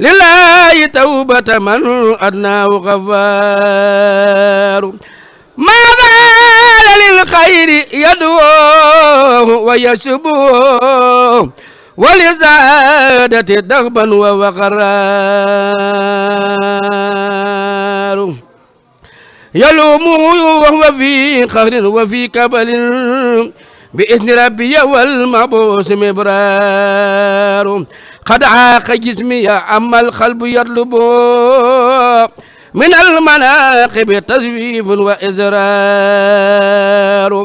لله توبة من أدناه غفار ما زال للخير يدعوه ويشبوه ولزادة دغبا ووقرار يلومه وهو في قهر وفي كبل بإذن ربي والمبوس مبرار قد عاق جسمي أما القلب يطلب من المناقب تزويف وإزرار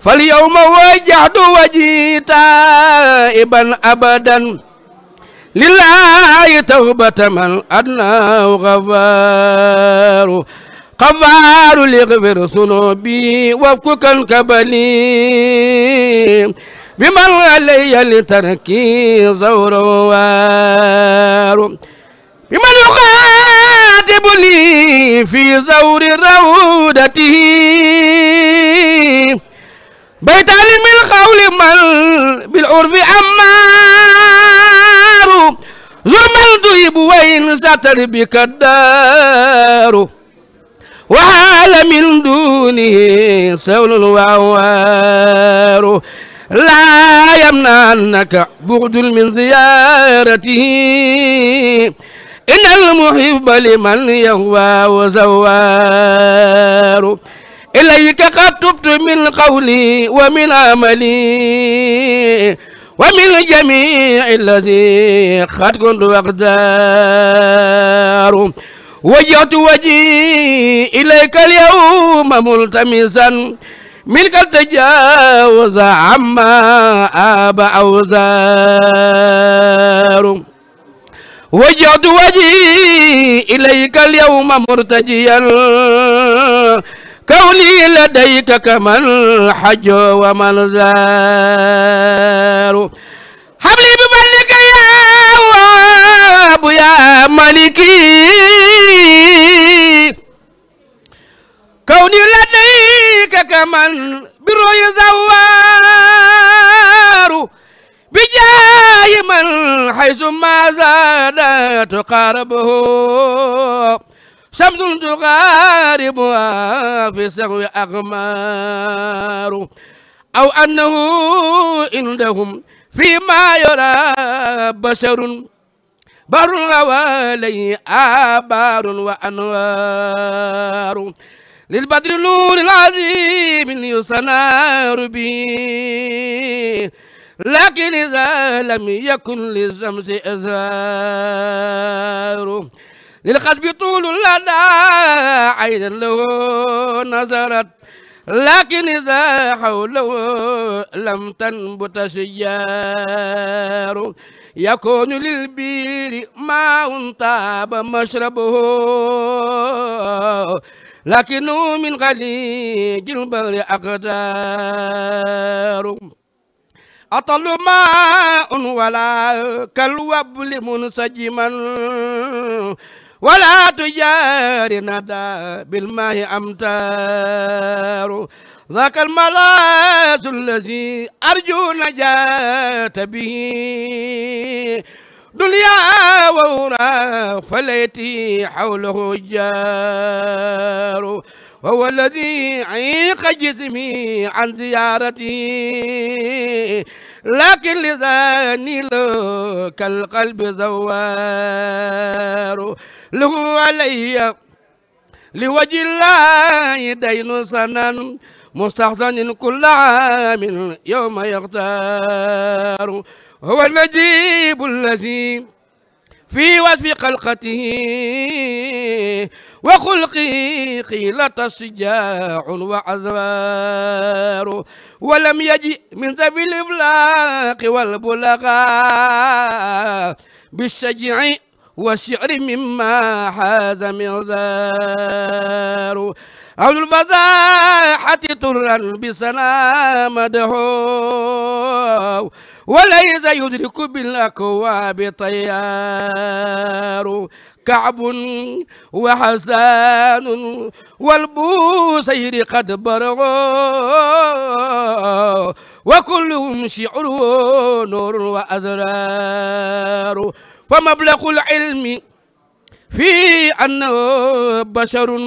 فاليوم وجهت وجهي تائبا أبدا لله توبة من أدناه غفار غفار لغفر صنوبي وفكك كبلي بمن علي لتركي زور وار بمن يخاطب لي في زور رودته علم القول من بالعرف عمار ظلما ذهب وين ستر بك الدار وحال من دونه سول وعوار لا يمنعنك بغض من زيارته إن المحب لمن يهوى وزوار إليك قد تبت من قولي ومن عملي ومن جميع الذي قد كنت أقدار wajjahtu wajhi ilayka al-yawma multamisan minka tajaawaza amma aba awzaaru wajjahtu wajhi ilayka al-yawma murtajiyan kawni ladayka kaman hajja wa man zaaru يا ملكي كوني لديك كمن بروي زوار بجاي من حيث ما زاد تقاربه شمس تقاربها في سهو أغمار أو أنه عندهم فيما يرى بشر بر ووالي آبار وأنوار للبدر نور العظيم يسنار به لكن إذا لم يكن للزمس إزار للقلب طول لدى عين له نظرت لكن إذا حوله لم تنبت شجار يكون للبير ماء طاب مشربه لكنه من غليج البر أقدار أطل ماء ولا كالوبل منسجما ولا تجار ندى بالماء أمتار ذاك المراد الذي أرجو نجاة به دنيا وورا فليتي حوله الجار وهو الذي عيق جسمي عن زيارتي لكن لذاني له كالقلب زوار له علي لوجه الله دين سنن مستحسن كل عام يوم يختار هو النجيب الذي في وصف خلقته وخلقه قيلة الشجاع وعذار ولم يجئ من ذوي الإفلاق والبلغاء بالشجع والشعر مما حاز مغزار أو المذاحة ترا بسنا مدحو وليس يدرك بالأكواب طيار كعب وحسان والبوسير قد برغوا وكلهم شعر نور وأزرار فمبلغ العلم في أنه بشر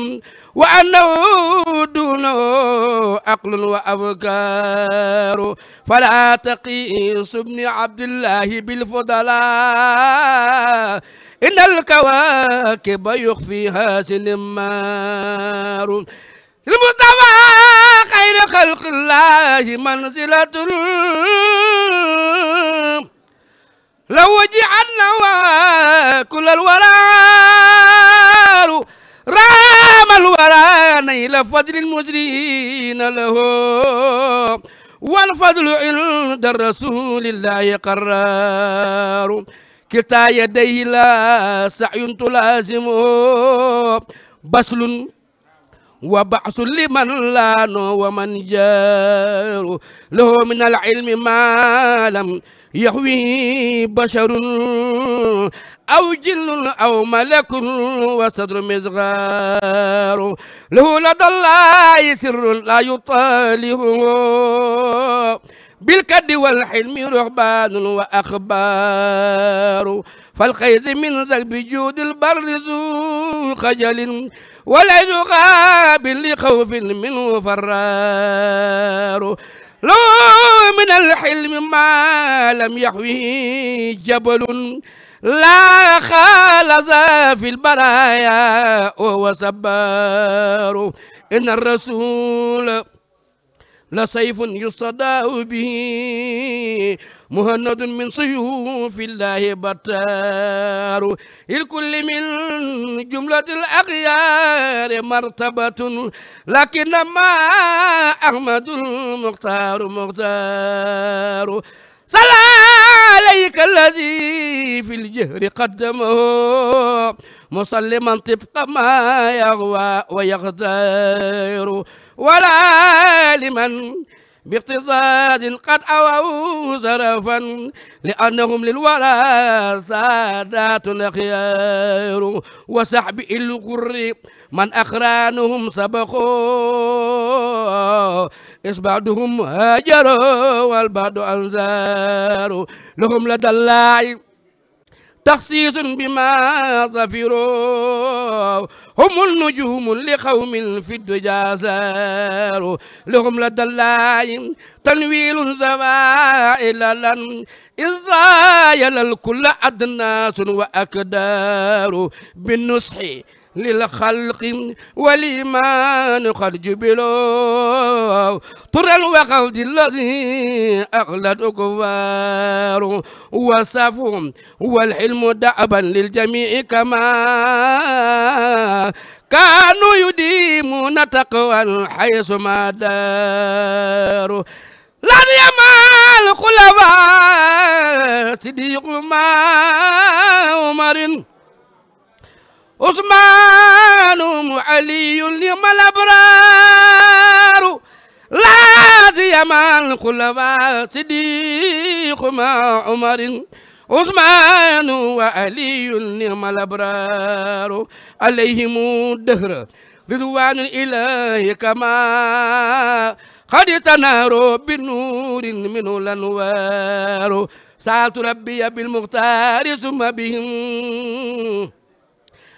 وأنه دونه عقل وأفكار فلا تقيس ابن عبد الله بالفضلاء إن الكواكب يخفيها سنمار المصطفى خير خلق الله منزلة لو وجعنا كل الورى raamal wara nayla fadlil musrina lahu wal fadlu inda rasulillahi qaraaru kiltaa yadayhi la sa'yun tulaasimu baslun wa ba'sun liman laano wa man jaaru lahu min al ilmi ma lam yahwi basharun أو جن أو ملك وصدر مزغار له لدى الله سر لا يطاله بالكد والحلم رهبان وأخبار فالخيز من ذك بجود البر ذو خجل ولا غاب لخوف منه فرار لو من الحلم ما لم يحويه جبل لا خالف في البرايا وهو سبار إن الرسول لسيف يصدى به مهند من سيوف الله بتار الكل من جملة الأخيار مرتبة لكن ما أحمد المختار مختار صلى عليك الذي في الجهر قدمه مسلما طبق ما يغوى ويغدر ولا لمن باقتصاد قد أووا زرفا لأنهم للورى سادات خيار وسحب الغر من أخرانهم سبقوا إس بعدهم هاجروا والبعد أنزاروا لهم لدى الله تخصيص بما ظفروا هم النجوم لقوم في الدجا زاروا لهم لدى الله تنويل زوائل لن إذا يلل كل أدناس وأكدار بالنصح للخلق والإيمان قد جبلوا طر الوقود الذي أغلد كبار وصفهم والحلم دأبا للجميع كما كانوا يديمون تقوى حيث ما داروا لن يمال خلفاء صديق ما عمر عثمان علي يوم الأبرار لا سيما الخلفاء صديق مع عمر عثمان وعلي نعم الأبرار عليهم الدهر رضوان الإله كما قد تناروا بنور منه الأنوار سألت ربي بالمختار ثم بهم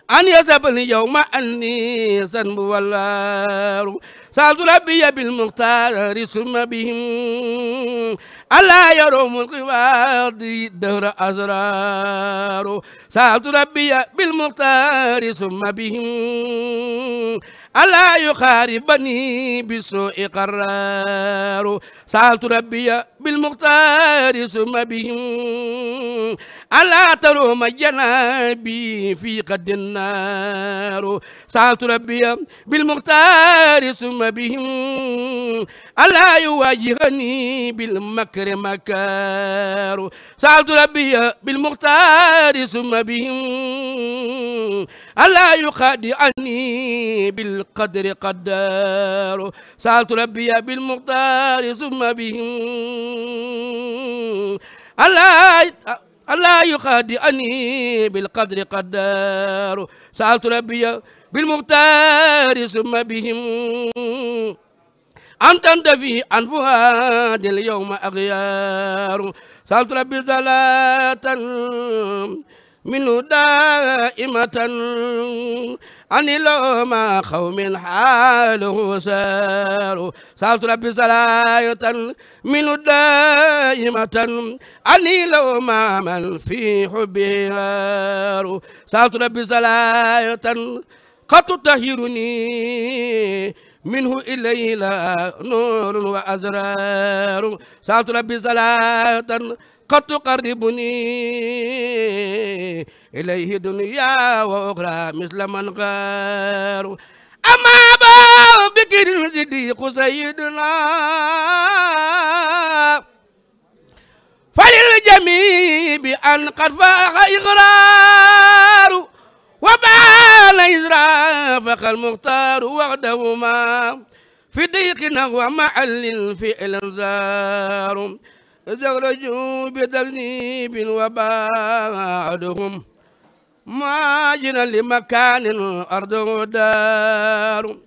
an yasabni yawma anni sanbu wallaaru saadu rabbiya bil muxtaari summa bihim alaa yaroomul xiwaadi dëhra asraaru saadu rabbiya bil muxtaari summa bihim alaa yuxaaribani bi soo i qaraaru saadu rabbiya بالمختار ثم بهم ألا تروم جنابي في قد النار سعدت ربي بالمختار ثم بهم ألا يواجهني بالمكر مكار سعدت ربي بالمختار ثم بهم ألا يخادعني بالقدر قدار سعدت ربي بالمختار ثم بهم ألا يخادعني بالقدر قدار سألت ربي بالمختار ثم بهم أن تندفي عن فؤاد اليوم أغيار سألت ربي صلاة منه دائمة أني ما خو قوم حاله سار سألت ربي صلاة منه دائمة أني لو ما من في حبه هار سألت ربي صلاة قد تهيرني منه إليه لا نور وأزرار سألت ربي صلاة قد تقربني إليه دنيا وأخرى مثل من غار أما أبا بكر الصديق سيدنا فللجميع بأن قد فاق إغرار وبان إزرافك المختار وحدهما في ضيق محل في الانذار استخرجوا بتكذيب وبعدهم ماجنا لمكان أرضه ودار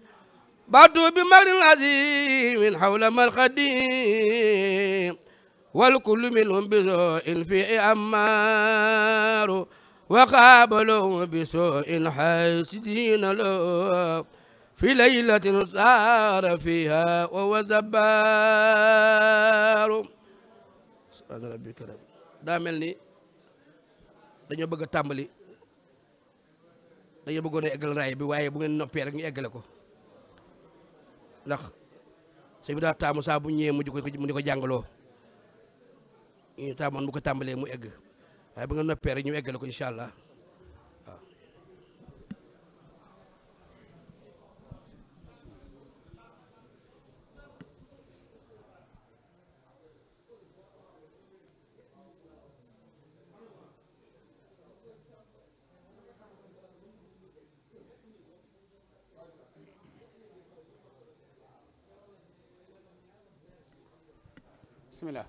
بعدوا بمر عظيم حول ما الخديم والكل منهم بسوء في أمار وقابلوا بسوء حاسدين له في ليلة سار فيها وهو زبار subhaana rabbika rabbil daa mel ni dañoo bëgg a tàmbali dañoo bëggoon a eggal raay bi waaye bu ngeen noppee rek ñu eggale ko ndax sëñ bi daa taamu saa bu ñëwee mu di ko mu di ko jàngaloo ñu taamoon bu ko tàmbalee mu egg waaye bu ngeen noppee rek ñu eggale ko incha allah. بسم الله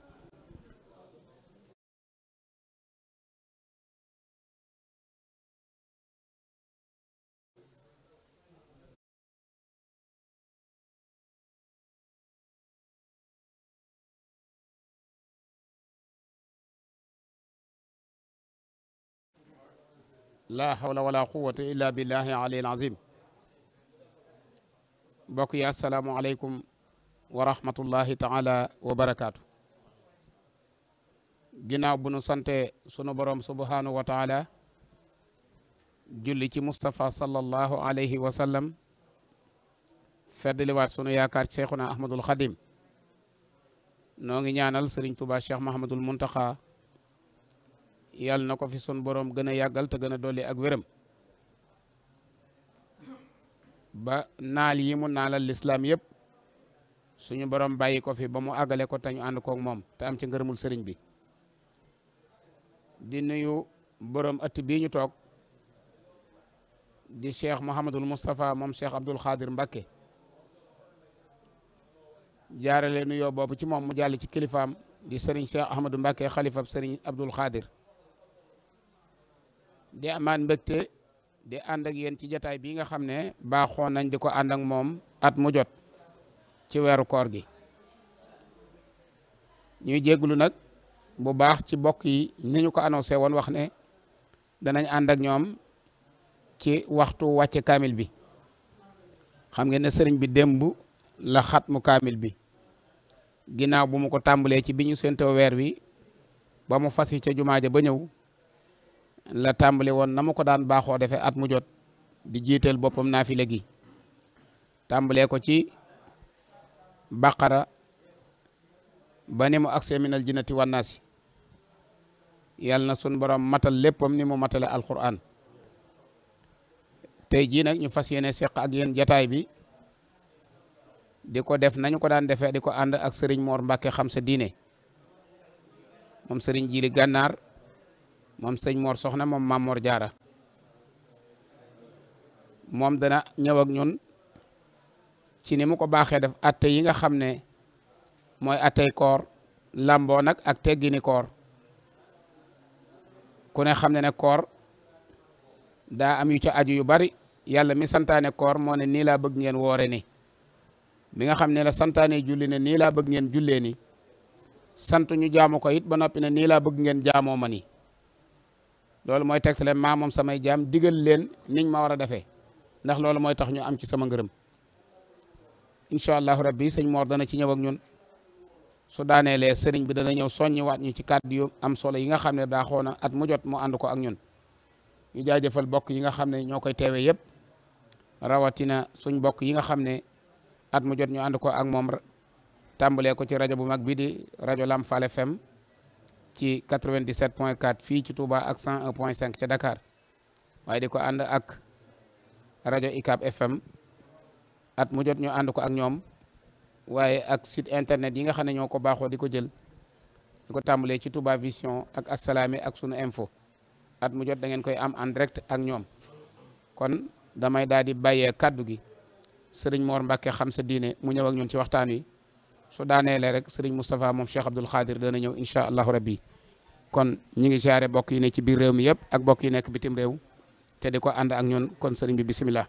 لا حول ولا قوة إلا بالله العلي العظيم بقي السلام عليكم ورحمة الله تعالى وبركاته ginaaw bu nu sante sunu borom subhanahu wa taala julli ci mustafa sallallahu alayhi wa sallam feddliwaat sunu yaakar Cheikhuna Ahmadul Khadim no ngi ñaanal Serigne Touba Cheikh Mahamadul Muntaxa yal nako fi sunu borom gëna yagal te gëna doli ak wërëm ba nal yi mu nalal l'islam yëpp suñu borom bayiko fi ba mu ko tañu and ko ak mom te am ci ngeerumul Serigne bi. di nuyu borom ëtt bii ñu toog di cheikh Mouhamadul Moustapha moom cheikh Abdoul Khadir Mbacké leen nuyoo boobu ci moom mu jàll ci kilifaam di sëriñ cheikh Ahmadou Mbacké xalifab sëriñ Abdoul Khadir di amaan mbégte di ànd ak yéen ci jataay bi nga xam ne baaxoon nañ di ko ànd moom at mu jot ci weeru koor gi ñuy jégglu nag bu baax ci bokk yi ni ñu ko annoncé woon wax ne danañ ànd ak ñoom ci waxtu wàcce kaamil bi xam ngeen ne sëriñ bi démb la mu kaamil bi ginnaaw bu mu ko tàmbalee ci bi ñu séentoo weer wi ba mu fas yi ca jumaa ba ñëw la tàmbali woon na mu ko daan baaxoo defee at mu jot di jiital boppam naafile gi tàmbalee ko ci baqara ba ni mu agsee minal jinnati wannaasi yàlla na sun borom matal léppam ni mu matale alquran tey jii nag ñu fas yéene seq ak yéen jataay bi di ko def nañu ko daan defee di ko ànd ak sëriñ moor Mbàkke xam sa diine moom sëriñ Jili Gànnaar moom sëñ moor Soxna moom Maam Mor Jaara moom dana ñëw ak ñun ci ni mu ko baaxee def atte yi nga xam ne mooy attey koor lamboo nag ak teggini koor ku ne xam ne ne koor daa am yu ca aju yu bari yàlla mi santaane koor moo ne nii laa bëgg ngeen woore ni mi nga xam ne la santaane julli ne nii laa bëgg ngeen jullee ni sant ñu jaamu ko it ba noppi ne nii laa bëgg ngeen jaamoo ma ni loolu mooy texte leen maa samay jaam digal leen niñ ma war a defee ndax loolu mooy tax ñu am ci sama ngërëm incha allahu rabbi sëñ Mor dana ci ñëw ñun su daaneelee sëriñ bi dana ñëw soññiwaat ñu ci kàddu yu am solo yi nga xam ne daa xoona at mu jot mu ànd ko ak ñun ñu jaajëfal bokk yi nga xam ne ñoo koy teewee yëpp rawatina suñ bokk yi nga xam ne at mu jot ñu ànd ko ak moom tàmbalee ko ci rajo bu mag bi di rajo Lamfal FM ci 97 point 4 fii ci Touba ak 101 point 5 ca Dakar waaye di ko ànd ak rajo ICAP FM at mu ñu ànd ko ak ñoom waaye ak site internet yi nga xam ne ñoo ko baaxoo di ko jël di ko tàmbalee ci Touba Vision ak Assalaamy ak sunu info at mu jot da ngeen koy am en direct ak ñoom kon damay daal di bàyyee kaddu gi sëriñ Mor Mbacke xam sa diine mu ñëw ak ñun ci waxtaan wi su daaneelee rek sëriñ Moustapha moom Cheikh Abdoul Khadir dana ñëw incha allahu rabbi kon ñi ngi jaare bokk yi ne ci biir réew mi yëpp ak bokk yi nekk bitim réew te di ko ànd ak ñun kon sëriñ bi bisimilah.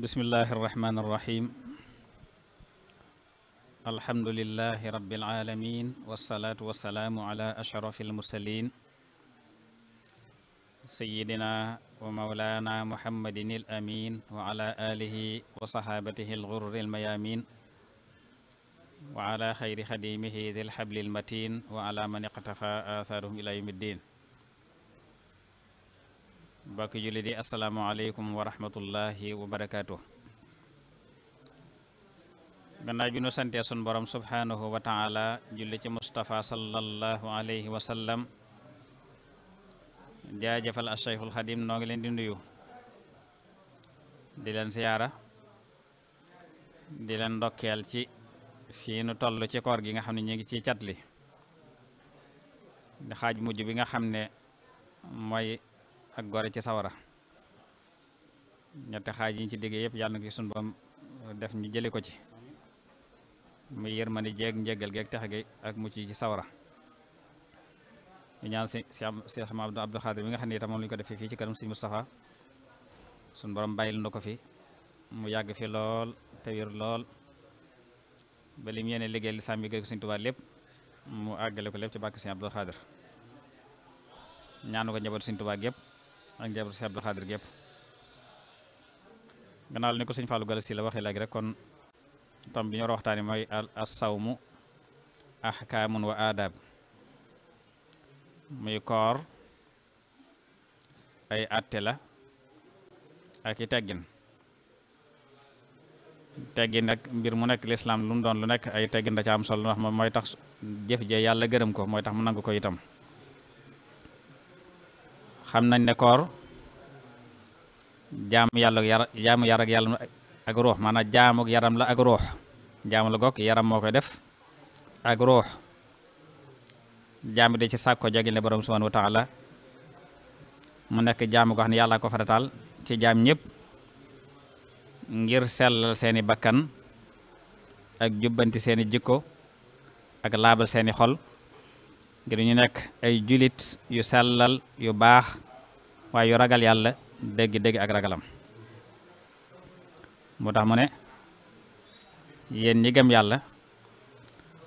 بسم الله الرحمن الرحيم الحمد لله رب العالمين والصلاة والسلام على أشرف المرسلين سيدنا ومولانا محمد الأمين وعلى آله وصحابته الغر الميامين وعلى خير خديمه ذي الحبل المتين وعلى من اقتفى آثارهم إلى يوم الدين mbokki jullit yi asalaamaaleykum wa rahmatullahi wa barakaatu. gannaaw bi sun borom subhanahu wa taala julli ci Mustafa sallallahu alayhi wa sallam jaajëfal Cheikhul Xadim noo ngi leen di nuyu di leen siyaara di leen ndokkeel ci fii nu toll ci koor gi nga xam ne ngi ciy catli di xaaj mujj bi nga ak gore ci sawara ñetti xaji ci digge yep yalla ngi sun suñu borom def ñu jëli ko ci mu yërmande jeeg njëggal geek texe ak mu ci sawara ñu ñaan si si si Ahmadu Abdul Xaadir bi nga xam ne itam moom lañu ko defee fi ci kanam seigne Moustapha sun borom bayil ndoko fi mu yag fi lol te wir lol ba lim yene liggéey sami geek seigne touba lepp mu agale ko lepp ci bakki seigne abdou khadir ñaanu ko njaboot seigne touba gep ak jabar si Abdou khadir gep ganal ni ko seigne Fallou galassi la waxe rek kon tam bi ñu mai al waxtaanee ahkamun wa adab. muy kor ay atela la ak i teggin teggin nak mbir mu nek l'islam lu lu nek ay teggin da ca am solo wax mooy tax jef je yalla gërem ko mooy tax mu nang ko itam xam nañ ne koor jaamu yàlla yar jaamu yar ak yàlla ak ruux maanaam jaamu yaram la ak ruux jaamu la gokk yaram moo koy def ak ruux jaam bi de ci sàkko jagil ne borom subhanahu wa taala mu nekk jaamu goo xam ne ko faratal ci jaam ñëpp ngir sellal seeni bakkan ak jubbanti seeni jikko ak laabal seeni xol ngir ñu nek ay julit yu sellal yu bax way yu ragal yalla deg deg ak ragalam motax tax mu ne yéen ñi gëm yalla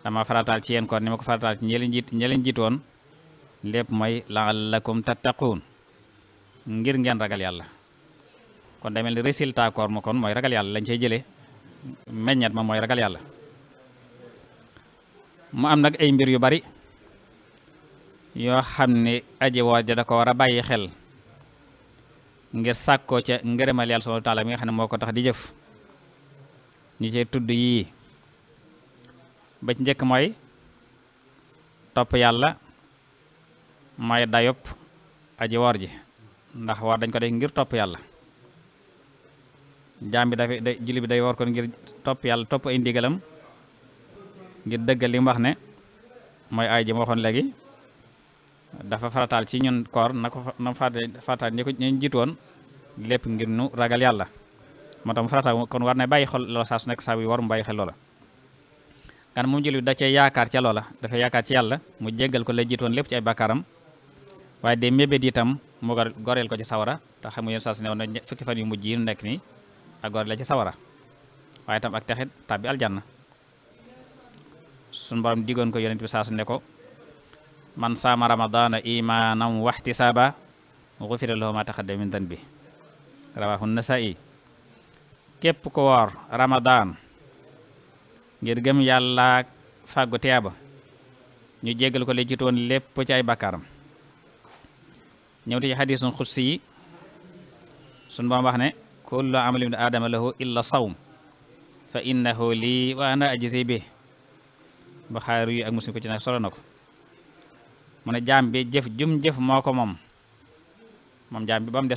dama faratal ci yéen ko ni mako faratal ci ñi leen jiit ñi leen jiitoon lépp laallakum tattaqun ngir ngeen ragal yalla kon demel ni résultat koor ma kon moy ragal yalla lañ cey jëlee meññat ma moy ragal yalla mu am nak ay mbir yu bari yoo xam ne aji woor ja da ko war a bàyyi xel ngir sàkkoo ca ngërëmal yàlla subhaanahu wa taala nga xam ne moo ko tax di jëf ñu cee tudd yii ba njëkk mooy topp yàlla mooy dayob aji woor ji ndax war dañ ko def ngir topp yàlla jaam bi dafay day bi day woor kon ngir topp yàlla topp ay ndigalam ngir dëggal li mu wax ne mooy ay ji ma waxoon léegi dafa farataal ci ñun koor na ko na farataal ñi ko ñu jiitu woon lépp ngir nu ragal yàlla moo tax mu farataal kon war na bàyyi xel loola saa su nekk saa war mu bàyyi xel loola kan moom jullit da cee yaakaar ca loola dafa yaakaar ci yàlla mu jéggal ko la jiitu woon lépp ci ay bàkkaaram waaye de mébét itam mu goreel ko ci sawara te xam ngeen saa su newoon na fukki fan yu mujj yi nekk nii ak goreel la ci sawara waaye itam ak texit tàbbi aljanna ko yonent bi ne ko man saama ramadana imanan wahtisaba ghufira lahu ma taqaddama min dhanbi rawahu nasai képp ko woor ramadan ngir gëm yàlla fàggu teeba ñu jéggal ko li ci toon lépp ci ay bakkaaram ñëw ti ci sun boom wax ne kullu amali ibni aadama lahu illa sawm fa innahu lii wa ana bi buxaari yu ak muslim ko ci nag solo na ko mu ne jaam bi jëf jum jëf moo ko moom moom jaam bi ba mu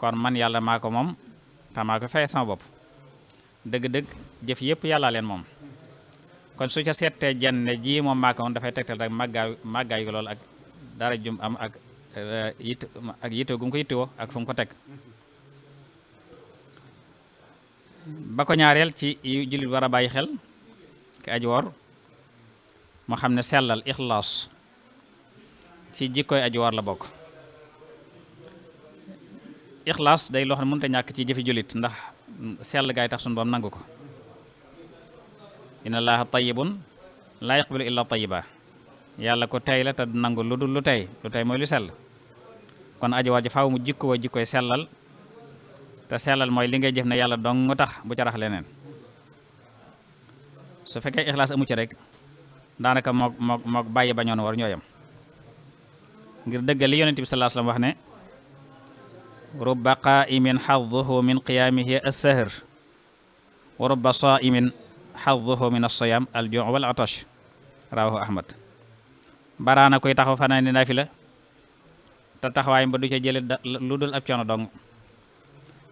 kon man yàlla maako moom te maa ko fay bopp dëgg-dëgg jëf yëpp yàlla leen moom kon su ca seetee jenn ji moom maa ko moom dafay tegtal rek màggaayu màggaayu loolu ak dara jum am ak eh, yit ak ko yittewoo ak fu ko teg ba ci jullit war a bàyyi xel ki aj woor moo xam ne sellal ixlaas ci jikkoy aji war la bokk ixlaas day loo xam ne mënut a ñàkk ci jëfi jullit ndax sell gaay tax sun boom nangu ko inna allaha tayyibun laa yaqbalu illa tayyiba yàlla ko tey la te nangu lu dul lu tey lu tey mooy lu sell kon aji war faaw mu jikko wa jikkoy sellal te sellal mooy li ngay jëf ne yàlla dong tax bu ca rax leneen su fekkee ixlaas amu ci rek daanaka mook mook mook bàyyi bañoon war ñooyam ngir dëggal li yonent bi sallallahu wa sallam wax ne rubba qaa'imin xadduhu min qiyaamihi as-sahar wa rubba saa'imin xadduhu min as-siyaam al-juu' wal atash rawahu ahmad baraana koy taxaw fanaan ni nafila taxawaay ba du ca jële lu dul ab coono dong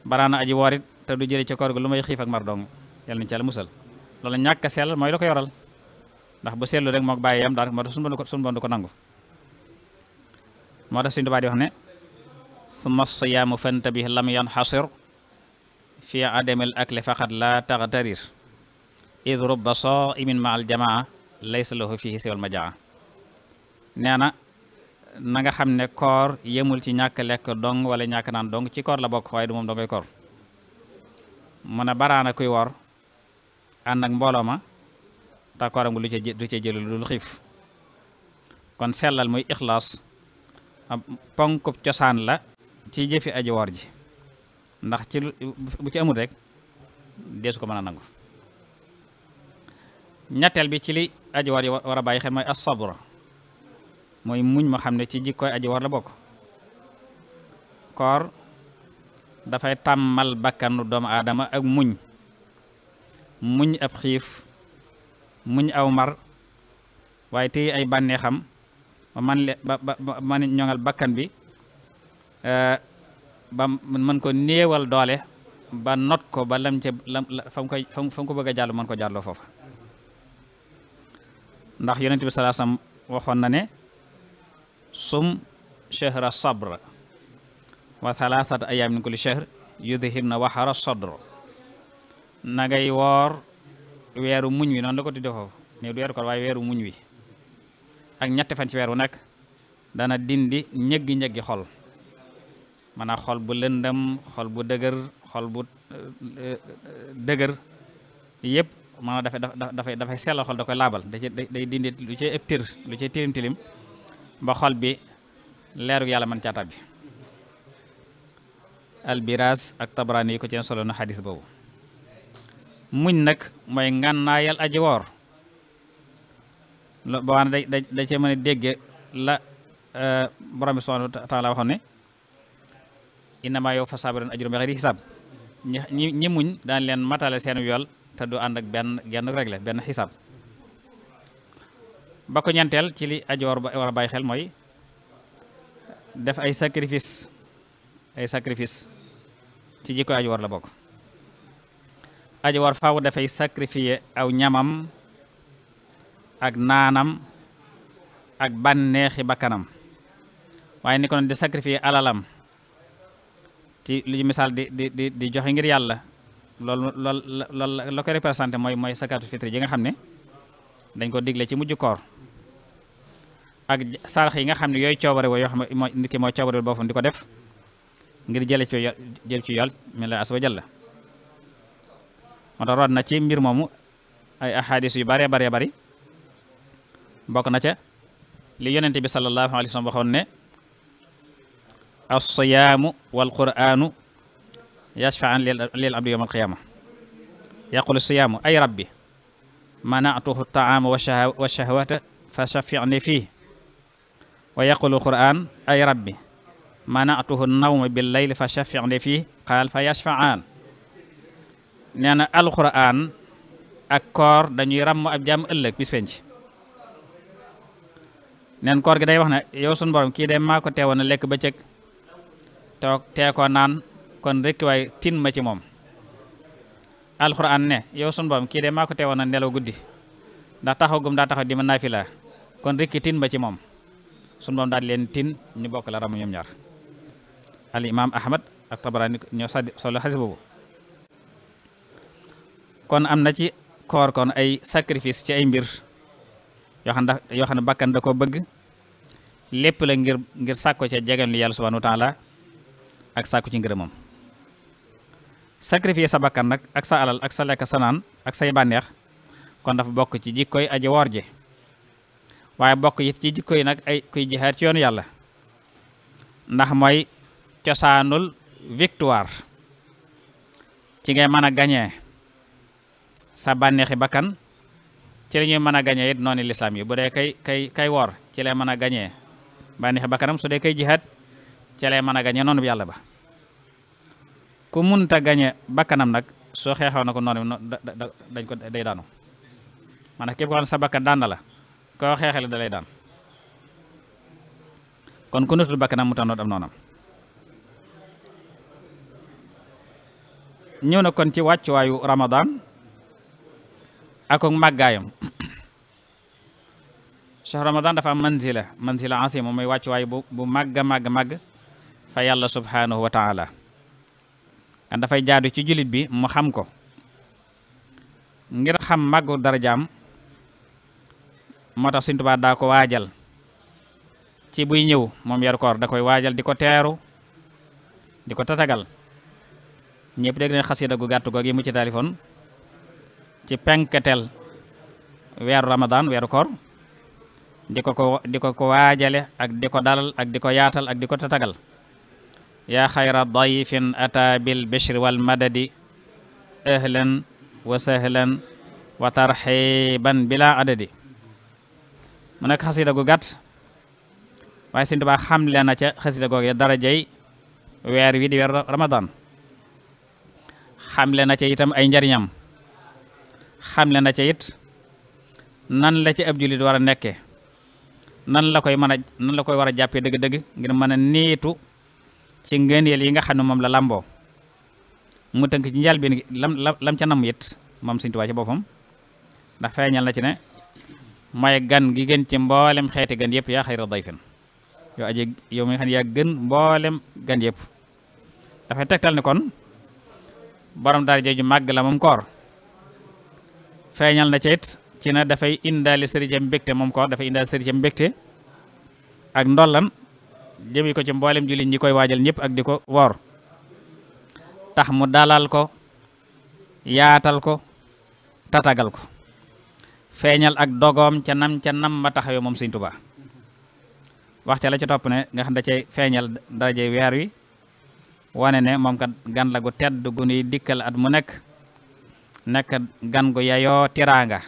baraana aji woor it du jële ca koor lu may xiif ak mar dong yàlla nañ ca musal loolu ñàkk a mooy la ko yoral ndax bu seetlu rek mok baye yam daanaka moo tax suñu bon ko sun bon ko nangu mo tax sin Tuubaa wax ne thumma siyam fantabih lam yanhasir fi adam adamil akli faqat la taxtarir idh rubba sa'im ma al jamaa laysa lahu fihi siwal majaa neena na nga xamne ne koor yemul ci ñak lek dong wala ñak nan dong ci koor la bok way du mom dongay koor mana barana baraana kuy wor ànd ak mboloma ta kooram lu ca du ca jëlu lu dul xiif kon sellal muy ixlaas ponkub cosaan la ci jëfi aji woor ji ndax ci bu ci amul rek deesu ko mën a nangu ñetteel bi ci li aji woor yi war a bàyyi xel mooy as-sabr mooy muñ ma xam ne ci jikkooy aji woor la bokk koor dafay tàmmal bakkanu doomu aadama ak muñ muñ ab xiif muñ aw mar waye tey ay bànneexam man le man ñongal bakkan bi eh, ba man ko neewal doole ba not ko ba lam ci fam ko mu koy fa ko bëgg jallu man ko jallo fofu ndax yaronte bi alayhi sam waxon na ne sum chehra sabr, wa thalathata ayamin kulli shahr yudhib na waxara sodro na weeru muñ wi noonu la ko tuddee foofu ne du weeru koor waaye weeru muñ wi ak ñetti fan ci weer wu nekk dana dindi ñëggi-ñëggi xol maanaam xol bu lëndëm xol bu dëgër xol bu euh, euh, dëgër yëpp maanaam dafay dafay dafay sellal xol da koy laabal da ci day dindi lu ci ëpp lu ci tilim tilim ba xol bi leeru yàlla mën caatab bi albiraas ak tabraani yi ko ci solo na xadis boobu muñ nak moy ngannaayal aji wor la ba wan da ci mëne déggé la euh la borom subhanahu wa taala waxone inna ma yow fa ajrun bi hisab ñi muñ daan leen matalé seen yool ta du and ak ben genn réglé ben hisab ba ko ci li aji wor ba wara bay xel moy def ay sacrifice ay sacrifice ci jikko aji wor la bokk aji war faaw fay sacrifier aw ñamam ak nanam ak bànneexi bakanam waye ni ko di sacrifier alalam ti lu misal di di di di joxe ngir yalla lol lol lo lo ko representer moy moy sakatu fitri gi nga xamne dañ ko diglé ci mujj koor ak sarax yi nga xamne yoy yooyu coobare yo nit ki mo coobare woo diko def ngir jël ci jël ci yool mi la aswa jalla moo tax root na ci mbir moomu ay ahadis yu bare bare bari bokk na ca li yonente bi sallallahu alayhi wa sallam waxoon ne alsiyaamu walquranu yashfaan lil abdi yowma alqiyama yaqulu siyaamu ay rabbi manatuhu taama wa shahwata fa shafini fii wa yaqulu alquran ay rabbi manatuhu nawma bil layli fa shafini fii qaal fa yashfaan nee na alxuraan ak koor dañuy ràmm ab jàmm ëllëg bis penc neen koor gi day wax na yow sun borom kii de maako ko teewoon a lekk bëccëg toog tee ko kon rekk waay tin ma ci moom alxuraan ne yow sun borom kii de maa ko teewoon a guddi ndax taxaw gum daa taxaw di ma naafila kon rekk tin ma ci moom sun borom daal leen tiin ñu bokk la ramu ñoom ñaar al imaam ahmad ak tabarani ñoo solo xadis boobu kon am na ci koor kon ay sacrifice ci ay mbir yoo xam yoo xam ne bakkan da ko bëgg lépp la ngir ngir sàkko ca jegan li yàlla subhanahu wa taala ak sàkku ci ngërëmam sacrifice sa bakkan nag ak sa alal ak sa lekk sa naan ak say bànneex kon dafa bokk ci jikkoy aji woor ji waaye bokk it ci jikko yi nag ay kuy jihaad ci yoonu yàlla ndax mooy cosaanul victoire ci ngay mën a gañee sa bànneexi bakkan ci la ñuy mën a gañee it noonu lislaam yi bu dee kay kay kay woor ci lay mën a gañee bànneexi bakkanam su dee kay jihaad ci lay mën a gañee noonu bi yàlla ba ku munta gañe bakkanam nag soo xeexaw na ko noonu dañ ko day daanu maanaam képp ko xam sa bakkan na la koo xeexale da lay daan kon ku nutul bakkanam mu tax noonam ñëw na kon ci wàccuwaayu Ramadan ak ak magayam cheikh ramadan dafa am manzila manzila asim moy waccu bu bu magga magga. mag fa yalla subhanahu wa taala kan dafay jaadu ci julit bi mu xam ko ngir xam màggu darajam mata tax Sëñ da ko waajal ci buy ñew mom yar koor da koy waajal di teru diko di tatagal ñëpp dégg nañ gu gattu mu ci ci penketel weer Ramadan weeru koor di ko ko di ko ko waajale ak di ko dalal ak di ko yaatal ak di ko tatagal yaa xayra dayfin ata bil wal madadi ahlan wa sahlan wa bila adadi mu nekk xasida gu gàtt waaye Sëñ ca xasida googee weer wi di weer Ramadan xamle na ci itam ay njariñam xamle na ca it nan la ci ab jullit war nan la koy mana, nan la koy wara jappé deug deug ngir mën nitu ci yi nga xamne mom la lambo, mu teunk ci njal gi lam lam ca nam it mam seigne touba ci bopam ndax feñal na ci ne may gan gi gën ci mboolem xéti gan yépp ya khayra dayfin yo aje yo mi xane ya gën mboolem gan yëpp dafay tektal ni kon borom daara jooju mag la moom koor feeñal na ca it ci na dafay indaale sëriñam mbégte moom ko dafay indaale sëriñam mbégte ak ndollan jëmi ko ci mboolem jullit ñi koy waajal ñëpp ak di ko woor tax mu dalal ko yaatal ko tatagal ko feeñal ak dogoom ca nam ca nam ma taxawee moom Sëriñ Tuubaa wax ca la ca topp ne nga xam da cay feeñal weer wi wane ne moom kat gan gu tedd gu dikkal at mu nekk nek gan gu yayo tiranga,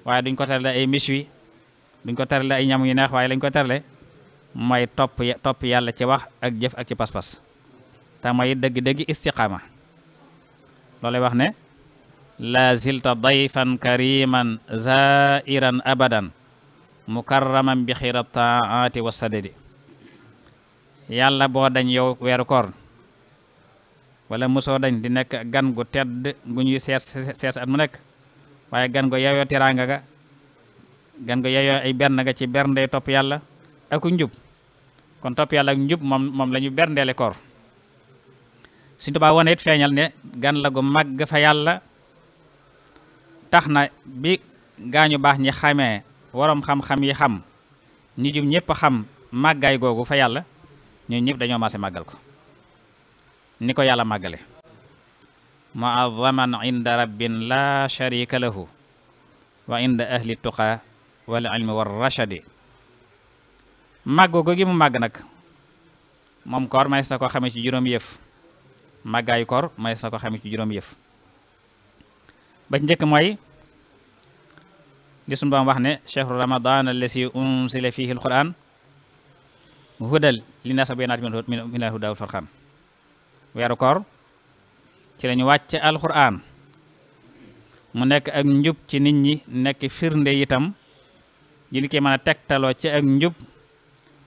waaye duñ ko terle ay miswi duñ ko terle ay ñam yu neex ya lañ ko terle may top ya, top yalla ci wax ak jëf ak ci pas pass ta may deug deug istiqama lolé wax ne la zilta dayfan kariman zairan abadan mukarraman bi xiira taati wa sadidi dañ yow korn wala mosoo dañ di nekk gan gu tedd gu ñuy seet seet at mu nekk waaye gan gu yeyoo teraanga ga gan gu yeyoo ay bern ga ci berndee topp yàlla ak njub kon topp yàlla ak njub moom moom la ñu berndeele koor Sëñ Tuubaa wane it feeñal ne gan la gu màgg fa yàlla tax na bi gaa ñu baax ñi xamee waroom xam-xam yi xam ñu jub ñëpp xam màggaay googu fa yàlla ñun ñëpp dañoo maase màggal ko ni ko yàlla màggale muazzaman inda rabbin la sharika lahu wa inda ahli tuqa wal ilmi war rashadi màgg ko gi mu màgg nag moom koor mayees na ko xame ci juróom yëf màggaayu koor mayees na ko xame ci juróom yëf ba ci njëkk mooy li sunu wax ne chehru ramadan allasi unsila fihi alquran hudal linnaas wa bayyinaat minal hudaa wéru koor ci lañu wàcce alquran mu nekk ak njub ci nit ñi nekk firnde itam ji ni koy mën a tegtaloo ci ak njub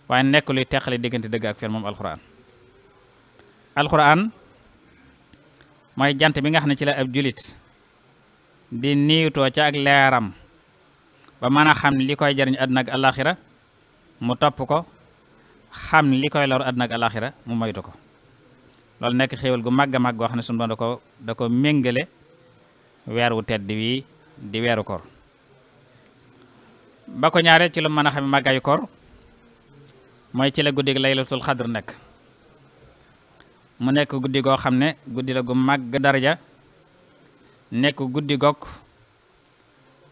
waaye nekk luy teqale diggante dëgg ak fen moom alquran alxuraan mooy jant bi nga xam ne ci la ab julit di niitoo ca ak leeram ba mën a xam li koy jariñ àdduna ak alaxira mu topp ko xam li koy lor àdduna ak alaxira mu moytu ko loolu nekk xéewal gu màgg a màgg goo xam ne sunu borom da ko da méngale weer wu tedd wii di weeru koor ba ko ñaare ci lu mën a xam màggaayu koor mooy ci la guddi laylatul xadr nekk mu nekk guddi goo xam ne guddi la gu màgg daraja nekk guddi gokk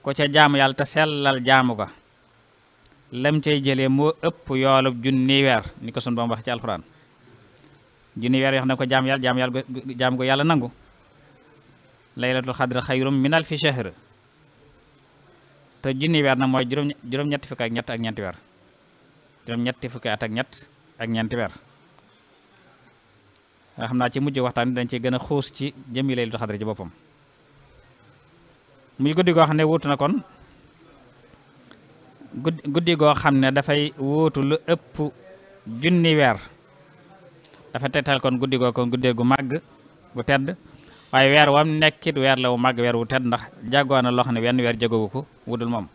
ko ca jaamu yàlla te sellal jaamu ga lam cay jëlee moo ëpp yoolub junni weer ni ko sunu borom wax ci alxuraan junni weer wax na ko jaam yàlla jaam yàlla jaam ko yàlla nangu laylatul xadr xayrum min alfi shahr te junni weer nag mooy juróom juróom-ñetti fukki ak ñett ak ñeenti weer juróom-ñetti fukki at ak ñett ak ñeenti weer nga xam naa ci mujj waxtaan dañ ci gën a xuus ci jëmi laylatul xadr ci boppam mu guddi goo xam ne wuutu na kon guddi goo xam ne dafay wuutu lu ëpp junni dafa tegtal kon guddi goo kon guddee gu màgg gu tedd waaye weer wam nekkit weer la wu màgg weer wu tedd ndax jàggoo na loo xam ne wenn weer jagoogu ko wudul moom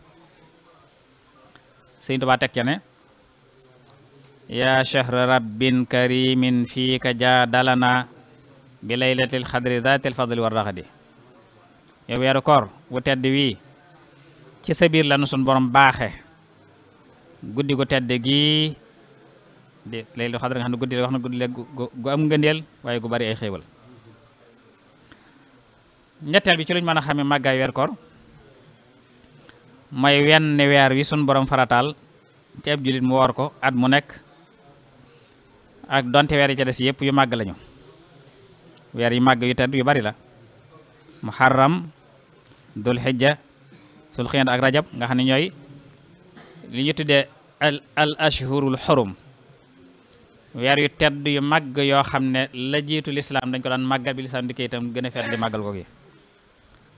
Sëñ Tuubaa teg ca ne yaa chahra rabbin karimin fii ka jaadalana bi laylatil xadri zaatil fadli war raxadi yow weeru koor wu tedd wii ci sa la nu sun borom baaxe guddi gu tedd gii de laylatul xadar nga di ne guddi la wax na guddi la gu am ngeendel waye gu bari ay xewal ñettal bi ci luñu mëna xamé magay màggaay koor wenn wi sun borom faratal ci ab julit mu wor ko at mu nek ak donte weer yi ca des yëpp yu mag lañu yi mag yu tedd yu bari la muharram dul xijja sul ak rajab nga xam ñoy li al al ashhurul hurum wer yu tedd yu mag yo xamne la jitu l'islam dañ ko dan magal bi l'islam dikay tam gëna a fet di magal ko gi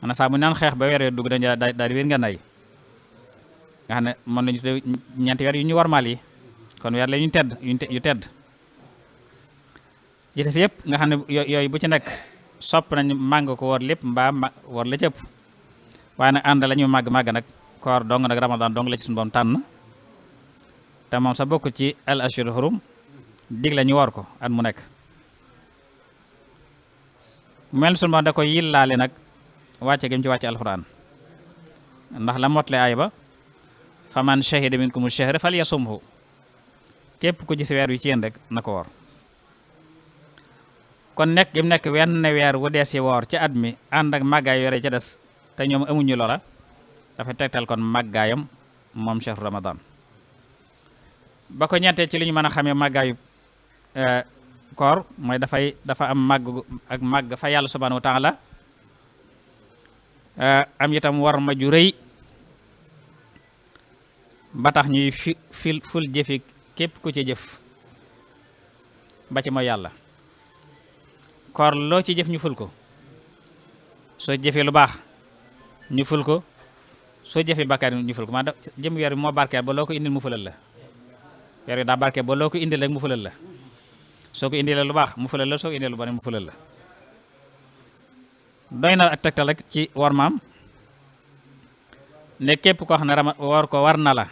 maanaam saa bu ñu naan ba wer yu dug dañ da di wér nga nay nga xam ne nañu tuddee yu ñu warmal yi kon wer lañu tedd yu tedd jite si nga xam yoy bu ci nek sop nañ mang ko wor lepp mba wor la jëpp waaye and lañu mag mag nak koor dong nak ramadan dong la ci sun boom tan ta mom sa bokku ci al ashur hurum digle ñu war ko at mu nekk mel sunu borom da ko yillaale nag wàcce gi mu ci wàcce alxuraan ndax la motle aay ba faman shahida minkumu shahra falyasumhu képp ku gis weer wi ci yéen rek na ko woor kon nekk gi mu nekk wenn weer wu dee si woor ci at mi ànd ak màggaay yore ca des te ñoom amuñu loola dafa tegtal kon màggaayam moom shahru ramadan ba ko ñeentee ci li ñu mën a xamee màggaayu Euh, koor mooy dafay dafa am màgg ak màgg fa yàlla subhanahu wa la euh, am itam war ma ju rëy ba tax ñuy fi fil ful jëfi képp ku ci jëf ba ci mooy yàlla koor loo ci jëf ñu ful ko soo jëfee lu baax ñu ful ko soo jëfee bàkkaar ñu ful ko maanaam jëm weer bi moo barkeel ba loo ko indil mu fulal la weer bi daa barkeel ba loo ko indil rek mu fulal la soo ko indilee lu baax mu fulal la soo ko indilee lu bari mu fulal la doy na ak tegtal rek ci war maam ne képp koo xam ne rama war ko war na la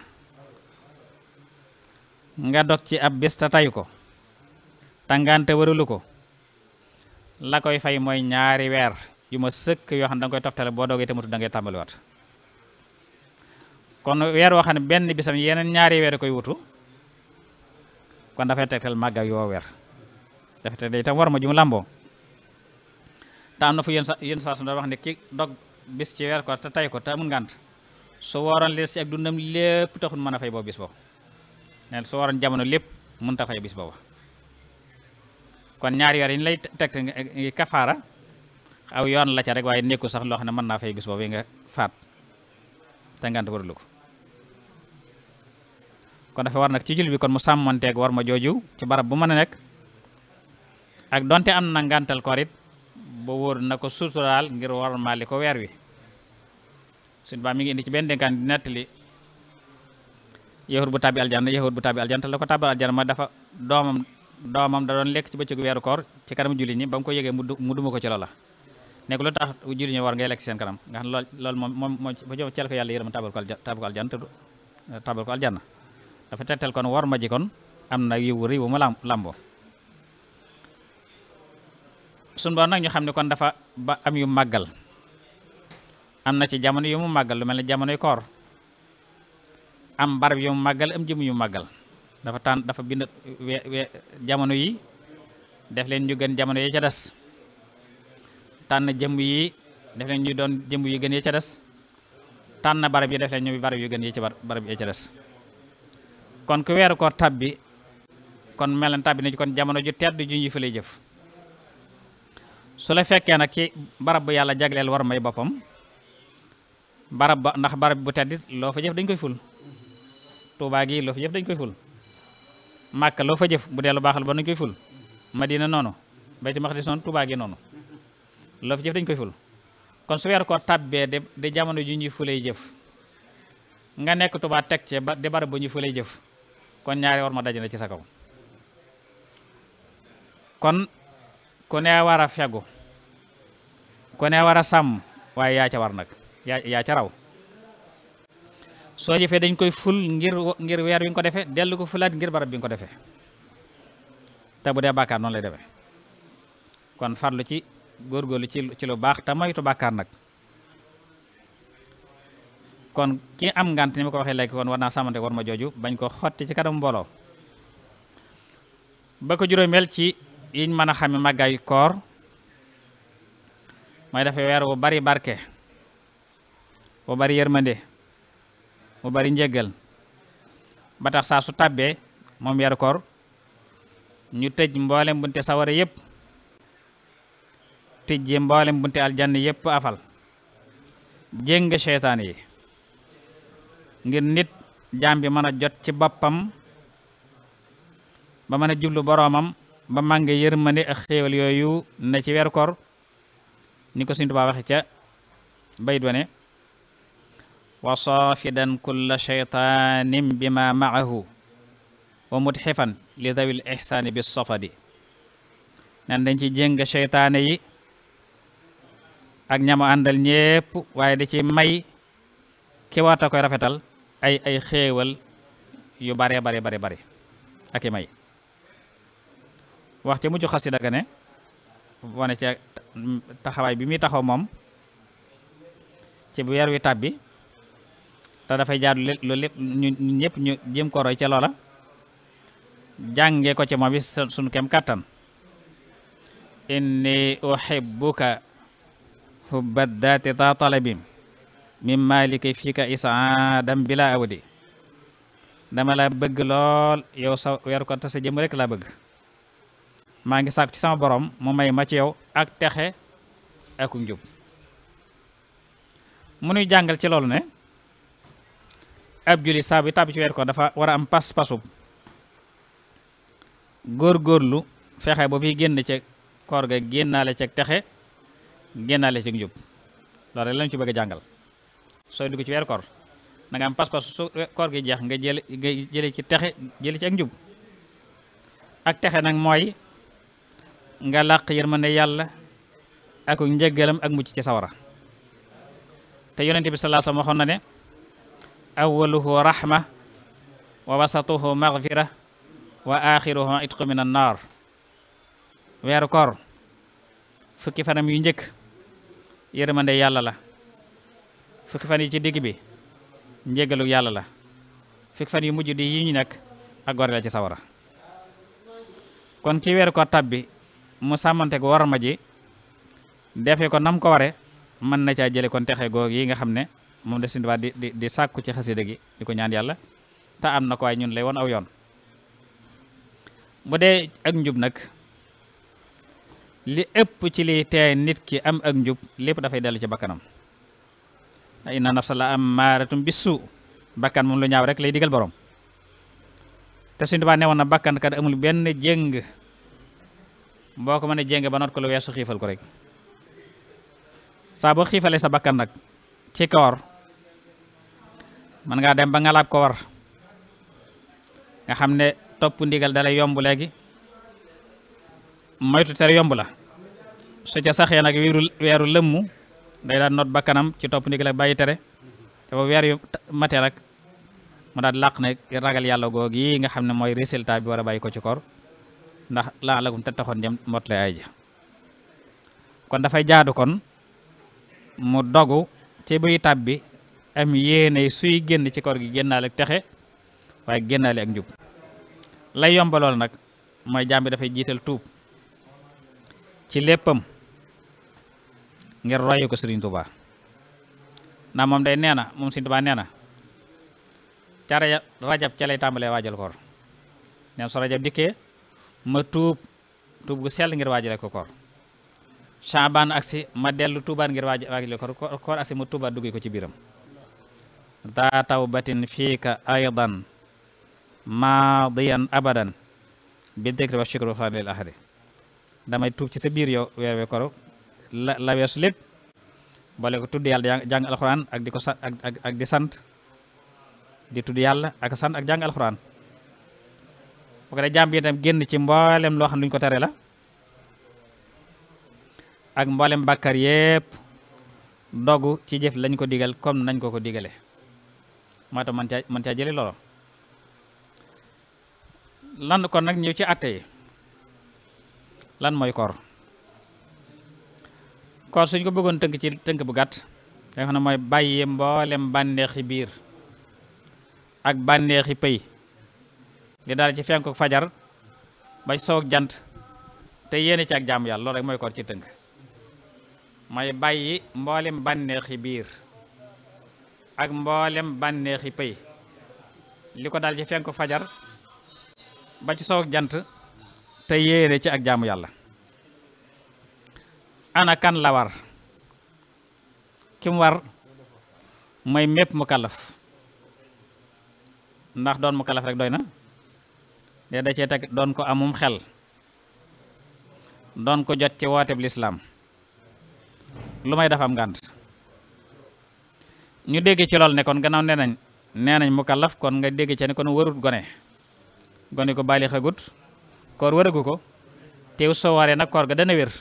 nga dog ci ab bis ta tayu ko tàngaante warulu ko la koy fay mooy ñaari weer yu ma sëkk yoo xam ne danga koy toftale boo doogee te mutu da ngay tàmbaliwaat kon weer woo xam ne benn bisam yeneen ñaari weer koy wutu kon dafay tegtal màgg ak yoo weer dafa te day itam war ma ju lambo ta te fu yeen sa saa wax ne ki dog bis ci wer ko ta tay ko ta mun ngànt so waroon les si ak dundam lepp taxun mana fay bo bis bo ne so waroon jamono lepp mun ta fay bis bo kon ñaar yar yiñ lay tek ngi kafaara aw yoon la ca rek waye neeku sax lo xamne man na fay bis wi nga faat ta ngant warulu ko kon dafa war nak ci jul bi kon mu ak war ma joju ci barab bu mën nek ak donte am na ngantal korit ba wóor na ko sutural ngir warmaali ko weer wi suñ mi ngi indi ci benn dénkaan di netli, yahur bu tabi aljanna yahur bu tabi aljanna lako tabal aljanna ma dafa domam domam da don lek ci beccu weeru kor ci karam julini bam ko yegge mu duma ko ci lola nek lu tax julli ñi war ngay lek sen karam nga lol lool loolu moom moom moom cel ko yalla yërëm tabal ko ko aljanna tabal ko aljanna dafa tetel kon war ma ji kon am na yiw rëy bu lambo làmboo suñ boon nag ñu xam ne kon dafa ba am yu màggal am na ci jamono yu mu màggal lu mel ne jamonoy koor am barab yu mu màggal am jëm yu màggal dafa tànn dafa bind jamono yi def leen ñu gën jamono yi ca des tànn jëmm yi def leen ñu doon jëmm yu gën ca des tànn barab yi def leen ñu barab yu gën yi ci barab yi ca des kon ku weeru koor tab bi kon melen tab bi na kon jamono ju tedd ju ñu fi lay jëf su la fekkee nag ki barab bu yàlla jagleel war may boppam barab ba ndax barab bu teddit loo fa jëf dañ koy ful Tuubaa gi loo fa jëf dañ koy ful Màkka loo fa jëf bu dee lu baaxal ba nañ koy ful Madina noonu Bayti Maqdis noonu Tuubaa gi noonu loo fa jëf dañ koy ful kon su weer koo tàbbee de di jamono ju ñuy fulay jëf nga nekk Tuubaa teg ci ba di barab bu ñuy fulay jëf kon ñaari war ma daje ci sa kaw kon ku ne war a fegu ku ne war a sàmm waaye yaa ca war nag yaa yaa ca raw soo jëfee dañ koy ful ngir weer wi nga ko defee dellu ko fulaat ngir barab bi nga ko defee te bu dee bàkkaar noonu lay deme kon farlu ci góorgóorlu ci ci lu baax te moytu bàkkaar nag kon ki am ngant ni ma ko waxee léegi kon war naa sàmmante war ma jooju bañ ko xotti ci kanam mbooloo ba ko juróomeel ci yiñ mëna xamé magay koor may dafa wër bu bari barke bu bari yermandé bu bari njëggal ba tax sa su tàbbee mom yar koor ñu tejj mbolé ti sawara yépp tejj mbolé bunte aljann yépp afal jéng seytaan yi ngir nit jambi bi jot ci boppam ba mëna jublu ba mangé yërmande ak xéewal yoyu na ci weeru kor ni ko Sëriñ Tuubaa waxe ca bayit wa wa safidan kulla shaytaanin bima maahu wa mudxifan li dawil ihsan bis safadi nan dañ ci jéng shaytané yi ak ñama andal ñepp waaye da ci may ki ta koy rafetal ay ay xéewal yu bare bare bare bare ak i may wax ca mucc xasida ga ne wane ca taxawaay bi muy taxaw moom ci bu weer wi tàbbi te dafay jaadu loolu lépp ñu ñëpp ñu jéem ko ca loola jànge ko ci moom it sunu kem kàttan inni uhibbuka hubbat daati ta talabim min maliki fika isaadam bila awdi dama la bëgg lool yow sa weer ko te sa jëm rek laa bëgg maa ngi sàkk ci sama borom mu may ma ci yow ak texe ak njub mu nuy jàngal ci loolu ne ab jullit saa bi tàbbi ci weer ko dafa war a am pas-pasub góor-góorlu fexe ba fi génn ci koor ga génnaale ci texe génnaale ci njub loolu lañu ci bëgg a jàngal sooy dugg ci weer koor na nga am pas-pas su koor gi jeex nga jël nga jële ci texe jële ci ak njub ak texe nag mooy nga laq yermane yalla ak njëggalam ak mucc ci sawara te yonnati bi sallallahu alayhi wasallam waxoon na ne awwaluhu rahma wa wasatuhu maghfira wa akhiruhu itqu min an nar weeru koor fukki fanam yu njëkk yermane yalla la fukki fan yi ci digg bi njëggalu yalla la fukki fan yu di yi ñu ak gore la ci sawara kon ci wer ko tabbi mu sàmmanteeg war ma ji defee ko nam ko waree mën na caa jële kon texe goog yi nga xam ne moom de Sëriñ Tuubaa di di sàkku ci xasida gi di ko ñaan yàlla te am na ko waaye ñun lay woon aw yoon bu dee ak njub nag li ëpp ci li tee nit ki am ak njub lépp dafay dellu ci bakkanam inna nafsa la am maaratum bisu bakkan moom lu ñaaw rek lay digal boroom te Sëriñ Tuubaa newoon na bakkan kat amul benn jéng boko mané jengé ba not ko lu wessu xifal ko rek sa boo xifalé sa bakkan nak ci koor man nga dem ba lab ko war nga xamné ne top ndigal dalay yomb légui maytu ter yomb la so ci saxé nak weeru weeru lemmu day da not bakkanam ci top ndigal ak bàyyi tere dafa wér yu maté rek mu daal laq ne ragal yalla googu yi nga xam ne mooy résultat bi wara a ko ci kor ndax laa la gum te taxoon jëm motle ay ja kon dafay jaadu kon mu dogu ci buy tàbbi am yéene suy génn ci koor gi génnaale ak texe waaye génnaale ak njub lay yombalool nag mooy jaam dafay jiital tuub ci léppam ngir royu ko Sëriñ Tuubaa moom day nee na moom Sëriñ Tuubaa nee na ca rajab ca lay tàmbalee waajal koor neen so rajab dikkee ma tuub tuub gu sel ngir wajale ko kor shaban aksi ma delu tuubaat ngir wajale ko kor aksi ma tuuba dugg ko ci biiram daa tawbatin fika aydan madiyan abadan bi dikri wa shukru khalil lil damay tuub ci sa bir yo we la la weesu lépp ko tuddi yalla jang alquran ak di ak ak di sant di tuddi yalla ak sante ak jang alquran bu ko jambi tam genn lem ci mbollem lo xam ne ko tere la ak mbollem bakkar yépp dogu ci jëf lañ ko digal comme nañ ko ko digale mata man caa man caa jële lolo lan kon nak ñew ci atay lan moy kor. kor suñ ko bëggon tënk ci tënk bu gatt da nga xam ne mooy bàyyi mboolem ak bànneexi pey li daal ci fenk fajar ba soog jant te yéene ci ak jaamu yàlla loolu rek mooy koor ci tënk may bàyyi mboolem bànneexi biir ak mboolem bànneexi pëy li ko daal ci fenk fajar ba ci soog jant te yéene ci ak jaamu yàlla ana kan la war kim war mooy mépp mu kalaf ndax doon mu kalaf rek doy na de da cee teg doon ko amum xel doon ko jot ci wooteb lislaam lu may dafa am ngànt ñu dégg ci lool ne kon gannaaw nee nañ nee nañ mu kallaf kon nga dégg ci ne kon warut gone gone ko baali xagut koor wëragu ko teew soo waree nag koor ga dana wér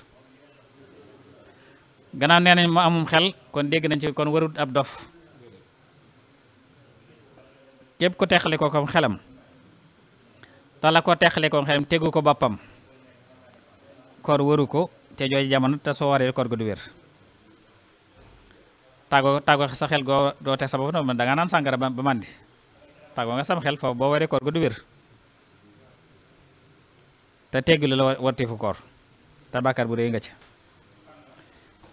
gannaaw nee nañ mu amum xel kon dégg nañ ci kon warut ab dof képp ko teqali ko kom xelam tala ko teqale ko xelam ko bapam kor woru ko te joy jamono te Tago waré kor go du wér tago tàggoo sa xel go do teg sa bopp no da nga nan sangara ba mandi tago nga sam xel fo bo waré kor ga du wér teggu la wartifu koor te bàkkaar bu rëy nga ci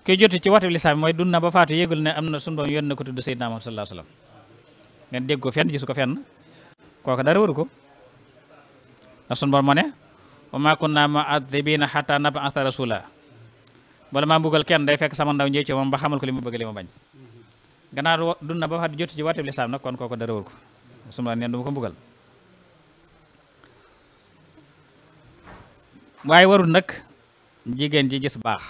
ke jotti ci moy dunna ba faatu yegul ne am sun sunu yonne ko tuddu sayyidna Muhammad sallallahu Alaihi wasallam ngeen dégg ko fenn gisu ko fenn koko dara waru ko ndax sunu borom moo ne wa maa kunna mu'adhibiina hattaa nab'atha rasuula bala maa mbugal kenn day fekk sama ndaw ñëw ci moom ba xamal ko li mu bëgg li mu bañ gannaaw dund na ba fa jot ci waatib lislaam nag kon kooko dara wër ko sunu borom neen du ma ko mbugal waaye warul nag jigéen ji gis baax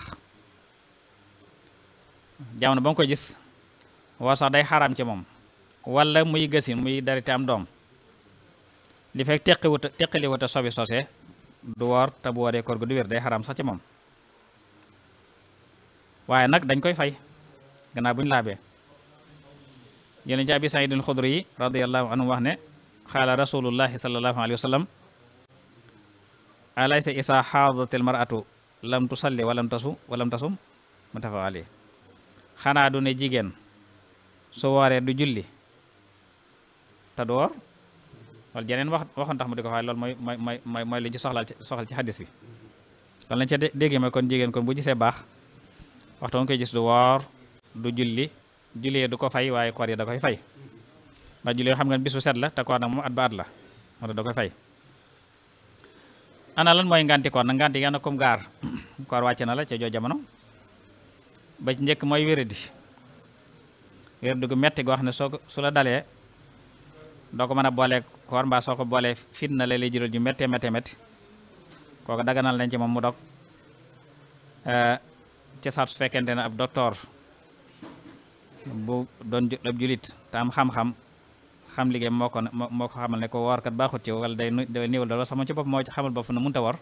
jamono ba nga koy gis war sax day xaram ci moom wala muy gësin muy darite am doom li fekk teqiwut teqaliwut a sobi sose du woor te bu wooree koor gu day xaraam sax ci moom waaye nag dañ koy fay gannaaw buñ laabee yéen ci abi saidul xudri yi radiallahu anhu wax ne xaala rasulullahi salallahu alayhi wa sallam alaysa isa xaadatil maratu lam tusalli walam tasu walam tasum mutafa ali xanaa du ne jigéen su wooree du julli te du woor loolu jeneen wax waxoon tax mu di ko waaye loolu mooy mooy mooy mooy li ñu ci soxlaal ci soxal ci xaddis bi loolu lañ ca déggee mooy kon jigéen kon bu gisee baax waxtu mu koy gis du woor du julli jullee du ko fay waaye koor yi da koy fay ndax julli xam nga bis bu set la te koor nag moom at ba at la moo tax da koy fay ana lan mooy nganti koor nag nganti yana comme gaar koor wàcc na la ca joo jamono ba ci njëkk mooy wéradi wéradi gu metti goo xam ne soo doo ko mën a boolee koor mbaa soo ko boolee fitna la lay jural ju méttee méttee métti kooku daganal nañ ci moom mu dog eh, ca saat su fekkente ne ab docteur bu doon ab julit te xam-xam xam liggéey moo ko moo ko xamal ne ko woor kat baaxut ci wala day néewal doole sama ci bopp moo xamal bopp na mënta wor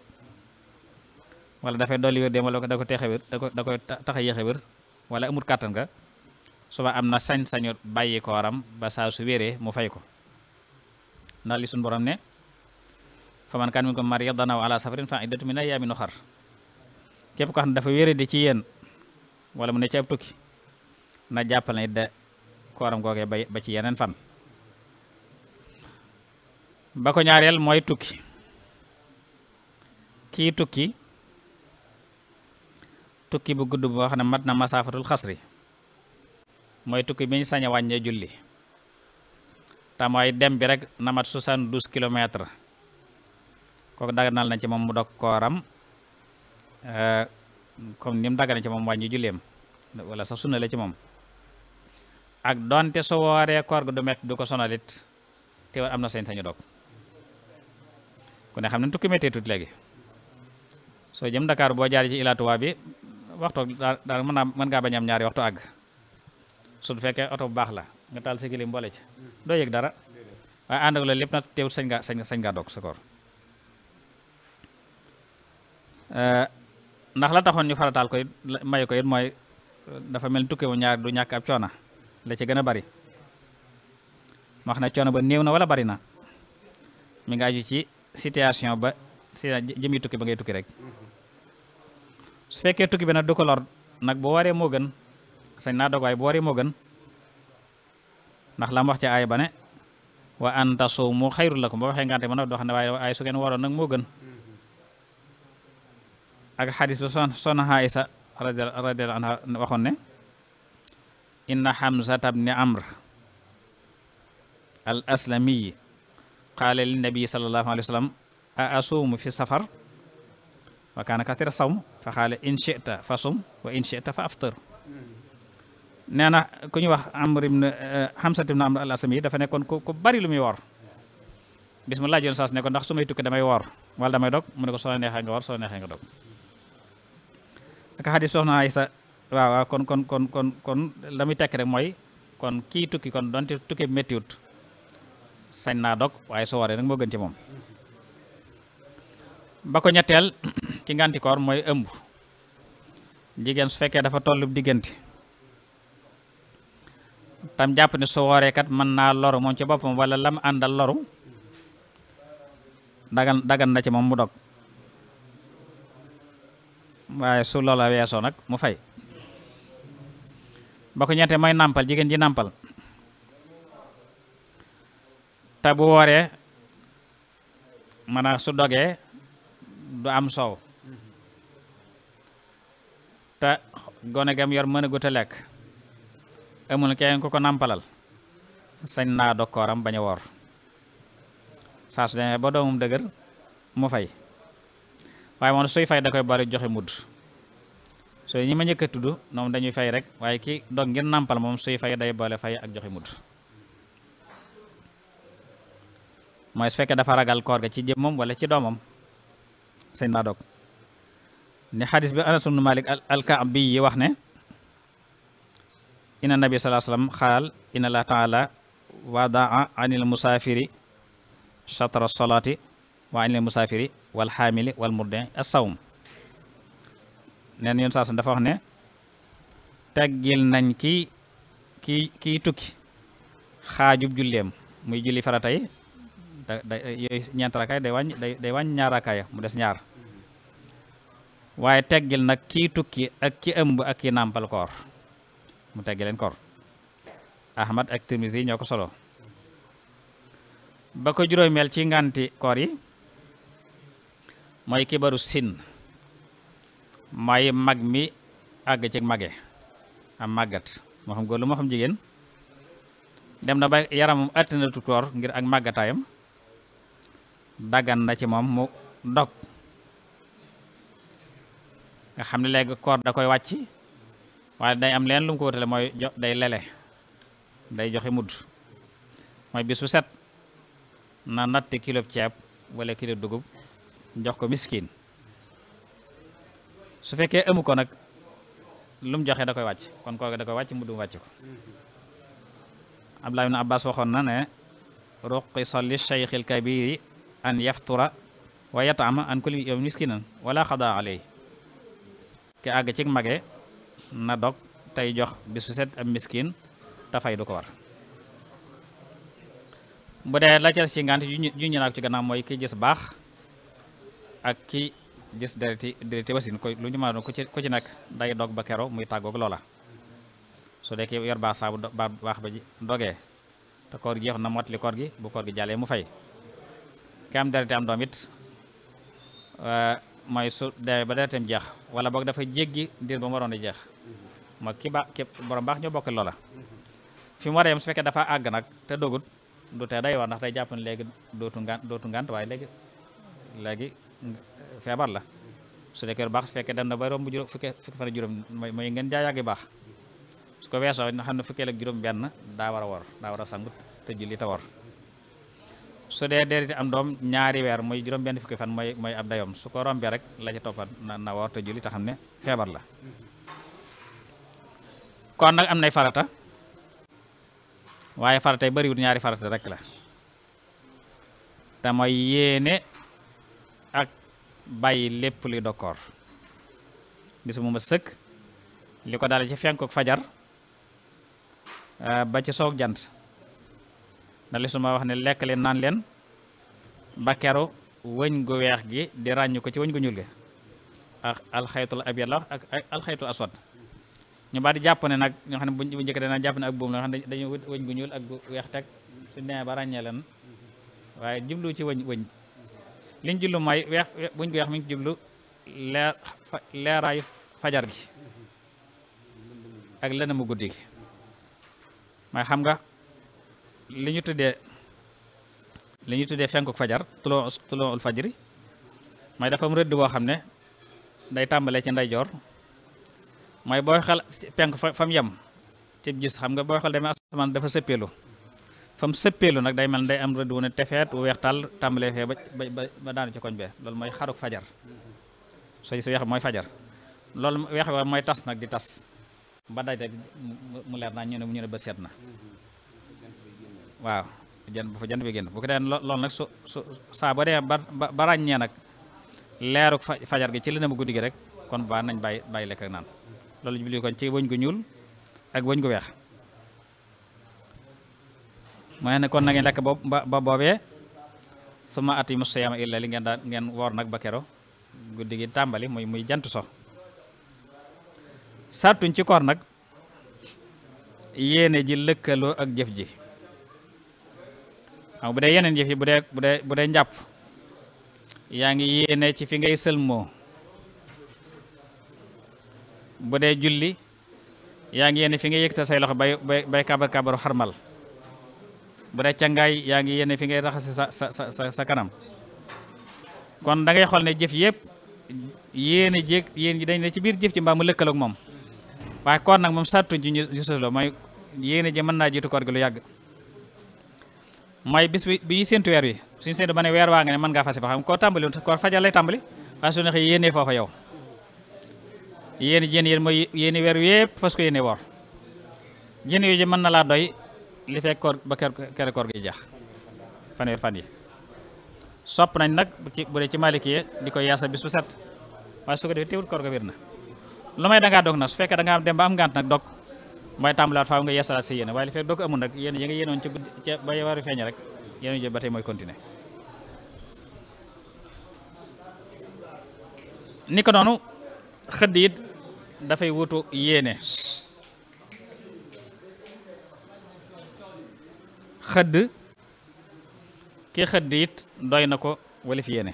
wala dafay dolli wér dem wala da ko teexe wér da ko da koy a yéexe wér wala amut kàttan nga suba am na sañ-sañu bàyyi kooram ba saa su wéree mu fay ko ndax li borom ne faman kaan minkum mariidan aw ala safarin fa iddatun ya min ayamin ukhar kep ko kan xamne dafa wéré di ci yeen wala mu ne ci ab tukki na jappal ne da kooram goge ba ci yenen fan ba ko ñaarel moy tukki Ki tukki tukki bu gudd bo xamne matna masafatul khasri moy tukki biñu sañ julli ta moy dem bi rek na mat 72 km ko daganal na ci mom mu koram euh comme nim dagana ci mom wañu julem wala sax sunna la ci mom ak donte so wooree koor ga du met du ko sonalit te war amna seen sañu dok ku ne xamna tukki méttee tut legi so jëm Dakar bo jaar ci ilatu Touba bi waxtu man mën naa mën ag ñaari waxtu su fekke auto bu la nga tal sa gilim bolé ci do yek dara waaye ah, and ak loolu lepp na teewut sañ nga sañ sañ nga dok sa euh ndax la taxone ñu faratal koy may koy moy dafa mel ñaar e du ñak ab la ci gëna bari makna wax ba neew na wala bari na mi nga ju ci situation ba si jëmi tukki ba ngay tukki rek su fekke tukki bi na du ko lor nak bo waré mo gën sañ na dog waaye gën ndax la mu wax ci aay ba wa anta sumu khairul lakum ba waxee ngante mën a doo xam ne waaye waaye su ngeen waroon nag moo gën ak xadis ba son sona Aysa radiyallahu anha waxoon ne inna Hamzata bni Amr al Aslami, قال li صلى الله عليه وسلم أأصوم في السفر وكان كثير الصوم فقال إن شئت fa وإن شئت فأفطر Nana na ku ñuy wax amr ibn eh, hamsat ibn amr al asmi dafa nekkon ku bari lu mi wor bis mu laajoon saas nekkon ndax sumay tukki damay wor wal damay dog mu ne ko soo nga woor soo neexee nga dog ak hadith sohna aisha waaw waaw kon kon kon kon kon lamuy tek rek moy kon ki tukki kon donte tukki metti wut sañ na dog waye so waré nak mo gën ci mom ba ko ñetteel ci ngàntikoor moy ëmb su fekke dafa tollu digenti tam jàpp ne su wooree kat mën naa loru moom ci boppam wala lam àndal loru dagan dagan na ci moom mu dog waaye su loola weesoo nag mu fay ba ko ñeente mooy nàmpal jigéen ji nàmpal te bu wooree maanaam su dogee du am soow te gone gam yor mën a gut a lekk amul keneen ku ko nàmpalal sañ naa dog kooram bañ a saa su demee ba doomum dëgër mu fay waaye moom suy fay da koy bari joxe mudd soo ñi ma njëkk a tudd moom dañuy fay rek waaye ki dog ngir nàmpal moom suy fay day boole fay ak joxe mudd mooy su fekkee dafa ragal koor ga ci jëmmam wala ci doomam sañ naa dog ni xadis bi Anas ibn Malik al Kaabi yi wax ne inna nabi sallallahu Alaihi Wasallam Khal inna allah taala wadaa anil shatr as Salati wa anil musafiri wal hamili wal murdin assawm neen yoon saa dafa wax ne tagil nañ ki ki ki tukki khajub jullem muy julli farata yi Dewan Nyaraka rakay day wañ day wañ ñaar ya, mu dess ñaar waye teggil nak ki tukki ak ki ëmb ak ki Nampal koor mu teggi leen kor ahmad ak tirmisi ñoo ko solo ba ko juróomeel ci nganti koor yi mooy kibaru sin mooy mag mi àgg ci mage am màggat moo xam góor lu moo xam jigéen dem na ba yaram attinatu koor ngir ak màggataayam daggan na ci moom mu dog nga xam ne léegi koor da koy wàcc waaye day am leen lu ko wutale mooy jo day lele day joxe mudd mooy bis set na natti kilo ceeb wala kilo dugub jox ko miskin su fekkee amu ko nag lu mu joxe da koy wàcc kon kooku da koy wàcc mudd mu wàcc ko Abdullah ibn Abbas waxoon na ne ruqisa li shaykhil kabiri an yaftura wa yatama an kulli miskinan wala xadaa aley ke àgg ci mage na dog tay jox bisu set am miskin ta fay du ko war bu de la ci ci ngant ju ñu naa ci ganam moy ki jiss bax ak ki jiss dereti dereti wasin ko lu ñu ma doon ku ci ko ci nak day dog ba kero muy ak lola su de ki yor baax korgi baax ba doge ta koor gi jeex na koor gi bu koor gi jale mu fay kam dereti am domit euh may su de ba deretam jeex wala da jeggi dir ba jeex ma ki ba ki borom baax ñoo bokk loola fi mu war a su fekkee dafa àgg nag te dogut du te day war ndax day jàpp ne léegi dootu ngant dootu ngant waaye léegi léegi feebar la su dee kër baax su na ba romb juróom fukki fukki fan juróom mooy ngeen jaa baax su ko xam ne fukkeel ak juróom benn daa war a wor daa war a sangu te julli te wor su dee déedéet am doom ñaari weer mooy juróom benn fukki fan mooy mooy ab dayoom su ko rombee rek la ca toppat na na wor te julli te xam ne feebar la kon nag am nay farata waaye faratay yi ñaari farata rek la te mooy ak bàyyi lépp li dokkoor bisu mu ma sëkk li ko dale ci fenkook fajar eh, ba ci soog jant na su ma wax ne lekk leen naan leen ba keru wëñ gu weex gi di ràññ ko ci wëñ gu ñuul gi ak alxaytul abyad la ak alxaytul aswad ñu bari jàpp ne nag ñoo xam ne bu njëkk dana jàpp ne ak buum la nga xam ne dañu wëñ gu ñuul weex teg ba ràññee leen waaye jublu ci wëñ wëñ liñ jublu mooy buñ weex mi ngi jublu leer fajar gi ak lëna mu guddi xam nga li ñu tuddee li ñu tuddee fenkuk fajar tuloo tuloo ul fajri mooy dafa am rëdd boo xam ne day tàmbalee ci ndeyjoor moy boy xal penk fam yam yem ci gis xam nga boy xal demee asman dafa seppelu fam seppelu nak day mel day am rëdd ne tefet wu wex tal tàmbalee fe ba ba daanu ci koñ bee loolu xaruk fajar soo gis wex moy fajar lol wex moy tas nak di tas ba day rek mu leer na ñu ne ñu ne ba setna waaw jant bu fa jant bi génn bu ko den lol nak so sa ba de ba ragne nak leeruk fajar gi ci lëndëm guddi gi rek kon ba nañ bay bay lek ak nan loolu jubli kon ci wëñ gu ñuul ak wëñ gu weex mu ne kon na ngeen lekk boobu ba boobee su ma at yi mu siyaama illa li ngeen daan ngeen woor nag ba kero guddi gi tàmbali muy muy jant so sartuñ ci koor nag yéene ji lëkkaloo ak jëf ji bu dee yeneen jëf yi bu dee bu dee njàpp yaa ngi yéene ci fi ngay sëlmoo bu dee julli yaa ngi yéene fi ngay yëkkate say loxo bay bay kabar kabaru xarmal bu dee cangaay yaa ngi yéene fi ngay raxasi sa sa sa sa kanam kon da ngay xool ne jëf yëpp yéen a jéeg yéen ñi dañ ne ci biir jëf ci mbaa mu lëkkaloog moom waaye koor nag moom sàttuñ ji ñu sosloo mooy yéen a ji mën naa jiitu koor gi lu yàgg mooy bis bi bi ñu séntu weer wi suñu séntu ba ne weer waa nga ne mën ngaa fasi ba xam koo tàmbali koor fajal lay tàmbali waaye su ne yow yéen jën yéen mooy yéeni weer yëpp fas ko yéene woor jën yooyu mën na laa doy li fekk koor ba kere koor gi jeex fanweer fan yi sopp nañ nag ci bu dee ci malikiye di ko yaasa bi bu set waaye su ko defee teewul koor ga wér na lu may da dog na su fekkee da dem ba am ngant nag dog mooy tàmbalaat faaw nga yeesalaat si yéen waaye li fekk dog amul nag yéen yi nga yéenoon ci guddi ba war feeñ rek yéen jël ba tey mooy continuer ni ko noonu xëdd it dafay wutu yéene xëdd ki xëdd it doy na ko walif yéene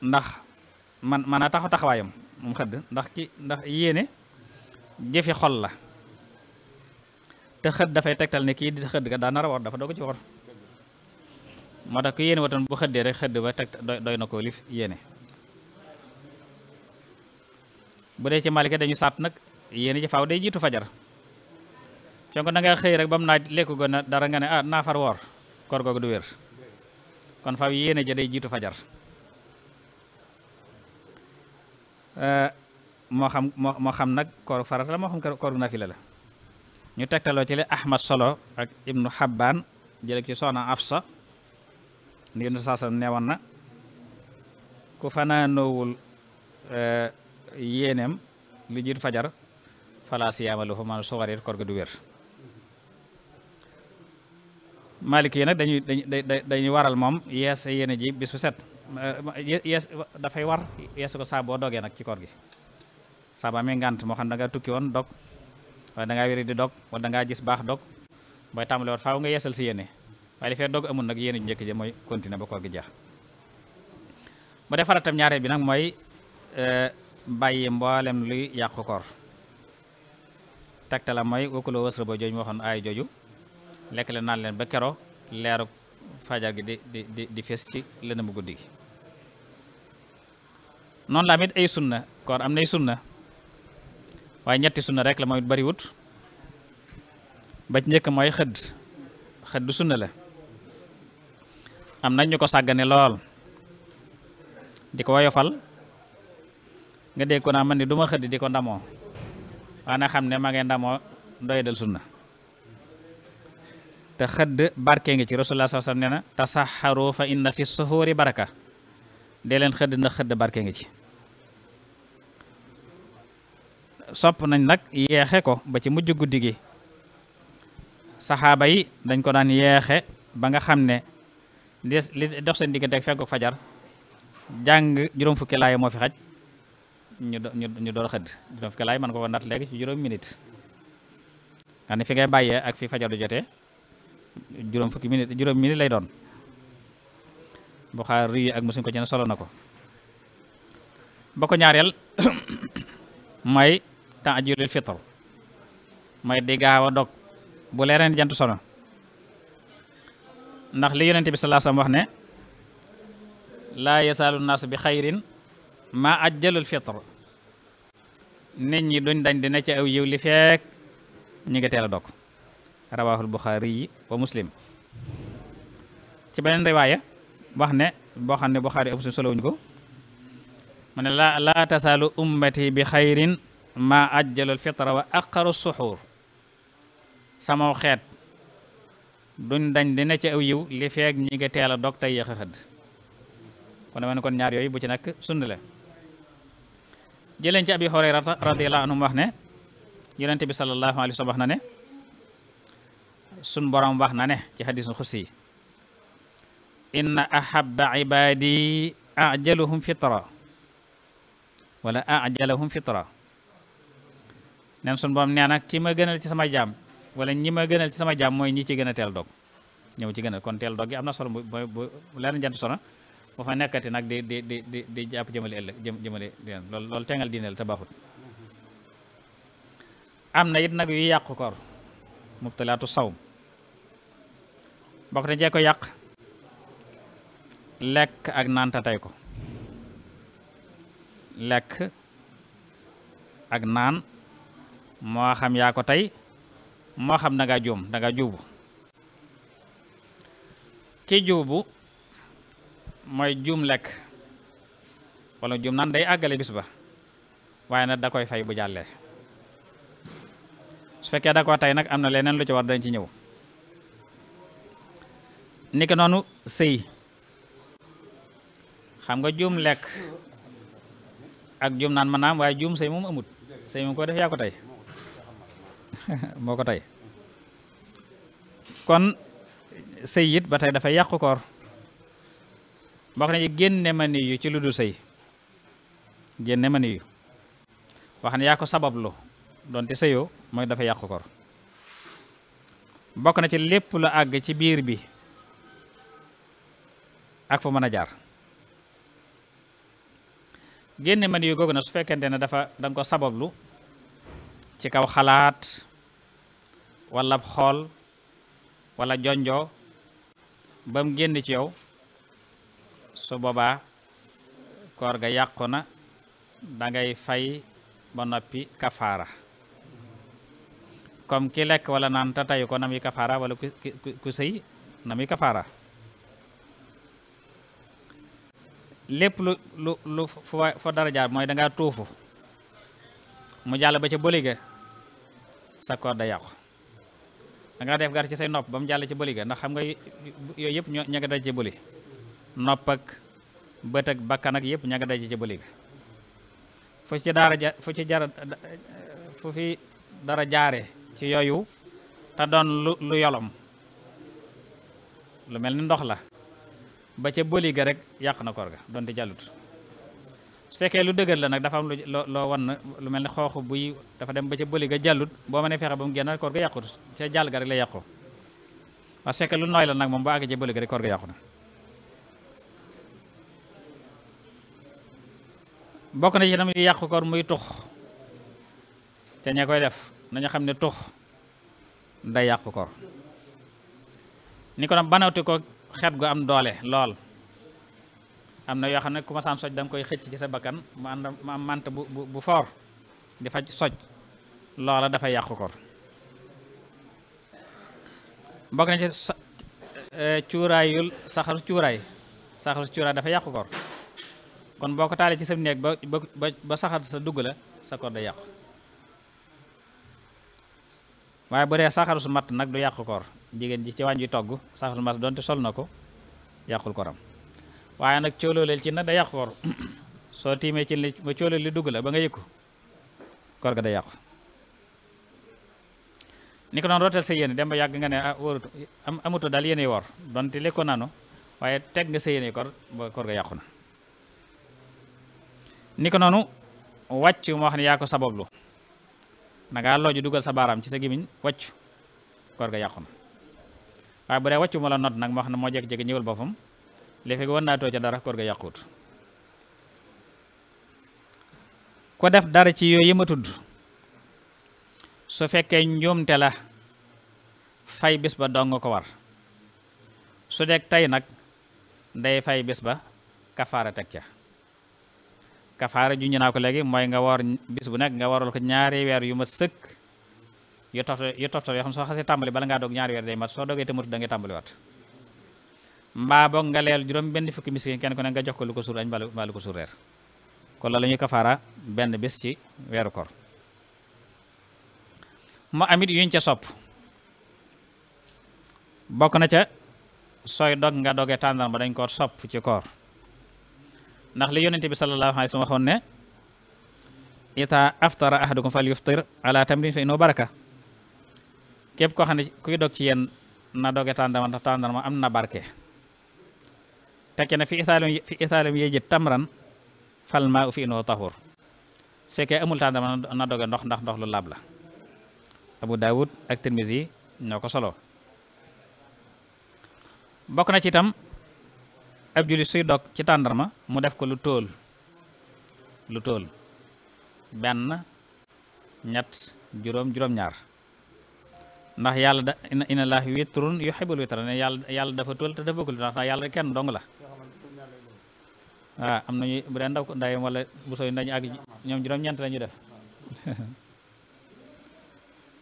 ndax man maanaa taxaw taxawaayam moom xëdd ndax ki ndax yéene jëfi xol la te xëdd dafay tegtal ne kii di xëdd ga daa nar a war dafa doog ci war moo tax ku yéene watoon bu xëddee rek xëdd ba teg doy na ko walif yéene bu dee ci malika dañu sat nak yéeni ci faaw day jitu fajar ci da nga xey rek bam naaj leku gona na dara nga ne ah far wor kor gogu du wer kon faaw yene ja day jitu fajar mo xam nak xam nak kor farata la moo xam koor nafila la ñu tektalo ci le ahmad solo ak ibnu Habban jële ci sona afsa ñu nu sa neewoon na ku yenem li jiit fajar fala siyaama lahu man suwarit du wer maliki nak dañuy dañuy waral mom, yes, yene ji bisu set yes da fay war yes ko sa bo doge nak ci koor sa ba me ngant mo xam da nga tukki won dog wala da nga di dog wala da nga gis bax dog booy tàmbale war faaw nga yesal si yene li dog amul nak yene ji jek ji moy continuer ba koor gi jeex bi bàyyi mboolem luy yàqu koor tegtala mooy wakkuloo wasra ba jooju mu waxoon aay jooju lekk leen naan leen ba kero leeru fajar gi di di di di fees ci lëndëm guddi gi noonu la amit ay sunna koor am nay sunna waaye ñetti sunna rek la moom it bariwut ba njëkk mooy xëdd xëdd sunna la am nañ ñu ko sàggane lool di ko woyofal nga dégg ko naa man ni du xëdd di ko ndamoo waa na xam ne ma ngeen ndamoo doyadal sunna te xëdd barke ngi ci rasulullah sallallahu alayhi wasallam nee na tasaxaru fa inna fi suxuuri baraka dee leen xëdd na xëdd barke ngi ci sopp nañ nag yeexe ko ba ci mujj guddi gi saxaaba yi dañ ko daan yeexe ba nga xam ne li dox seen diggante ak fenkook fajar jàng juróom fukki laay moo fi xaj ñu do ñu door xëdd dina man ko ko natt léegi ci juroom minute nga fi ngay baye ak fi fajar du jotee juroom fukki minute juroom minute lay doon Buxaari yi ak Muslim ko ci solo nako bako ba may ta mooy fitr may di gaaw a dog bu leren jant solo ndax li yonnati bi sallallahu alayhi wasallam wax ne laa yasaalu nas bi khairin ma ajjalul fitr nit ñi duñ dañ dina ci aw yiw li fekk ñi nga teel a dokk rawaaxul buxaari yi wa muslim ci beneen riwaaya wax ne boo xam ne buxaari ak muslim solowuñu ko mu ne laa laa tasaalu ummati bi xayrin ma ajjalul fitra wa aqaru suxuur sama xeet duñ dañ dina ci aw yiw li fekk ñi nga teel a dog tey yéex a xëdd kon dama ne kon ñaar yooyu bu ci nag sunn la jëleen ci abi Hurayra radhiyallahu anhu wax ne yonente bi sallallahu alaihi wasallam sallam na ne sun borom wax na ne ci xadisul xudsi inna ahabba ibadi ajaluhum fitra wala a'jaluhum fitra nem sun borom neena ki ma gënal ci sama jaam wala ñi ma gënal ci sama jaam moy ñi ci gëna tel dog ñew ci gëna kon tel dog gi solo bu leer jant bu fa nekkati nag di di di di jàpp jëmale ëllëg jëm jëmale leen loolu loolu tengal diine am na it nag yu yàq koor mubtalaatu sawm bokk na jee ko yàq lekk ak naan ta tey ko lekk ak naan moo xam yaa ko tey moo xam da ngaa juum da juubu ki juubu mooy juum lekk wala juum naan day àggale bis ba waaye nag da koy fay bu jàllee su fekkee da ko tey nag am na leneen lu ci war dañ ci ñëw niki noonu sëy xam nga juum lekk ak juum naan ma naam am waaye juum sëy moom amut sëy moom ko def yaa ko tey moo ko tey kon sëy it ba tey dafay yàqu wax nañu génne ma ni yu ci lu dul sëy génne ma ni yu wax ne yaa ko sabablu doonte sëyoo mooy dafa yàqu koor bokk na ci lépp lu àgg ci biir bi ak fu mën a jaar génne man yu googu na su fekkente ne dafa danga ko sabablu ci kaw xalaat wala xool wala jonjoo ba génn ci yow su boobaa koor ga yàqu na dangay fay ba noppi kafaara comme ki lekk wala naan te tayu ko na muy kafaara wala ku ku sëy na muy kafaara lépp lu lu lu fa dara jaar mooy dangaa tuufu mu jàll ba ca bëliga sa koor da yàqu dangaa def gar ci say nopp ba mu jàll ci bëliga ndax xam nga yooyu yëpp ñoo ña nga daj ci bëli Nopak, betak bakana ak bakkan ak yëpp ña nga daje ca bëli ga fu ci dara ja fu ci jar fu fi dara ci lu lu yolom lu mel ndox la ba ca ga rek yak na ga di jalut. su lu dëgër la nak dafa am lu loo wan lu mel ni xooxu buy dafa dem ba ca bëli ga jalut, bo mënee fexe ba mu génn ga yàqut ca jàll ga rek la yàqu parce que lu nooy la ba ga rek ga bokk na ci itam yu yàqu koor muy tux te ña koy def nañu xam ne tux day yàqu koor ni ko tam banawti ko xet gu am doole lool am na yoo xam ne ku ma saam soj da nga koy xëcc ci sa bakkan mu ànd mu am mànt bu bu foor di faj soj loola dafay yàqu koor bokk na ci eh, cuuraayul saxaru cuuraay saxaru cuuraay dafa yàqu koor kon boo ko taalee ci sa néeg ba ba ba saxar sa dugg la sa koor day yàqu waaye bu dee saxar su matt nag du yàqu koor jigéen ji ci wàññi togg saxar su matt donte sol na ko yàqul koram waaye nag cóolooleel ci nag da yàqu koor soo tiimee ci li ba cóolool li dugg la ba nga yëg ko koor ga day yàqu ni ko doon rooteel sa yéene dem ba yàgg nga ne ah wóorutu am amutoo daal yéene woor donte lekkoo naanu waaye teg nga sa yéene koor ba koor ga yàqu na ni ko noonu wàcc moo xam ne yaa ko sabablu na ngaa dugal sa baaraam ci sa gémmiñ wàcc koor ga yàqu na waaye bu dee wàccu ma la nodd nag moo xam ne moo jékki-jékki ñëwal boppam li fekk war naa too ca dara koor ga yàquut ku def dara ci yooyu ma tudd su fekkee njuumte la fay bis ba dong ko war su dee tey nag day fay bis ba kafaara teg ca Kafara ju ñu naa ko léegi nga woor bis bu nek nga warul ko ñaari weer yu ma sekk yu toftal yu toftal yo xam so xasse tambali bala nga dog ñaari weer day mat soo te tamatu da nga tambali wat mba boog nga leel juroom benn fukk miskin ken ko nga jox ko lu ko suur añ mbaa ko la lañu kafara benn bis ci amit yuñ ca sop bokk na ca soy dog nga tandar ba dañ ko sop ci koor ndax li yonente bi sallallahu alayhi wa sallam ita aftara ahadukum fal yuftir ala tamrin fa inoo baraka képp koo xam ne kuy dog ci yéen na doge tàndarma ndax am na barke tekki na fi isaalim fi isaalim yeji tamran fal u fi inoo tahur su amul tàndarma na doge ndox ndax ndox lu laab la abu daawud ak tirmisi yi solo bokk na ci itam ab julli suy dog ci tandarma mu def ko lu tol lu tol ben ñett juróom juróom-ñaar ndax yalla da inna laahi witrun yuhibbul witra ne yalla yalla dafa tol te dafa ko ndax yalla kenn dong la ah amna ñu bu dee ndaw ko nday wala bu soy ndañu ak ñom juróom-ñeent lañu def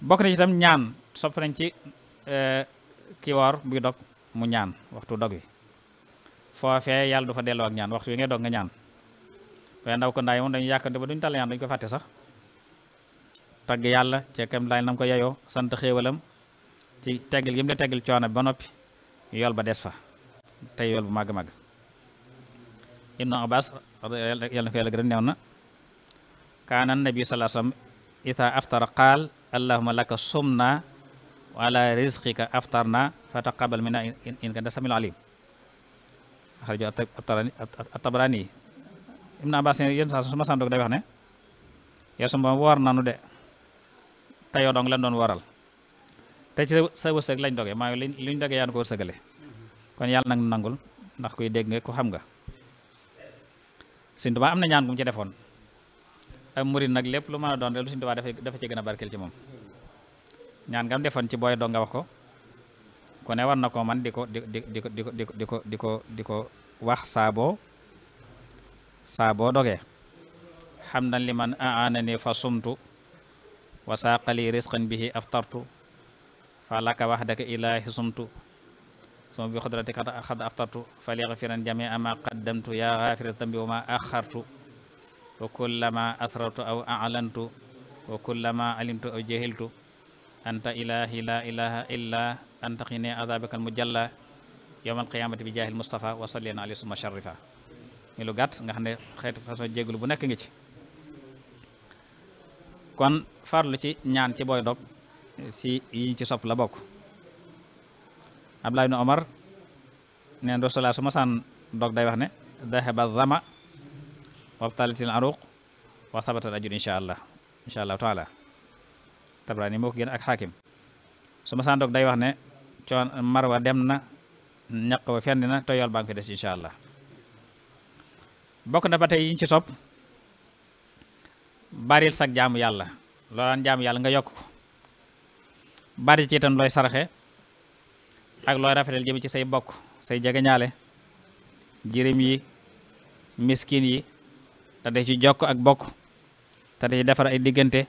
bokk na ci tam ñaan sopp nañ ci eh, ki war bu dog mu ñaan waxtu dog wi foofee yàlla du fa delloo ak ñaan waxtu yi ngay doog nga ñaan waaye ndaw ko ndaay moom dañu yàkkante ba duñu tal ñaan dañu ko fàtte sax tagg yàlla ci kam laay nam ko yeyoo sant xéewalam ci teggal gi mu la teggal coono ba noppi yool ba des fa tey yool bu màgg-màgg ibnu abbas yàlla na ko yàlla gërëm neew na kaana nabi sallallahu alayhi wasallam ita aftara qaal allahumma laka sumna wa ala rizqika aftarna fataqabbal minna innaka antas samiul alim xaraju at-Tabarani yi Ibn Abbas yenn saa su ma sàndoog day wax ne yow suma woor nanu de tayoo dong lan doon waral te ci sa wërsëg lañ doge maa ngi li ñu doge yaan ko wërsëgale kon yàlla nag nangul ndax kuy dégg nga ko xam nga Sëñ am na ñaan gu mu ci defoon am murid nag lépp lu mën a doon rek lu Sëñ Tuubaa dafa dafa ci gën a barkeel ci moom ñaan nga defoon ci booy dong nga wax ko ku ne war na ko man diko diko diko diko diko diko diko di ko di ko di ko wax saaboo saaboo dogee xamdan li aanani fa sumtu wa saqali rizqan bihi aftartu falaka wahdaka ilahi sumtu sum bi xudratika akhad aftartu falighfiran jamia ma qaddamtu ya ghafir dhanbi wa ma akhartu wa kullama asrartu aw a'lantu wa kullama alimtu aw jahiltu anta ilahi la ilaha illa an taqini azabakal mujalla yawmal qiyamati bi jaahil Mustafa wa sallina alayhi suma sharifa mi lu gàtt nga xam ne xeetu façon jégalu bu nekk ngi ci kon farlu ci ñaan ci booy dog si yi ci sopp la bokk Abdullah ibn Omar neen Rasulullah su ma saan dog day wax ne dahaba zama wabtalatil aruq wa sabatal ajur insha allah insha allahu taala tabrani moo ko gën ak xaakim su ma saan day wax ne coon marwa dem na ñak wa fenn na to yol baa fi des inshallah bokk na batay yiñ ci sop baril sak jaamu yalla lo lan jaamu yalla nga yok bari ci itam loy saraxé ak loy rafetel jëm ci say bokk say ñalé jirim yi miskin yi ta day ci jokk ak bokk ta day defar ay digënté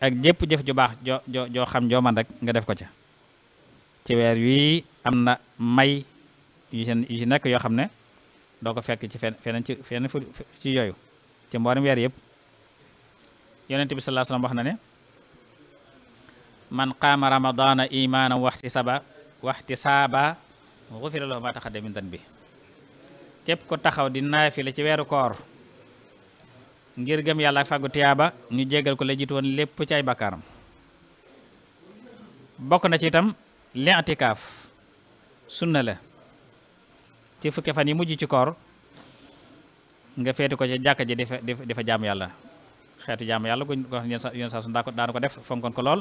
ak jépp jëf ju baax jo jo xam jo man rek nga def ko ca ci weer wi am na may yu ci yu ci nekk yoo xam ne doo ko fekk ci fen feneen ci feneen fu ci yooyu ci mboolem weer yëpp yonent bi sallallahu wax na ne man qaama ramadaana imaanan wa ihtisaaba wa ihtisaaba ghufira lahu ma taqaddama min danbi képp ko taxaw di naafila ci weeru koor ngir gëm yàlla ak fàggu tiyaaba ñu jégal ko la jiitu woon lépp ci ay bakkaaram bokk na ci itam li'tikaaf sunna la ci fukki fan yi mujj ci koor nga feeti ko ci jàkka ji di fa jaam yàlla xeetu jaam yàlla guñ ko yoon sa sun da ko daan ko def fonkon ko lol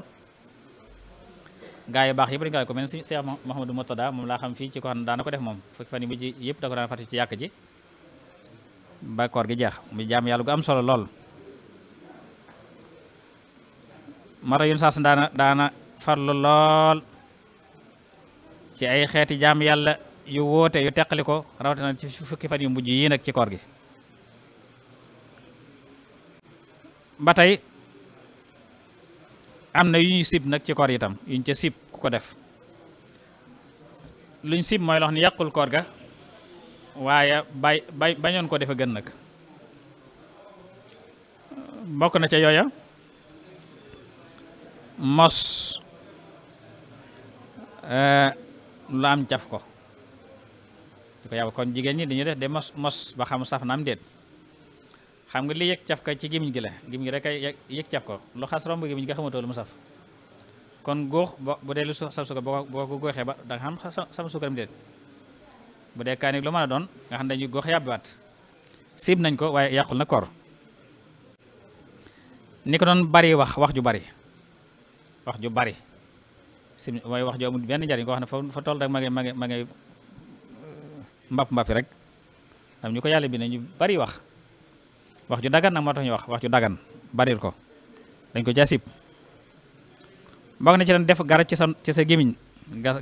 gaay baax yëpp dañ ko daan ko mel ni Cheikh mohammed Murtada mom la xam fi ci ko daan ko def mom fukki fan yi mujj yëpp da ko daan fàtte ci yàkk ji ba koor gi jeex mu jaam yalla gu am solo lol mara yoon sa sun daana daana farlu lol ci ay xeeti jaam yàlla yu woote yu teqali ko rawatina ci fukki fan yu mujj yii nag ci koor gi ba tey am na yu ñu sib nag ci koor itam yuñ ca sib ku ko def luñ sib mooy loo xam koor ga waaye bay bay bañoon ko defa gën nag mbokk na ca yooya mos eh, laam caf ko di ko yàpp kon jigéen ñi dañuy def de mos mos ba xam saf naam déet xam nga li yëg caf ka ci gémmiñ gi la gémmiñ gi rek ay yëg caf ko lu xas romb gémmiñ gi xamatoo lu mu saf kon góox ba bu dee lu saf suukar boo ko góoxee ba da nga xam sam suukaram déet bu dee kaani lu mën a doon nga xam dañuy góox yàbbiwaat siib nañ ko waaye yàqul na koor ni ko doon bari wax wax ju bari wax ju bari sim waaye wax joo amul benn njariñ koo xam ne fa fa toll rek ma ngay ma ngay ma uh, rek am ñu ko yàlla bi ne ñu bari wax wax ju dagan nag moo tax ñu wax wax ju daggan baril ko dañ ko jasib bokk na ci leen def garab ci sa ci sa gémiñ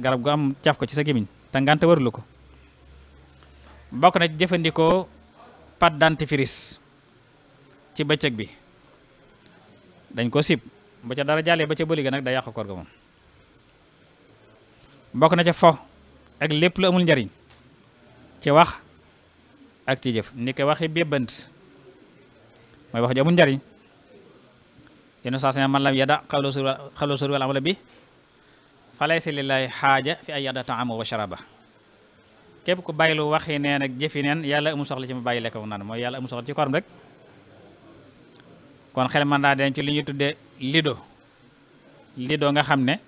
garab gu am caf ko ci sa gémiñ te ngante ko bokk na jëfandikoo pat pâte dentifrice ci bëccëg bi dañ ko sib ba ca dara jàllee ba ca bëli nag da yàq koor ga moom mbokk na ca fo ak lépp lu amul njariñ ci wax ak ci jëf ni ko waxi bébbant mooy wax ji amul njariñ yenn saa man lam yada xawla suur xawla suur wala amala bi falaysa lillahi xaaja fi ay yada taamu wa sharaba képp ku bàyyi lu waxi neen ak jëfi neen yàlla amul soxla ci mu bàyyi lekk mu naan mooy yàlla amul soxla ci koram rek kon xel man daa dem ci li ñuy tudde lido lido nga xam ne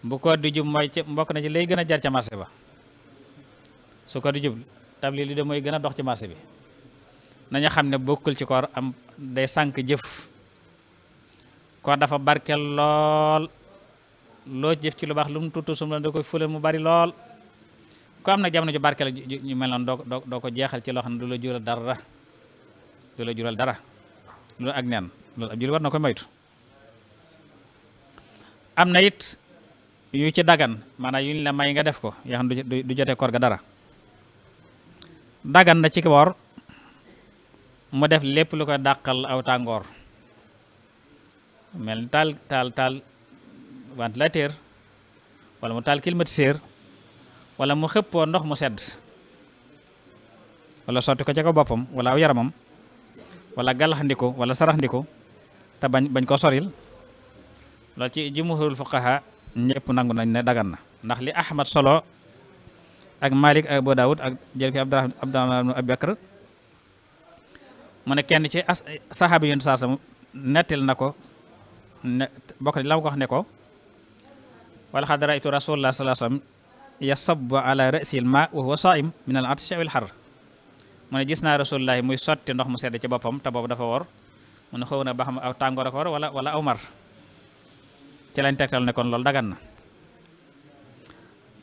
bu koor di jub mooy ci mbokk na ci lay gën a jar ca marché ba su koor di jub tabli li de mooy gën a dox ci marché bi nañu xam ne bokkul ci koor am day sànq jëf koor dafa barkeel lool loo jëf ci lu baax lu mu tuutu sum la da koy fule mu bari lool ko am nag jamono ju barkeel ñu mel noonu doo doo ko jeexal ci loxo xam ne du la jural dara du la jural dara loolu ak neen loolu ab juli war na koy moytu am na it yu ci dagan mana yu ñu la may nga def ko ya xam du du jotee ga dara dagan na ci kor mu def lepp lu ko dakal aw tangor mel tal, tal taal taal ventilateur wala mu taal climatiseur wala mu xëppoo ndox mu sedd wala sotti ko ci ko bopam wala aw yaramam wala gàllaxndiku wala saraxndiku ta bañ bañ ko soril lo ci jumuhurul fuqaha ñëpp nangu nañ ne dagan na ndax li ahmad solo ak malik ak bo daoud ak jël fi abdallah abdallah abu mané kenn ci sahabi yunus yun saasam nettil bokk la mu ko wax ne ko wala xad rasulullah sallallahu alayhi wasallam yasabbu ala ra'sil ma wa huwa saa'im min al har muy ndox mu sedd ci dafa wor wala wala ci lañ tegtal ne kon loolu dagan na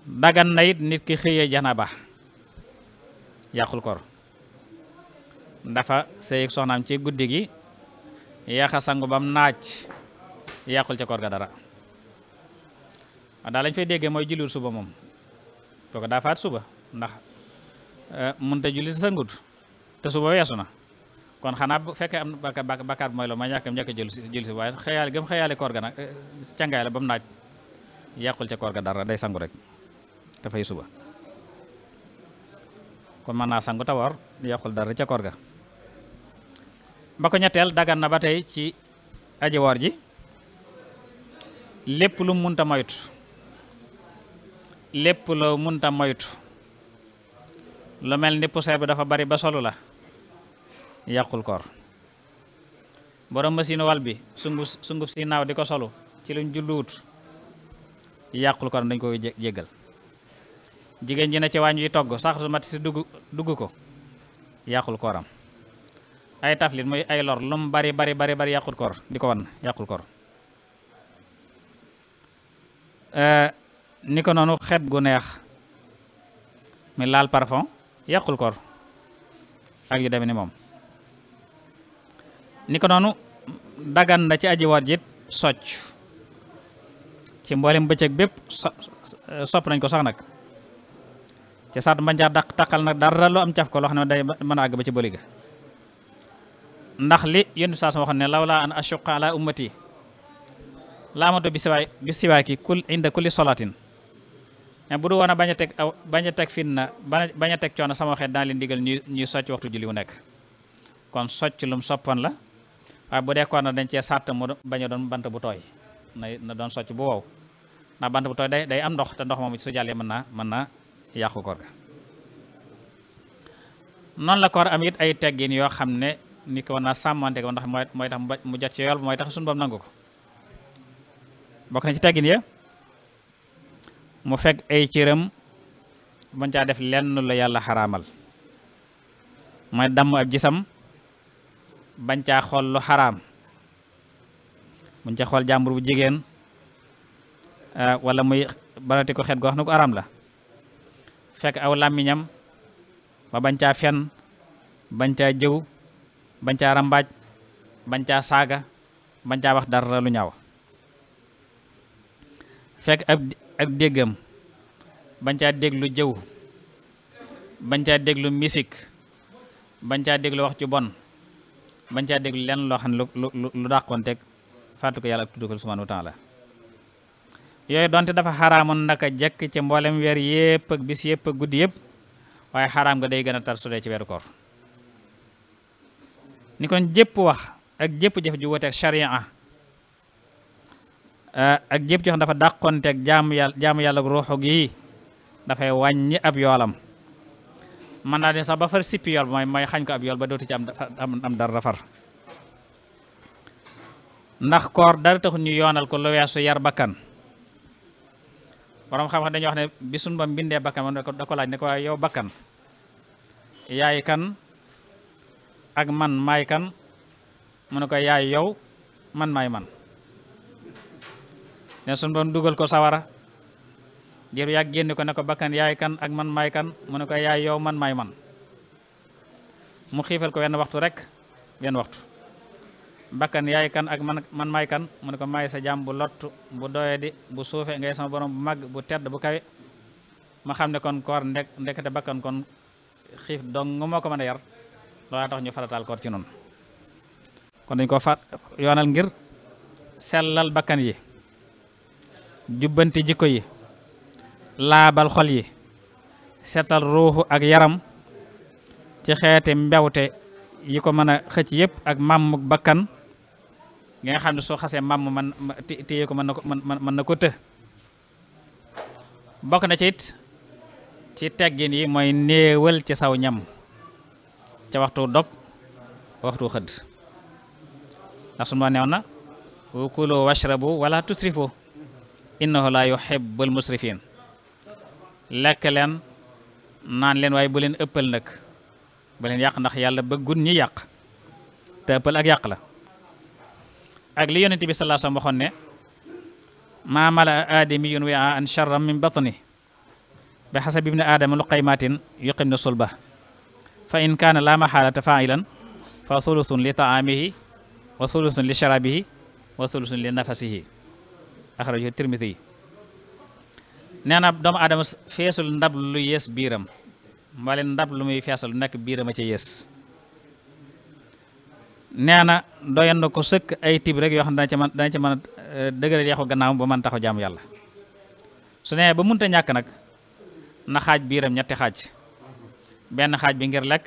dagan na it nit ki xëyee janaba yàqul kor dafa sëy soxnaam ci guddi gi yaxa sangu bam naaj yàqul ca kor ga dara daal lañ fay déggee mooy julliwul suba moom kooku daa faat suba ndax eh, mënta julli te sangut te suba weesu na kon xana bu am baka bakaar mooy la ma am ñak jël si jël ci way xeyal gëm xëyaale koor ga ci eh, cangay la bam naaj ci koor ga dara day sangu rek te fay suba kon mana na sangu tawoor yàqul dara ci koor ga mbako ñettel dagan na batay ci aji war ji lepp lu munta mayut lepp lo munta mayut lu melni ni poussière bi dafa bari ba solo la yàqul koor borom machine wal bi sunguf sunguf si naaw di ko solu ci luñ julluwut yàqul koor dañ koy jéggal jigéen ji ne ci waañ wi togg sax su mat si dugg dugg ko yàqul kooram ay taflit muy ay lor lum bari bari bari bari yàqul koor di ko wan yàqul koor ni ko noonu xet gu neex mi laal parfum yàqul koor ak yu demee ni moom niko nonu dagan na ci aji war jit socc ci mboolem bëccëg bépp sop nañ ko sax nak ci sat mbañ dak takal nak dara lu am ciaf ko lo xam day mën ag ba ci boliga ndax li yonent sa sama xamne lawla an ashqa ala ummati la amatu bi siwaay bi ki kul inda kulli salatin mais budu wana baña a baña tek finna baña tek ciona sama xet digal ñu socc waxtu julli wu nek kon socc lum sopan la waaye bu dee na dañ cee sàtt mu bañ a doon bant bu tooy na na doon socc bu wow ndax bant bu tooy day day am ndox te ndox moomu su jàllee mën na mën na yàqu koor ga noonu la koor am it ay teggin yoo xam ne nit ko war naa sàmmante ko ndax mooy tax mu jot ci yool mooy tax suñu bam nangu ko bokk na ci teggin ya mu fekk ay cëram bañ caa def lenn lu yàlla xaraamal mooy damm ab gisam bañ caa xool lu xaraam buñ ca xool jàmbur bu jigéen eh, wala muy banati ko xet goo wax na ko araam la fekk aw làmmiñam ba bañ caa fen bañ caa jëw bañ caa rambaaj bañ caa saaga bañ caa wax dara lu ñaaw fekk ak ak déggam bañ caa déglu jëw bañ caa déglu misik bañ caa déglu wax ci bon bañ caa déglu lenn loo xam ne lu lu lu dàqoonteeg fàttu ko yàlla ak tudd ko subhaanahu wa taala yooyu donte dafa xaraamoon naka jekk ci mboolem weer yëpp ak bis yëpp ak guddi yëpp waaye xaraam nga day gën a tar su ci weeru koor ni kon jëpp wax ak jëpp jëf ju wuteeg charia eh, ak jëpp jox dafa dàqoonteeg jaamu yàlla jaamu yàlla ruuxu gi dafay wàññi ab yoolam man da ne sax ba far sipi yol mooy mooy xagn ko kan ab yol ba doti ci am am dara far ndax koor dara taxul ñu yonal ko lo wessu yar bakan. borom xam-xam dañu wax ne bi suñ ba mbindee bakkan man da ko laaj ne ko yow bakkan yaay kan ak man may kan mu ne ko yaay yow man may man ne sun ba dugal ko sawara diiru yak génne ko ne ko bakkan yaay kan ak man may kan mu ne ko yaay yow man may man mu xifal ko wenn waxtu rek wenn waxtu bakkan yaay kan ak man man may kan mu ne ko may sa jaam bu doye di bu soufey ngay sama borom bu màgg bu tedd bu kawé ma xamne kon koor ndek ndekata bakkan kon xif dong nga moko man yar loolaa tax ñu faratal koor ci non kon dañ ko fat yonal ngir selal bakkan yi jubanti jikko yi laabal xol yi setal ruuxu ak yaram ci xeeti mbewte yi ko mën a xëcc yépp ak màmmuk bakkan nga xam ne soo xasee màmm man téye ko mën na ko mën na ko të bokk na ciit ci teggin yi mooy néewal ci saw ñam ca waxtu dog waxtu xëdd ndax sunu ma neew na wa kulu washrabu wala tusrifu innahu la yuhibbul musrifin lekk leen naan leen waaye bu leen ëppal nag bu leen yàq ndax yàlla bëggun ñi yàq te ëppal ak yàq la ak li yonent bi sallallahu alayhi waxoon ne maa mala aadamiyun wi an charran min batni bi xasab ibni aadama luqaymatin yuqim na sulba fa in kaana laa maxaalata faa'ilan fa thuluthun li taamihi wa thuluthun li sharabihi wa thuluthun li nafasihi axrajahu tirmidi nee dom Adamus aadama ndab lu yes biram, mbale ndab lu muy feesal nek biram ci yes. ca doyan ko sëkk ay tib rek yo xam ne dana ca mën dana ca mën a eh, dëgëral yaxu gannaaw ba man taxo jaamu yalla su ne ba munta ñak nak na xaj biram ñetti xaj ben xaj bi ngir lek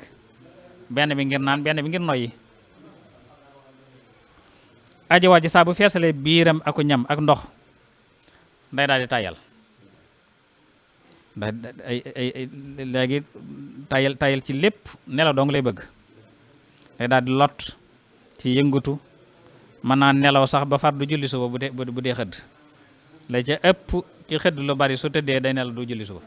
ben bi ngir naan ben bi ngir noy aji waji sa bu biiram aku ñam ak ndox nday dal di tayal ndax ay ay ay léegi tayal tayal ci lépp nelaw dong lay bëgg day daal di lot ci yëngatu mën naa nelaw sax ba far du julli suba bu dee bu dee xëdd la ca ëpp ci xëdd lu bari su tëddee day nelaw du julli suba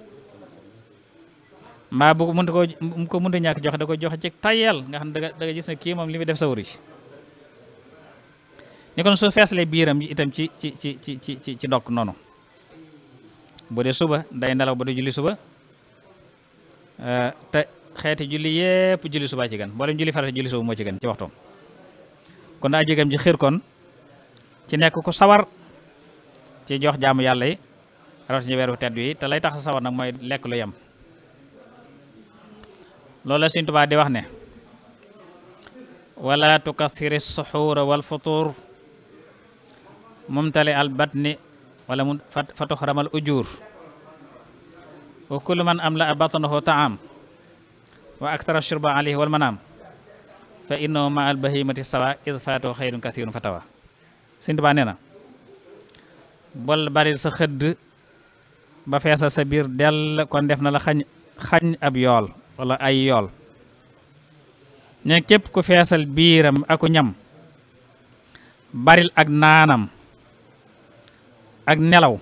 mbaa bu ko mënta ko mu ko mënta ñàkk joxe da ko joxe ci tayal nga xam ne da nga gis ne kii moom li def sa wuri ni kon su feeslee biiram itam ci ci ci ci ci dok noonu bu dee suba day nelaw ba du julli suba eh, te xeeti julli yépp julli subaa ci gën mboolem julli farata julli suba moo ci gën ci waxtoom kon daa jégam ji xiir kon ci nekk ko sawar ci jox jaamu yàlla yi rawat ñu tedd yi te lay tax sawar nag mooy lekk lu yem loolu la Sëñ Tuubaa di wax ne wala tukathiri suxuura wal futuur mumtali al batni ولا فتحرم الأجور وكل من أملأ بطنه طعام وأكثر الشرب عليه والمنام فإنه مع البهيمة السواء إذ فاته خير كثير فتوى سنت بانينا بل باريل سخد بفيسا سبير دل كون دفنا لخن خن أب يول ولا أي يول نكيب كفيسا البيرم أكو نيم باريل أجنانم ak nelaw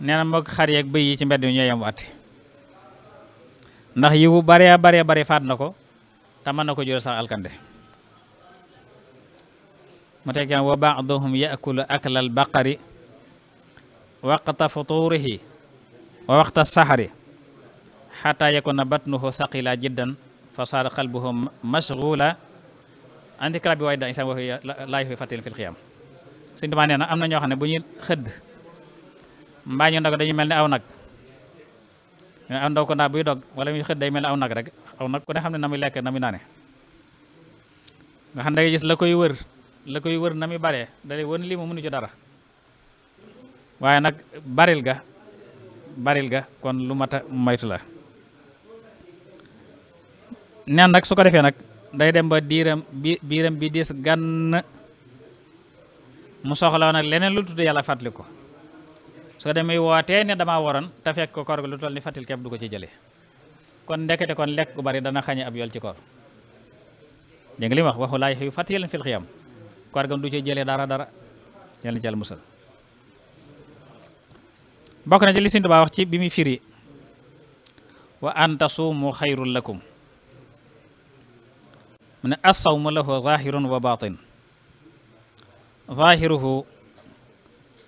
nee mbok mbokk xar yeeg bëy yi ci mbedd yi ñoo wat waate ndax yiwu bare bare bare faat na ko te mën na sax alkande mu kan wa ba'dhum yakulu akla albaqari waqta futurihi wa waqta sahari hatta yakuna batnuhu saqila jiddan fa sar qalbuhum mashghula andi krabi bi da insan waxi lahi fatil fil Sëñ Tuubaa nee na am na ñoo xam ne bu ñuy xëdd mbaa ñu ndog dañu mel ne aw nag aw ndaw ko ndaa buy dog wala muy xëdd day mel ne aw nag rek aw nag ku xam ne na muy lekk na muy naane nga xam ne da ngay gis la koy wër la koy wër na muy baree dalay wën lii mu mënu ci dara waaye nag baril ga baril ga kon lu mat a moytu la neen nag su ko defee nag day dem ba diiram bi biiram bi diis gànn mu soxla nag leneen lu tuddu yàlla fàttali ko soo demee wootee ne dama waroon ta fek ko koor lu tolni fatil kep du ko ci jele kon ndekete kon lek gu bari dana xagne ab yol ci kor dégg nga li wax waxu lay xiw fàttali fil khiyam koor gam du ci jele dara dara yàlla jàll musal bokk na ci li Sëñ Tuubaa wax ci bi muy firi wa anta sumu khairul lakum من ne له ظاهر وباطن ظاهره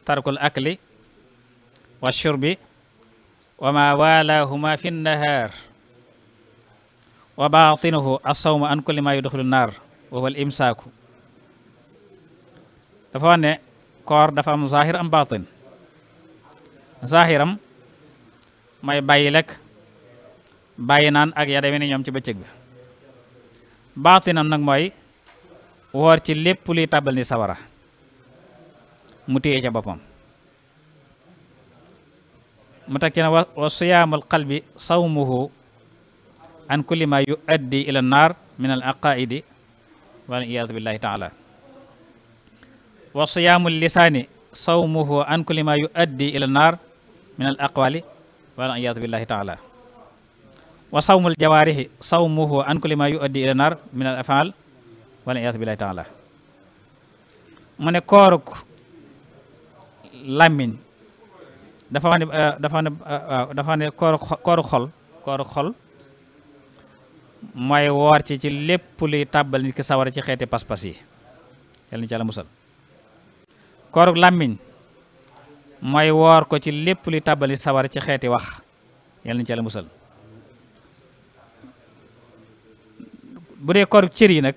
ترك الأكل والشرب وما والاهما في النهار وباطنه الصوم عن كل ما يدخل النار وهو الإمساك dafa wax ne koor dafa am zahir am baatin zahiram mooy bàyyi lekk bàyyi naan ak ya demee ni ñoom ci bëccëg bi baatinam nag mooy woor ci lépp luy tàbbal ni sawara mu téye ca boppam mu teg ci ne wa siyaamul qalbi sawmuhu an kulli ma yuaddi ila an-nar min al aqaid wa iyad billahi taala wa al lisani sawmuhu an kulli ma yuaddi ila an-nar min al aqwali wa iyad billahi taala wa al jawarihi sawmuhu an kulli ma yuaddi ila nar min al afal wa iyad billahi taala mané ne làmmiñ dafa wax ne euh, dafa ne euh, dafa xol kooru xol mooy woor ci ci lépp luy tàbbal nit ki sawara ci xeeti pas-pas yi yal na ci Yàlla musal kooru làmmiñ mooy woor ko ci lépp luy tàbbal nit sawara ci xeeti wax yal na la Yàlla musal bu dee kooru cër yi nag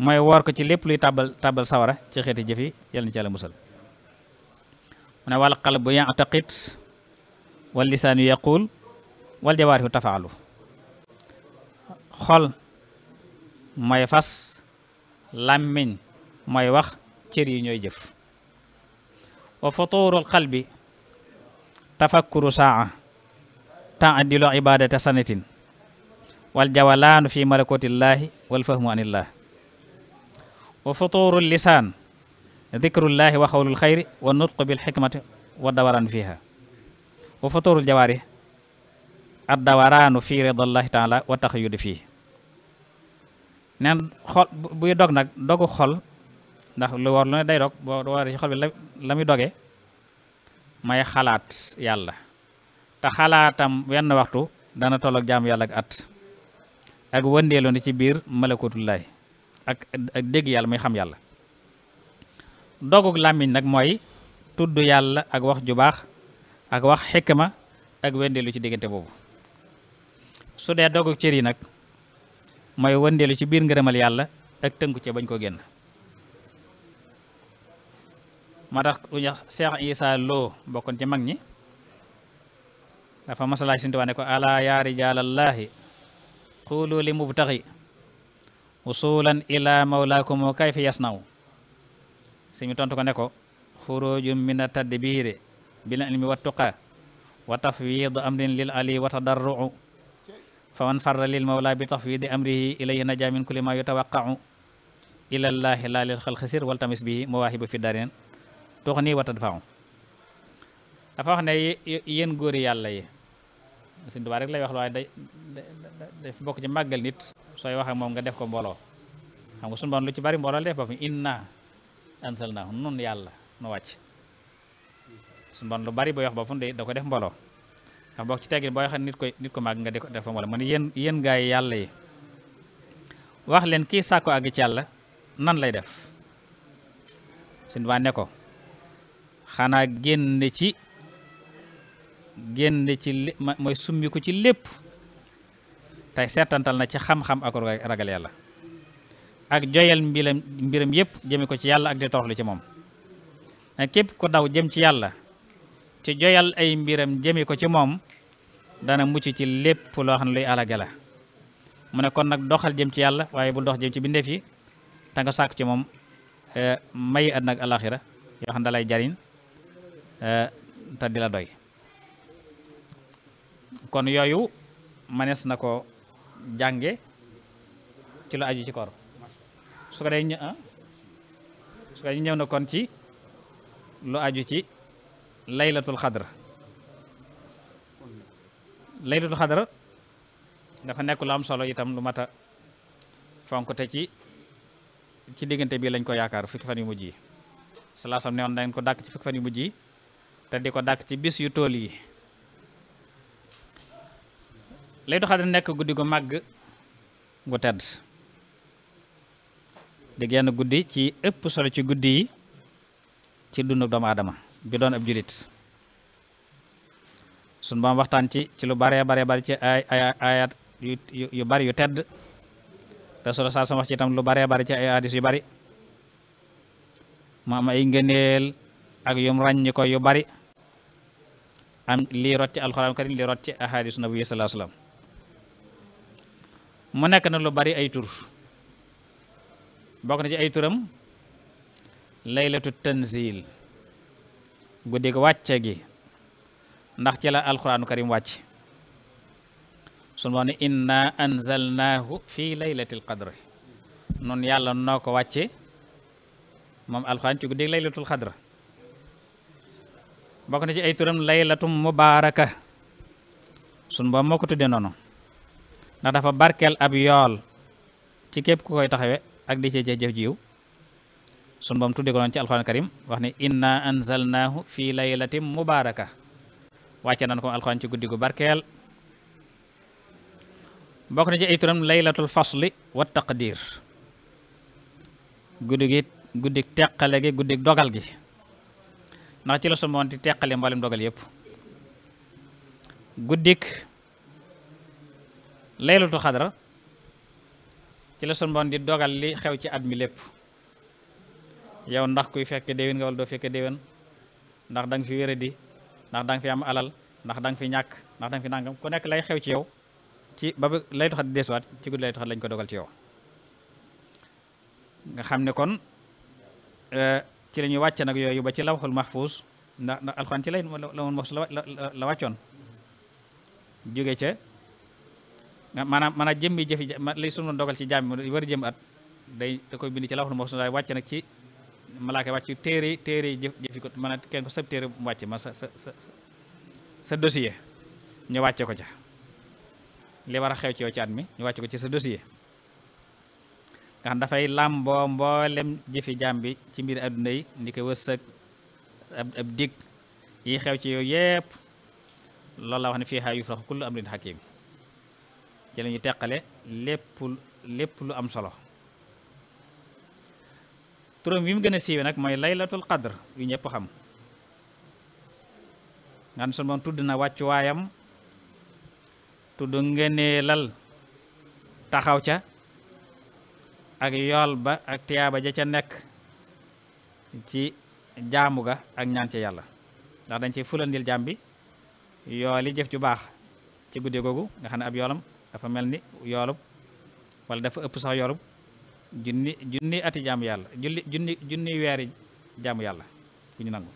may wor ko ci lepp luy tabal tabal sawara ci xeeti jëf yalla yàlla ci yalla musal mu wal qalbu ya'taqid wal lisan yaqul wal jawarihu tafaalu xol may fas lamine may wax cër yi ñoy jëf wa al qalbi tafakkuru saa ta'dilu ibadata sanatin wal jawalan fi malakotillaahi wal fahmu anillah وفطور اللسان ذكر الله وخول الخير والنطق بالحكمة والدوران فيها وفطور الجوارح الدوران في رضا الله تعالى والتخيل فيه نان نعم، خول بوي دوغ نك دوغو خول دا لو ور لوني داي دوغ بو دوار شي خول لامي دوغي ماي خالات يالا تا خالاتام وين وقتو دانا تولوك جام يالا ات اك ونديلو ني سي بير ملكوت الله ak ak dégg yàlla muy xam yàlla dogug làmmiñ nag mooy tudd yàlla ak wax ju baax ak wax xikma ak wëndeelu ci diggante boobu su dee dogug cër yi nag mooy wëndeelu ci biir ngërëmal yàlla ak tënku ci bañ ko génn moo tax ku ñax Cheikh Issa Lo ci mag ñi dafa masalaaj sintuwaa ko ala yaa rijalallaahi qulu li mubtaxi usulan ila mawlakum wa kayfa yasna'u simi tontu ko ne ko xurujum min atadbiri bil ilmi wa tuqa wa tafwid amrin lil ali wa tadarru'u fa man farra lil mawla bi tafwid amrihi ilayhi naja min kulli ma yatawaqqa'u ila allahi la lil khalqi sir wal tamis bihi mawahibu fi darin tughni wa tadfa'u dafa wax ne yéen góori yàlla yi Sëñ Tuubaa rek lay wax waaye day daf bokk ci màggal nit sooy wax ak nga def ko mbooloo xam nga sunu borom lu ci bari mbooloo def ba fi inna ansalnaahu nun yàlla nu wàcc sunu borom lu bari booy wax ba fu da ko def mboloo ndax bokk ci teggin booy wax nit ko nit màgg nga def ko mbooloo mu ne yéen yéen gaa yi yàlla yi wax leen kii sàkko àgg ci nan lay def sunu borom ne ko xanaa génn ci génn ci li mooy summi ko ci lépp tay sétantal na ci xam-xam ak ragal yalla ak joyal mbiram mbiram yépp jëmi ko ci yalla ak di toroxlu ci na képp ku daw jëm ci yalla ci joyal ay mbiram jëmi ko ci mom dana mucc ci lepp lo xam lay ala gala mu ne kon nak doxal jëm ci yalla waye bul dox jëm ci bindé fi ta nga sak ci euh may ad nak alakhira yo xam dalay jarin euh ta dila doy kon yoyu manes nako Jange, ci lu kor. ci kor su ko day ñu ah, su ko ñew na kon ci lu aju ci laylatul xadr laylatul xadr dafa nekk lu am solo itam lu mata a fonk te ci ci diggante bi lañ ko yaakar fukki fan yu dañ ko dàkk ci fukki fan yu te diko ci bis yu lay doxal nek guddi gu mag gu tedd di yenn guddi ci ëpp solo ci guddi ci dundu doomu aadama bi doon ab julit sun baam waxtaan ci ci lu bare bare bari ci ay ay ayat yu bari yu tedd solo saa sama wax ci tam lu bare bari ci ay hadith yu bari ma am ay ngëneel ak yum ragn ko yu bari am li rot ci karim li rot ci ahadis nabi sallallahu alaihi wasallam mu nekk na lu bari ay tur bokk na ci ay turam laylatu tanzil guddi gi wàcce gi ndax ci la alxuraanu karim wàcc sunu wax ne inna anzalnaahu fi laylatil qadr noonu yàlla noo ko wàcce moom alxuraan ci guddi laylatul xadra bokk na ci ay turam laylatum mubaaraka sun ba moo ko tuddee noonu ndax dafa barkeel ab yool ci képp ku koy taxawe ak di ci jëf jiw sun boom tudde ko noonu ci alxuraan karim wax ne inna anzalnaahu fi laylatin mubaaraka wàcce nan ko alxuraan ci guddi gu barkeel bokk na ci ay turam laylatul fasli wa taqdir guddi teqale gi guddi dogal gi ndax ci la sun boom di teqale mboolem dogal yëpp guddik laylatu xadar ci la sun boon di dogal li xew ci at mi lépp yow ndax kuy fekke déwén nga wala doo fekke déwén ndax da nga fi wéradi ndax da nga fi am alal ndax da nga fi ñàkk ndax da nga fi nàngam ku nekk lay xew ci yow ci ba laylatu xadar desuwaat ci guddi laylatu xadar lañ ko dogal ci yow nga xam ne kon euh, ci la ñuy wàcce nag yooyu ba ci lawxul mahfuus ndax ndax alxuraan ci lay la woon la wàccoon jóge ca maanaam maanaam jëmmi jëfi li sunu dogal ci jaam bi war a jëm at day da ci lawxul mahfuus daay wàcc nag ci malaaka wàcc téere téere jëf jëfi ko mën a kenn ko sab téere mu wàcc ma sa sa wàcce ko ca li war a xew ci yow ci mi ñu wàcce ko ci sa dossier nga xam dafay làmboo mboolem jëfi jaam bi ci mbir adduna yi ndi ko wërsëg ab ab dig yi xew ci yow yépp loolu la wax ne fii xaa yufraxu kullu amrin bi ci la teqale lépp lépp lu am solo turam wi mu gën a siiwe nag mooy laylatul qadr yu ñëpp xam nga xam sun moom tudd na wàccuwaayam tudd ngëneelal taxaw ca ak yool ba ak tiyaaba ja ca nekk ci jaamu ga ak ñaan ca yàlla ndax dañ ci fulandil jaam bi yooli jëf ju baax ci guddi googu nga xam ne ab yoolam dafa mel ni yoolub wala dafa ëpp sax yoolub junni junni ati yàlla julli junni junni weeri jaamu yàlla bu ñu nangu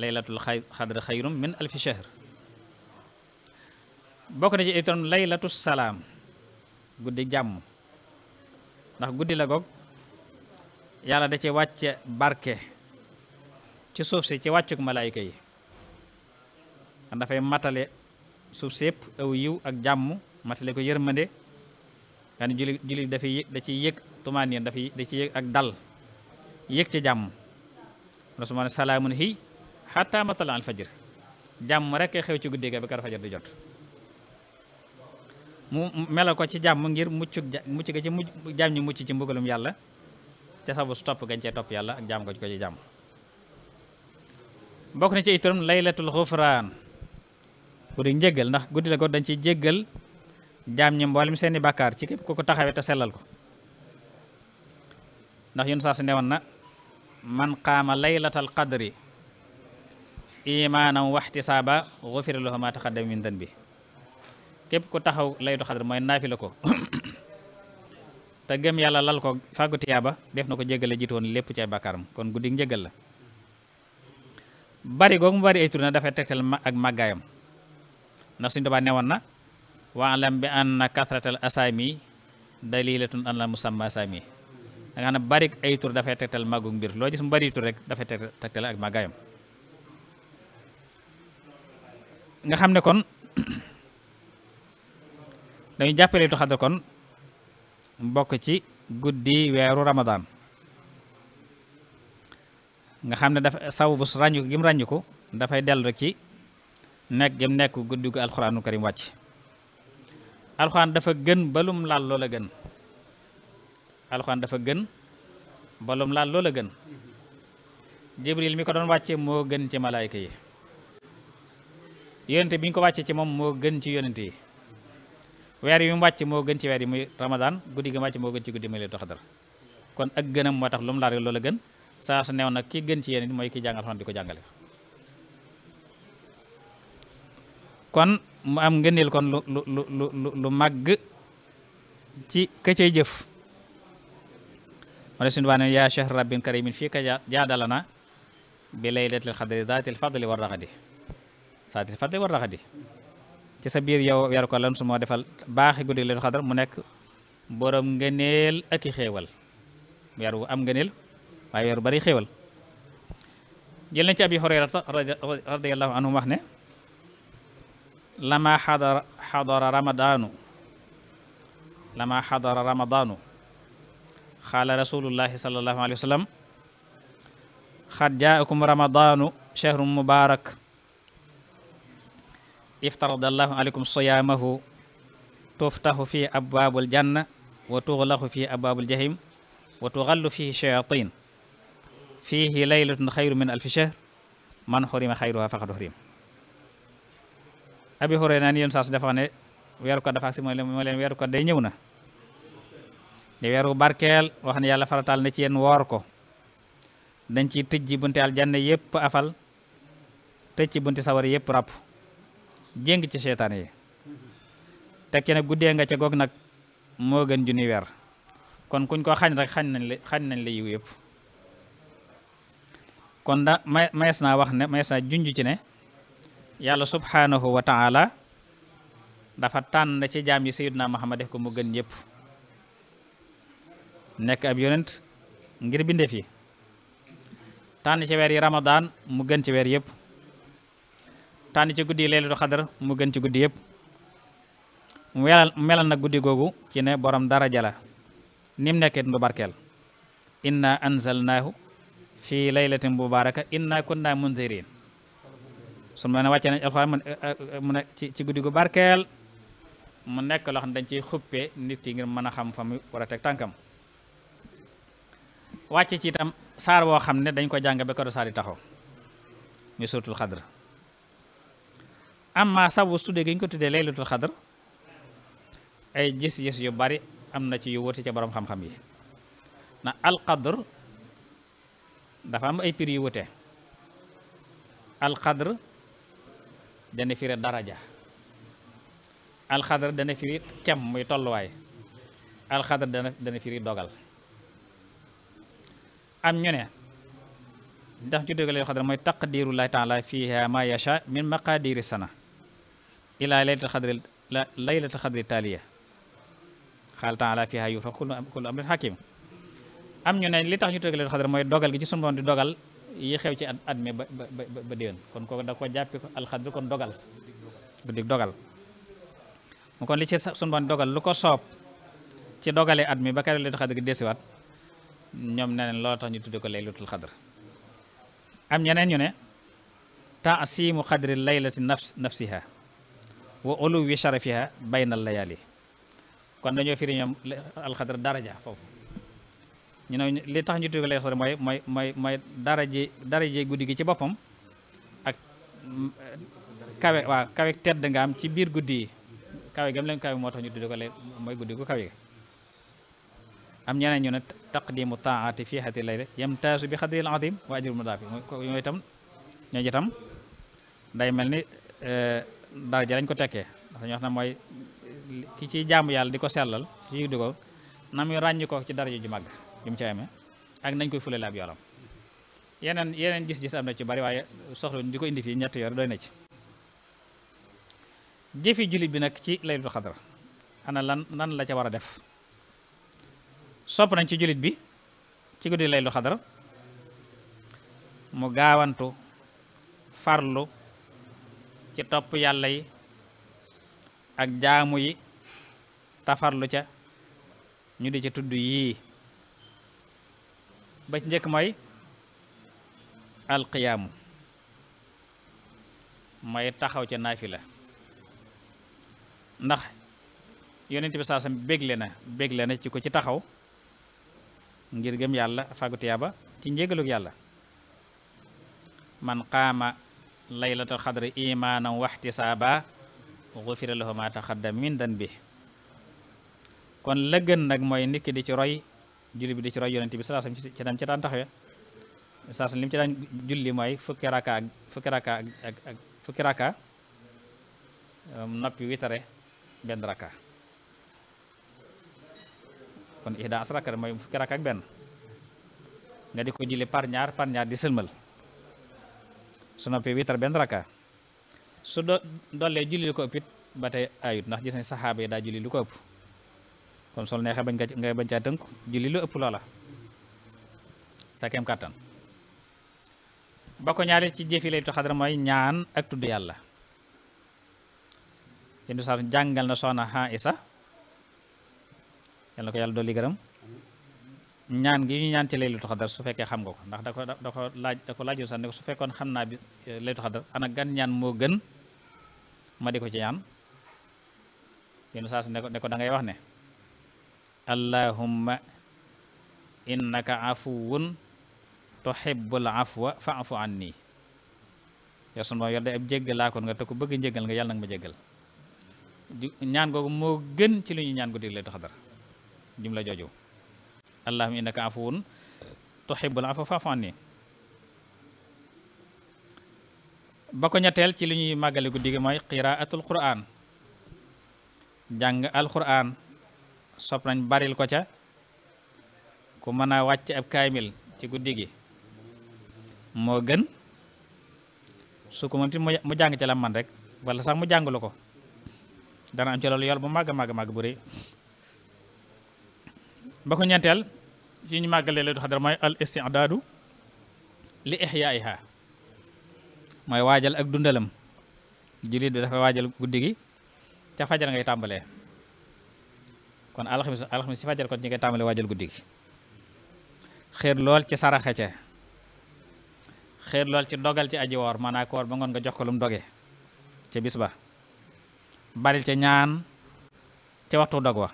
laylatul xadr xayrum min alfi shahr bokk na ci itam laylatu salaam guddi jàmm ndax guddi la goog yàlla da ci wàcce barke ci suuf si ci wàccuk malaayika yi dafay matale suuf sépp aw yiw ak jàmm matale ko yërmande yaa ni julli julli dafay da ciy yëg tumaaniin dafay da ci yëg ak dal ci jàmm na su ma ne salaamun hi xataa matala al fajir jàmm rek xew ci guddee ga ba kar fajar di jot mu mela ko ci jàmm ngir mucc mucc ga ci mucc jàmm ñi mucc ci mbugalum yàlla te sabu topp gañ cee topp yàlla ak jàmm ko ci jàmm bokk na ci itam laylatul xufraan guddi njéggal ndax guddi la ko dañ ciy jéggal jaam ñi mi seeni bàkkaar ci képp ku ko taxawee te sellal ko ndax yun saa su newoon na man qaama laylatal qadri imaanan waxtisaaba gufira lahu ma taqaddama min dan bi képp ku taxaw laytu xadar mooy naafila ko te gëm yàlla lal ko fàggu def na ko jéggale jiitoon lépp ci ay bàkkaaram kon guddi njéggal la bari googu mu bari ay tur na dafay tegtal ak màggaayam ndax suñu tubaa newoon na wa alam bi anna kathratal asaami dalilatun an la musamma asaami da nga xam ne bari ay tur dafay xam ne kon dañu jàppale tu xadar kon bokk ci guddi weeru ramadaan nga xam ne dafa saw bu ràññu gi dafay dellu rek ci nekk gëm nekk guddi gu alxuraanu karim wàcc alxuraan dafa gën balum laal loola gën alxuraan dafa gën balum laal loola gën jibril mi ko doon wàccee moo gën ci malaayka yi yonente bi ñu ko wàccee ci moom moo gën ci yonente yi weer yi mu wàcc moo gën ci weer yi muy ramadaan guddi gi mu wàcc moo gën ci guddi muy leetu xadar kon ak gënam moo tax lu mu laal loola gën saa su neew nag ki gën ci yéen mooy ki jàng alxuraan di ko jàngale kon mu am ngëneel kon lu lu lu lu màgg ci ka cay jëf moo def suñu baa ne yaa shahr rabbin karimin fii ka jaadalana bi laylatil xadri zaatil fadli war raxadi zaatil fadli war raxadi ci sa biir yow yar ko lan su moo defal baaxi guddi leen xadar mu nekk borom ngëneel ak i xéewal weer am ngëneel waaye weer bari xéewal jël na ci abi hurayrata radiyallahu anhu wax ne لما حضر حضر رمضان لما حضر رمضان قال رسول الله صلى الله عليه وسلم قد جاءكم رمضان شهر مبارك افترض الله عليكم صيامه تفتح فيه أبواب الجنة وتغلق فيه أبواب الجحيم وتغل فيه الشياطين فيه ليلة خير من ألف شهر من حرم خيرها فقد حرم abi hore naan yon saa dafa ne weeru ko dafa moy mooy len weeru ko day ñëw na di weeru wax ne yalla faratal ne ci yeen wor ko dañ ci tejj ji bunti aljanna yépp afal tejj ci bunti sawar yépp rap. jeng ci seytaane yi te ken nag nga ci gog nak mo gën junni weer kon kuñ ko xagn rek xagn nañ la xagn nañ la yiw yépp kon da wax ne mayees naa junju ci ne yàlla subhaanahu wa taala dafa tànn ci jaam yi sayyidna Muhammad def ko mu gën ñëpp nekk ab yonent ngir bindeef fi tànn ci weer yi ramadaan mu gën ci weer yëpp tànn ci guddi yi leelatu xadar mu gën ci guddi yëpp mu melal na guddi googu ci ne borom daraja la nim nekkee du barkeel inna anzalnaahu fi laylatin mubaaraka inna kunna munzirin su mën ne wàccee nañ alxuraan mu nekk eh, eh, eh, ci ci guddi gu barkeel mu nekk loo xam ne dañ ci xuppee nit ki ngir mën a xam fa mu war tànkam wàcce ci itam saar woo xam ne dañ ko jàng ba ko saar yi taxaw muy suratul xadr amma sabu tuddee gi ñu ko tuddee laylatul xadr ay gis-gis yu bari am na ci yu wuute ci borom xam-xam yi na alqadr dafa am ay prix yu wuute alqadr dana firi daraja alxadar dana firi kem muy tolluwaay alxadar dana dana firi dogal am ñune ndax ci dogal xadar moy taqdiru laahi taala fiha ma yasha min maqadir sana ila laylatil xadri laylatil xadri taliya khal taala fiha yufakhu kullu amrin hakim am ñune li tax ñu dogal xadar moy dogal gi ci sunu di dogal yi xew ci at mi ba ba ba déwén kon kooku da ko jàppi ko alxadru kon dogal guddi dogal mu kon li ci sun bon dogal lu ko soob ci dogalee at mi ba kari laylatul xadr gi desiwaat ñoom neneen loolu tax ñu tudde ko laylatul xadr am ñeneen ñu ne taasimu xadri laylati nafs nafsiha wa uluwi sharafiha bayna layaali kon dañoo firi ñoom alxadr daraja foofu ñu ne li tax ñu tuddee ko laylatul qadr mooy mooy mooy mooy dara ji dara ji guddi gi ci boppam ak mm, kawe waaw kawe tedd nga am ci biir guddi yi kawe gam leen kawe moo tax ñu tuddee ko lay mooy guddi gu kawe am ñeneen ñu ne taqdimu taati lay hati yem yamtaasu bi xadril adim wa ajrul mudaafi ñoo itam ñoo itam nday mel ni eh, dara ji dañ ko tekkee ndax ñu wax na mooy ki ci jaamu yàlla di ko seelal ci di ko na muy ràññi ko ci dara ji ju màgg li mu ca amee ak nañ koy fulale ab yoonam yeneen yeneen gis-gis am na ci bari waaye soxla di ko indi fii ñetti yor doy na ci jëfi jullit bi nag ci laylatul xadar ana lan nan la ca war a def sopp nañ ci jullit bi ci guddi laylatul xadar mu gaawantu farlu ci topp yàlla yi ak jaamu yi tafarlu ca ñu di ca tudd yii ba ci njëkk mooy alqiyaamu mooy taxaw ca naafila ndax yonent bi saasam bégle na bégle na ci ko ci taxaw ngir gëm yàlla fàggu tiyaaba ci njégalug yàlla man qaama laylatul xadri imaanan waxtisaaba gufira lahu ma taqaddama bi kon la gën nag mooy nit di ci roy julli bi di ci roy yonent bi salaasam ci ci daan ci daan taxé ya. salaasam li mu ci daan julli mooy fukki raka fukki raka ak fukki raka um, noppi witaré ben raka kon ihda asraka mooy fukki raka ak ben nga diko julli par ñaar par ñaar di selmal su noppi witar ben raka su do julli ko ëpp batay ayut ndax gis na sahaba yi julli lu ko kon sol neexee bañ nga bañ caa tënku julli lu ëpp loola sa kem kàttan ba ko ñaari ci jëfi laytu xadar mooy ñaan ak tudd yàlla yendu saa jàngal na soxna yàlla ko yàlla ñaan gi ñu ñaan ci laylatul su fekkee xam nga ko ndax da ko da ko laaj da ko laajoon sax ne su fekkoon xam naa bi eh, laylatul xadar ana gan ñaan moo gën ma di ko ci ñaan yenn saa su ne ko ne ko da ngay wax ne allahumma innaka afuun tuhibbul afwa fa'fu anni ya sunu yalla ab jéggal la kon nga te ku bëgg njéggal nga yalla nag ma jéggal ñaan googu mo gën ci ñu ñaan lay xadar la jojo allahumma innaka afuun tuhibbul afwa fa'fu anni bako ñettel ci li ñuy màggale guddi moy qiraatul qur'an jang al Quran sop nañ baril ko ca ku mëna wacc ab kaamil ci guddi gi gën su ko mënti mu jang ci lam man rek wala sax mu lu ko dana am ci lolu yol bu mag mag mag bu rëy ba ko ñentel ci ñu màggalee Laylatul xadar moy al isti'dadu li ihya'iha moy wajal ak dundalam jullit bi dafa wajal guddi gi ca fajar ngay tambale kon alxames alxames si fajar kon ñi ngay tàmbali waajal guddi gi xéer lool ci saraxe ca xéer lool ci dogal ci aji woor maanaa ko woor ba ngoon nga jox ko lu mu ca bis ba baril ca ñaan ca waxtu dog wa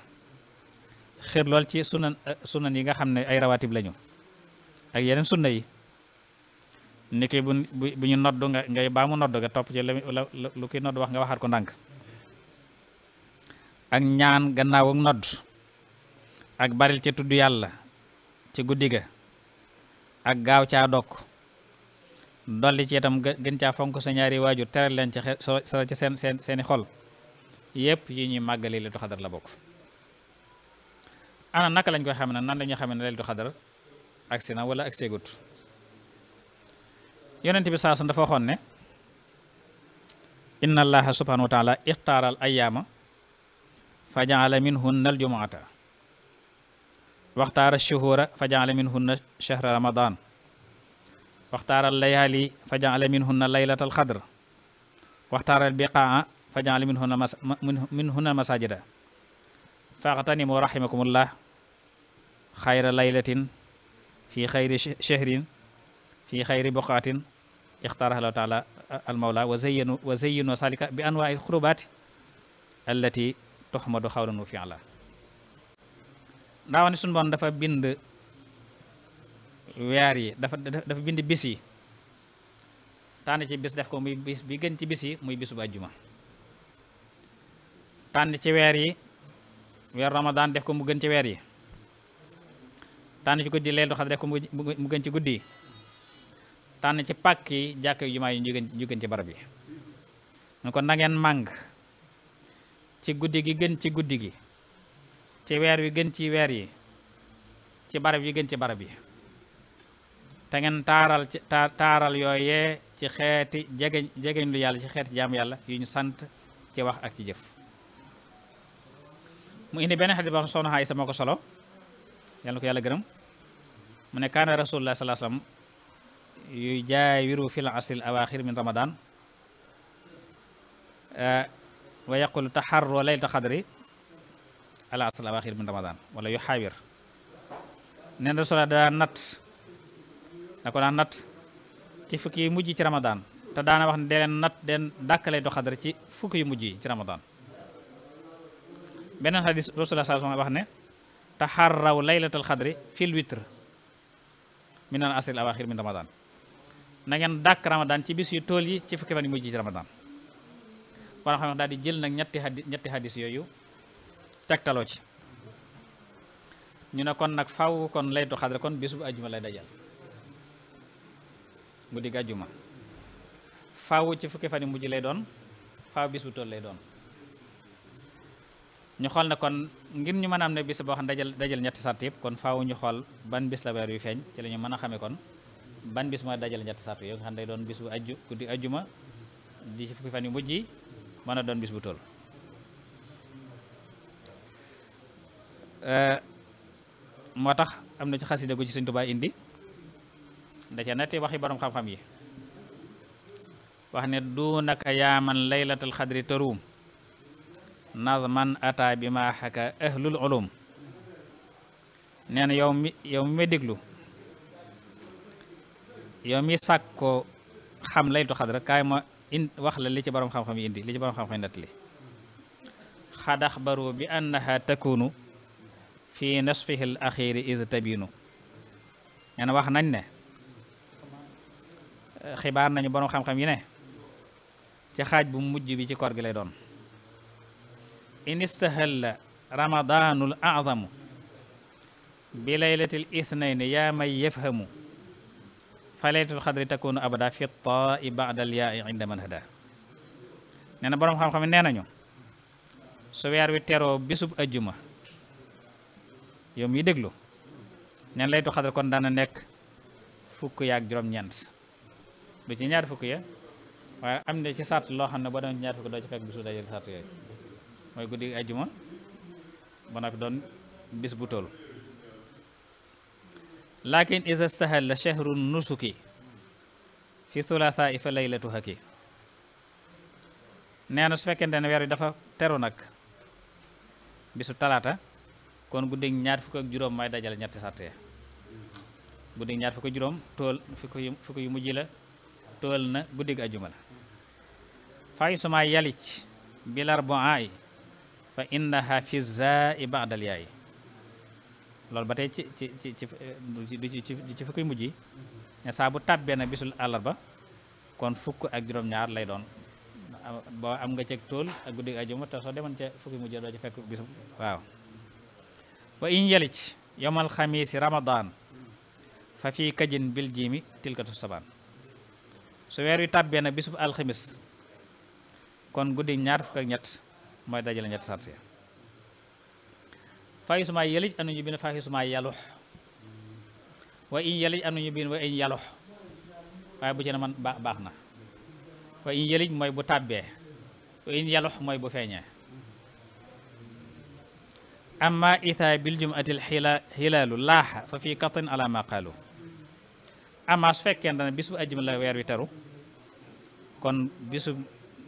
xéer lool ci sunan sunan yi nga xam ne ay rawaatib lañu ak yeneen sunna yi niki bu bu ñu nodd nga ngay baa mu nodd nga topp ci lu kiy nodd wax nga waxaat ko ndànk ak ñaan gannaaw ak nodd ak baril ci tudd yàlla ci guddi ga ak gaaw caa dokk dolli tam itam gën caa fonk sa ñaari waajur teral leen ca seen seen seeni xol yépp yi ñuy màggali leetu xadar la bokk ana naka lañ koy xam ne nan la ñuy xam ne leetu xadar agsi na wala agsi gut yonent bi saasun dafa waxoon ne inna allaha subhanahu wa taala ixtaaral ayaama فجعل منهن الجمعة واختار الشهور فجعل منهن شهر رمضان واختار الليالي فجعل منهن ليلة القدر واختار البقاع فجعل منهن مس... منهن مساجد فاغتنموا رحمكم الله خير ليلة في خير شهر في خير بقعة اختارها الله تعالى المولى وزينوا وزينوا ذلك بأنواع القربات التي toxamado xawlan wa fi'la ndawani sun bon dafa bind weer yi dafa dafa bind bis yi tan ci bis def ko muy bis bi gën ci bis yi muy bisu bu tan ci yi ramadan def ko mu gën ci weer yi tan ci guddii leelu xadr def ko mu gën ci guddii tan ci pakki jakk yu jumaa ñu gën ci barab yi nako na ngeen mang ci guddi gi gën ci guddi gi ci weer wi gën ci weer yi ci barab yi gën ci barab yi ta ngeen taral taral yoyé ci xéeti jégeñ jégeñ lu yalla ci xeeti jaam yalla yu ñu sant ci wax ak ci jëf mu indi benn hadith ba xam soxna Aysa solo yalla ko yalla gërëm mu ne kana rasulullah sallallahu Alaihi wasallam yu jaay wiru fil asil awakhir min ramadan wa yaqulu taxarro laylatal xadri ala asal awaxir min ramadan wala yu xaawir nee na Rasulullah daan natt da ko daan natt ci fukki yu mujj ci ramadan te daana wax ne dee leen natt den dàkk laylatul xadri ci fukki yu mujj yi ci ramadan beneen xadis Rasulullah sallallahu alayhi wax ne taxarraw laylatal xadri fil witr min al asril awaxir min ramadan na ngeen dàkk ci bis yu tool yi ci fukki fan yu mujj yi ci ramadan borom xam daal di jël nag ñetti hadis ñetti hadis yooyu tegtaloo ci ñu ne kon nag faw kon laytu xadra kon bis bu ajjuma lay dajal bu digg ajjuma faw ci fukki fan yi mujj lay doon faaw bis bu toll lay doon ñu xool ne kon ngir ñu mën a am ne bis boo xam dajal dajal ñetti sart yëpp kon faaw ñu xool ban bis la weer yu feeñ ci la mën a xamee kon ban bis mooy dajal ñetti sart yoo nga xam day doon bis bu ajju guddi ajjuma di ci fukki fan yu mujj yi mën a doon bis bu eh, moo tax am na ci xasida gu ci Sëñ Tuubaa indi da ca netti waxi borom xam-xam yi wax ne duunaka yaaman laylatal xadri taruum nazman ata bi ma xaka ahlul ulum nee yow mi yow mi may déglu yow mi sàkk xam laylatul xadra kaay ma in wax la li ci borom xam-xam yi indi li ci borom xam-xam yi nettali xad axbaru bi annaha takunu fi nasfihi al axiri id tabinu nee na wax nañ ne xibaar nañu borom xam-xam yi ne ci xaaj bu mujj bi ci koor gi lay doon in istahalla ramadaanul azamu bi laylatil ithnayn yaa may yafhamu fa laylatul xadri takunu abada fi taai baadal yaai inda man hada na boroom xam-xam nee nañu su weer wi teroo bisub ajjuma yow miy déglu neen laytu xadar kon daana nekk fukk yaak juróom-ñeent du ci ñaar fukk ya waaye am na ci sart loo xam ne boo doon ñaar fukk doo ci fekk bisu dajale sart yooyu mooy guddi ajjuma ba noppi doon bis bu toll lakin iza stahalla shahru nusuki fi thulathaa'i fa laylatu haki nee na su fekkente ne weer wi dafa teru nag bisu talaata kon guddi ñaar fukk ak juróom dajale ñetti sàtt ya guddi ñaar juróom tool fukk yu mujj la tool na guddi gi ajjuma la fay suma yalic bilar bon ay fa innaha fi zaa i ba'dal yaay lol ba tey ci ci ci ci eh, ci fukki mujj yi ne sa bu tabbe na bisul alarba kon fukk ak juroom ñaar lay doon boo am nga ak tol ak guddi ajuma ta so demon ci fukki mujj ya doo ci fekk bisu waaw wa in yalic yawmal khamis ramadan fa fi kajin bil jimi tilkatu saban su weer wi na nag al khamis kon guddi ñaar fukk ak ñet moy dajal ñet sartiya fahisuma yelij anuñu bin fahisuma yalux wa in yelij anuñu bin wa in yalux waaye bu ci ne man baax na wa in yelij mooy bu tàbbee wa in yalux mooy bu feeñee amma itha bil jum'ati al xilaalu laaxa fa fi katin ala ma qaalu amma su fekkee ne bis bu ajjuma la weer wi teru kon bisu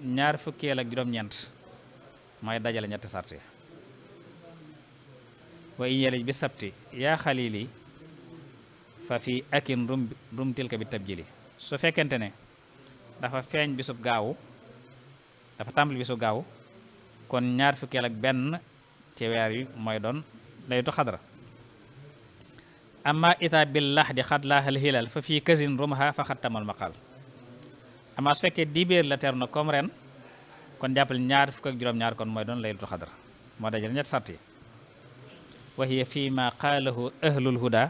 ñaar fukkeel ak juróom-ñeent mooy dajale ñetti sart وإن يلج بالسبت يا خليلي ففي أكن رم رم تلك بالتبجيل su fekkente ne dafa feeñ bisub gaawu dafa tàmbali bisub gaawu kon ñaar fukkeel ak benn ci weer yi mooy doon laytu xadra amma ita billah di xat laaxal xilal fa fii kasin rumha fa xat tamal maqal amma su fekkee dibéer la teer na comme ren kon jàppal ñaar fukk ak juróom-ñaar kon mooy doon laytu xadra moo dajal ñett sart yi wa hiya fi ma qaalahu ahlul huda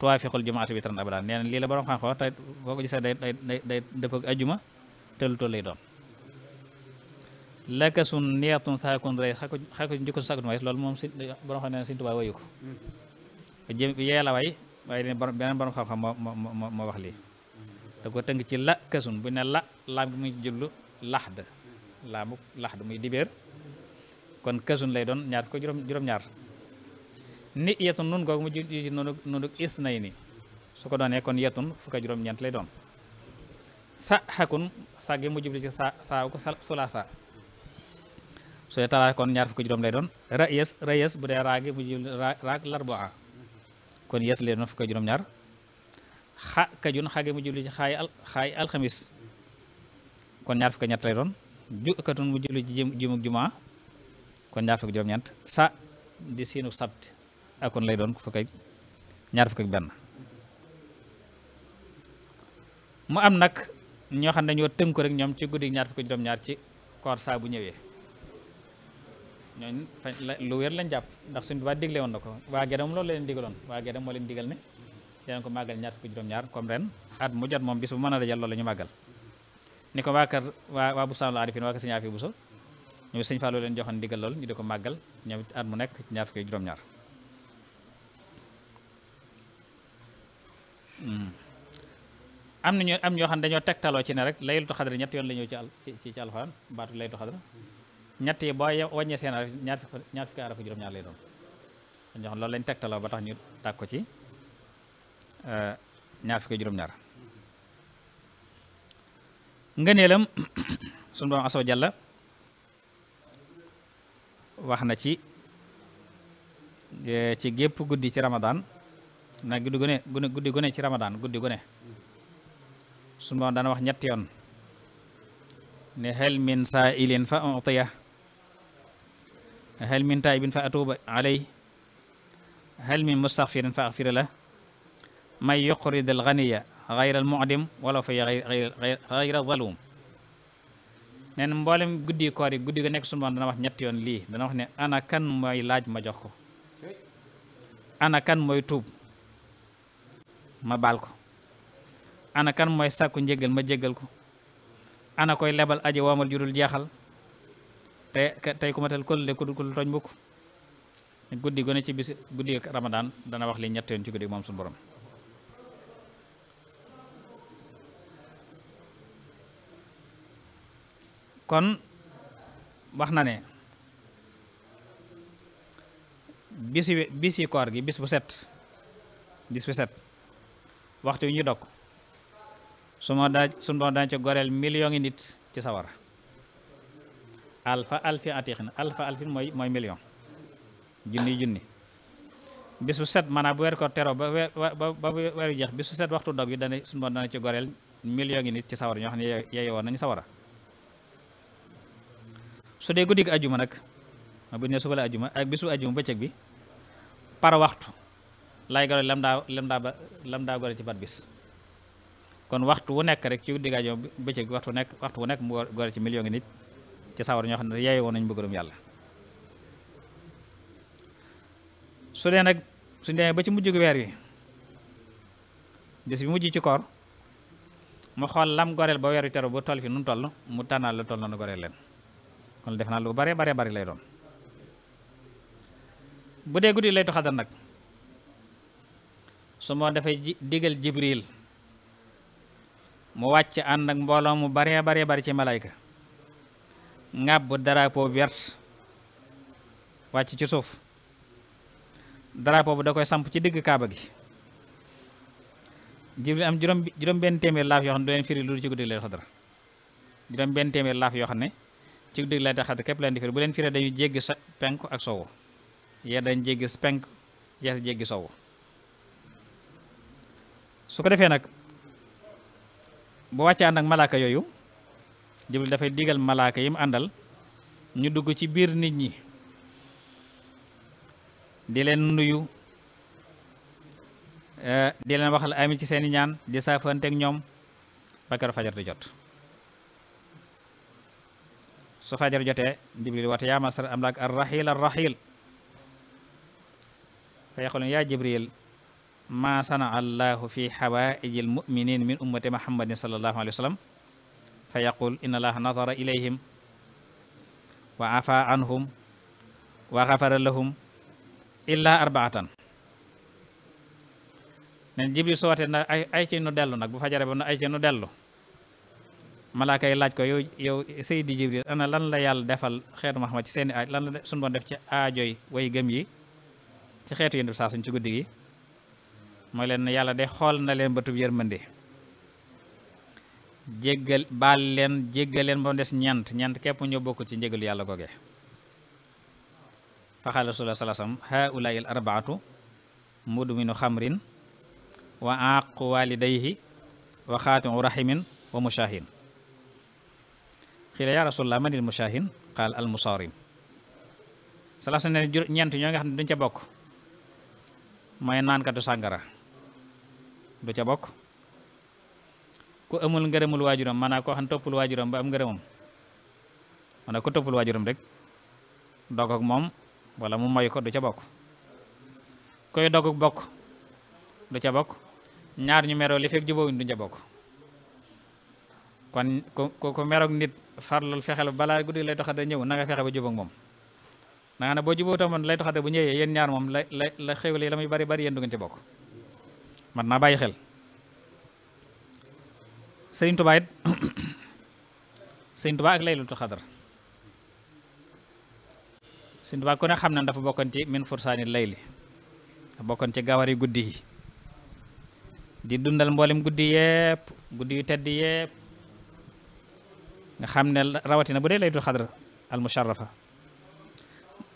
tuwaafiqul jumaata witran abadan nee na lii la borom xam-xam te boo ko gisee day day day day dëpp ak ajuma te lu toll lay doon lakasun niyatun saakun rey xako xako njëkkon sakun waay loolu moom si borom xam ne Sëñ Tuubaa wayu ko jëm yàlla waay waaye ne borom beneen borom xam-xam moo moo moo wax lii da ko tënk ci la kasun bu ne la laam gi muy jullu laxd laamu laxd muy dibeer kon kasun lay doon ñaar ko juróom juróom-ñaar ni yatun nun googu mu ji nunuk nunuk isnay ini, su ko doonee kon yatun fuka juróom nyant lay sa hakun sa ge mu jubli sa saa ko sulaasa so dee talaa kon nyar fuka juróom lay ra yes ra yes bu dee raagi ra ra raag larbaa kon yes lay doon fukka juróom ñaar ka jun xagi mu jubli ci hai al al khamis kon nyar fuka ñett lay ju katun tun jubli ci jëm jumuk juma kon nyar fuka juróom nyant sa di sinu sabt ak ah, kon lay doon fukk ak ñaar fukk ak benn mu am nag ñoo xam ne dañoo tënku rek ñoom ci guddi ñaar fukk ak juróom-ñaar ci koor saa bu ñëwee ñooñu lu wér lañ jàpp ndax suñu waa digle woon na ko waa Gede moom loolu leen digaloon waa Gede moo leen digal ne dinañ ko màggal ñaar fukk ren at mu jot moom bis bu mën a dajal loolu ñu màggal ni ko waa kër waa waa Bustaanul Aarifiin waa kër Sëñ Afi Buso ñu sëñ Fallou leen joxoon ndigal lool ñu di ko màggal ñoom it at mu nekk ci ñaar fukk juróom-ñaar Mm. am nañu am ñoo xam ne dañoo tegtaloo ci ne rek laylatul xadri ñett yoon la ñëw ci al baatu laylatul xadri ñett yi boo wàññee seen rek ñaar fi ñaar fukki aar ak juróom-ñaar lay doon ñoo lañ tegtaloo ba tax ñu tàkk ko ci eh, ñaar fukki juróom-ñaar ngëneelam sunu borom asoo jàlla wax na ci eh, ci gépp guddi ci ramadaan na guddi gu ne guddi gu ne ci ramadaan guddi gu ne dana wax ñetti yoon ne hel min saa ilin fa utiya atuuba aley hel min mustaxfirin fa axfira la may yuqrid al ganiya xayra al mudim wala fa xayra zalum nee na mboolem guddi koor guddi gu nekk suñu borom dana wax ñetti yoon lii dana wax ne ana kan mooy laaj ma jox ko ana kan mooy tuub ma bal ko ana kan moy sakku njegal ma jéggal ko ana koy lebal aji waamal jurul jaaxal te tey ku matal le ko dul togn mbokk guddi gone ci bis guddi Ramadan dana wax li ñett yoon ci guddi mom sun borom kon wax na ne bisi bisi koor gi bis bu set bis bu set waxtu ñu dok suma daa sun borom daañu ci gorel million ngi nit ci sawara alfa alfi atikhna kan? alfa alfin moy moy million juni jinni bisu set mana bu wer ko tero ba ba wer jeex bisu set waxtu dog yi dana sun ci gorel million ngi nit ci sawara ñu xani ne yeye nañu sawara su de guddi aljuma nak bu ne su aljuma ak bisu aljuma beccak bi par waxtu lay gore lam lambda lam da lam gore ci bat bis kon waxtu wu nek rek ci baca waktu waxtu waktu waxtu wu nek mu gore ci million nit ci sawar ño xamne ne yeeyu bu nañu yalla su dee nak su demee ba ci mujju gu weer wi bis bi mujju ci kor mu xol lam gorel ba weer wi teru bu toll fi nun mu tanal la toll kon defna lu bare bare bare lay doon bu dee guddi lay xadar nak suma dafa Digel digal jibril mu wacc and ak mbooloo mu bare bare bare ci malaika ngab drapo vert wacc ci suuf drapo bu da koy samp ci digg kaaba gi jibril am juróom juróom ben temer laf yo xam ne len firi lu ci guddi leen xadra juróom ben temer laf yo xamne ne ci guddi leen taxat kep len di firi bu len firi dañu jéggi sa ak sowo ya dañu jéggi penk yees jéggi sowo su ko defee nag bu wàccee ànd ak malaaka yooyu jibril dafay digal malaaka yi mu àndal ñu dugg ci biir nit ñi di leen nuyu eh, di leen waxal ami ci seeni ñaan di saafanteeg ñoom ba keroog fajar di jot su fajar jotee jibril wate yaa masar am laak ar rahil ar rahil fa yaqulun yaa jibril ما صنع الله في حوائج المؤمنين من أمة محمد صلى الله عليه وسلم فيقول إن الله نظر إليهم وعفى عنهم وغفر لهم إلا أربعة من جبل صوت أن أي شيء ندل نك بفجر بنا أي شيء ندل ملاك الله كي يو يو سيد جبريل أنا لن لا دفل خير محمد سين لن سنبون دفتش آجوي ويجمي تخيط يندرس عسن تقول دقي moy len yalla yàlla de xool na len bëtub yermande jegal bal len jegal len bam dess ñant ñant kep ñu bokku ci jegal yalla goge fa rasulullah sallallahu alaihi wasallam haa'ulaa'i al arbaatu mudminu khamrin wa aqu walidayhi wa xaatimu rahimin wa mushahin khila ya rasulullah manil mushahin qal al Musa'rim. sallallahu alaihi wasallam ñant ñoo nga xamne duñ ca bokk sangara du ca bokk ku amul ngërëmul waajuram maanaa koo xam toppul waajuram ba am ngërëmam maanaa ku toppul waajuram rek dog moom wala mu moy ko du ca bokk koy doguk bokk du ca bokk ñaar ñu meroo li fekk jubóowuñ du ca bokk kon ku ku meroog nit farlul fexel balaa guddi lay doxate ñëw nanga fexe ba jubóog moom na nga ne boo jubóo tamoon lay doxate bu ñëwee yéen ñaar moom la la la xéwle la muy bari bari yéen du ngeen ca bokk man naa bàyyi xel sëriñ Tuubaa it sëriñ Tuubaa ak laylatul xadar ne xam na dafa bokkoon ci min fursaani layli dafa bokkoon ci gawar yi guddi yi di dundal mboolem guddi yépp guddi yu tedd yépp nga xam ne rawatina bu dee laylatul xadar al musharrafa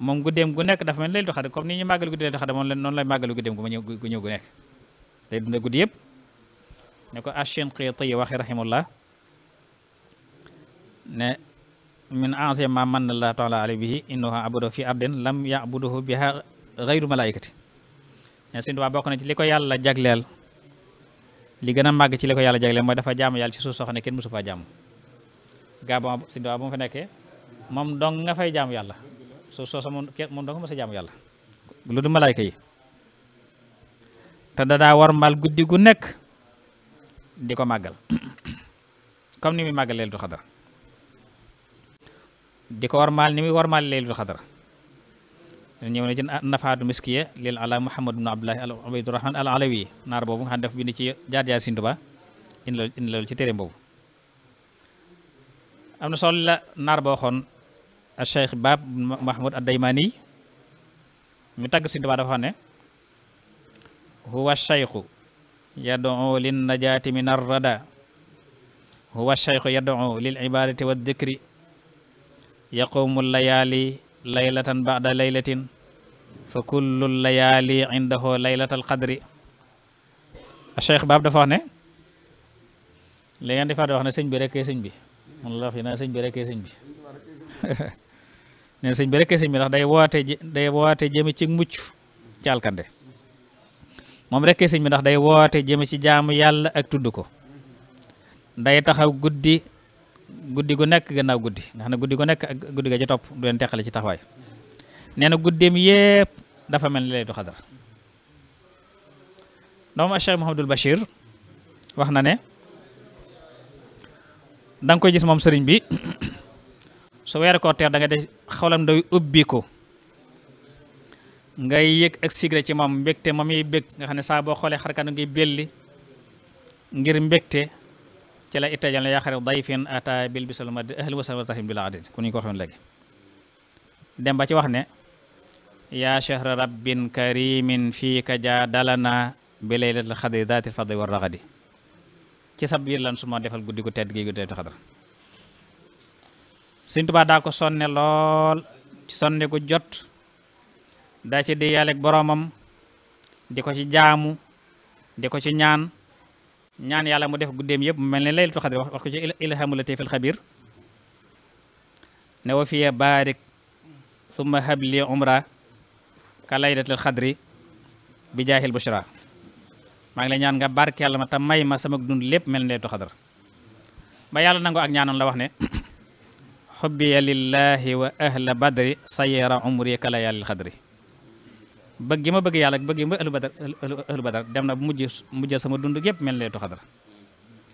moom guddeem gu nekk dafa mel laylatul xadar comme ni ñu màggal guddi laylatul xadar moom noonu lay màggal guddeem gu ma ñëw gu ñëw gu nekk day dunda guddi yëpp ne ko Ash-Shinqiti waxe rahimullah ne min ancien ma man allah taala alay bihi innahu abudo fi ardin lam yabuduhu biha gayru malaikati ne Sëñ Tuubaa bokk na ci li ko yàlla jagleel li gën màgg ci li ko yàlla jagleel mooy dafa jaamu yàlla ci suuf soo xam ne kenn mësu faa jaamu gaa ba Sëñ Tuubaa moom dong nga fay jaamu yàlla suuf yàlla lu du malaayka yi te war wormaal guddi gu nekk di ko màggal comme ni muy màggal Laylatul Qadr di ko wormaal ni muy wormaal Laylatul Qadr ñëw na ci nafaatu miskiya lil ala muhammad ibnu abdullahi al ubaydurahman al alawi naar boobu nga xam def bind ci jaar jaar Sëriñ Tuubaa indi loolu indi loolu ci téere boobu am na solo naar ba waxoon al cheikh baab mahmoud ad daymani mi tàgg Sëriñ dafa xam هو الشيخ يدعو للنجاة من الردى هو الشيخ يدعو للعبادة والذكر يقوم الليالي ليلة بعد ليلة فكل الليالي عنده ليلة القدر الشيخ باب دفعه لي عندي فاد واخنا سيغ بي ركاي سيغ بي مون لا فينا سيغ بي ركاي سيغ بي ني سيغ بي ركاي سيغ بي داي واتي داي واتي جيمي تي موچو تيال كاندي moom rek sëñ bi ndax day woote jëme ci jaamu yàlla ak tudd ko day taxaw guddi guddi gu nekk gannaaw guddi nga xam ne guddi gu nekk ak guddi ga ci topp du leen teqale ci taxawaay nee na guddeem yépp dafa mel ni laytu xadar doomu a Cheikh Mouhamadul Bachir wax na ne da koy gis moom sëriñ bi su weer koo teer da nga de xawlam day ubbi ko ngay yëg ak sigré ci moom mbégte moom yi bég nga xam ne saa boo xoolee xarkanu ngi belli ngir mbégte ci la itajal na yaa xarit dayfin ata bil bisal mad ahli ko dem ba ci wax ne yaa chahra rabbin karimin fiika jaadalana bi laylatil xadri daatil fadli war raxadi ci sa biir lan suma defal guddi gu tedd gi guddi te xadar Sëñ daa ko sonne lool sonne gu jot da ci di yàlla ak boroomam di ko ci jaamu di ko ci ñaan ñaan yàlla mu def guddem yeb melni laylatul wax ko ci ilhamu latifil khabir ne wa fi barik summa habli umra ka laylatul xadri bi jahil bushra ma ngi la ñaan nga barke yàlla ma ta may ma sama dund lépp melni laylatul ba yàlla nangoo ak ñaanon la wax ne حبي لله وأهل بدر badri sayara umri الخدري bëgg gi ma bëgg yàlla bëgg gi ma ahlu badar dem na bu mujj mujjal sama dund yëpp mel leetu xadar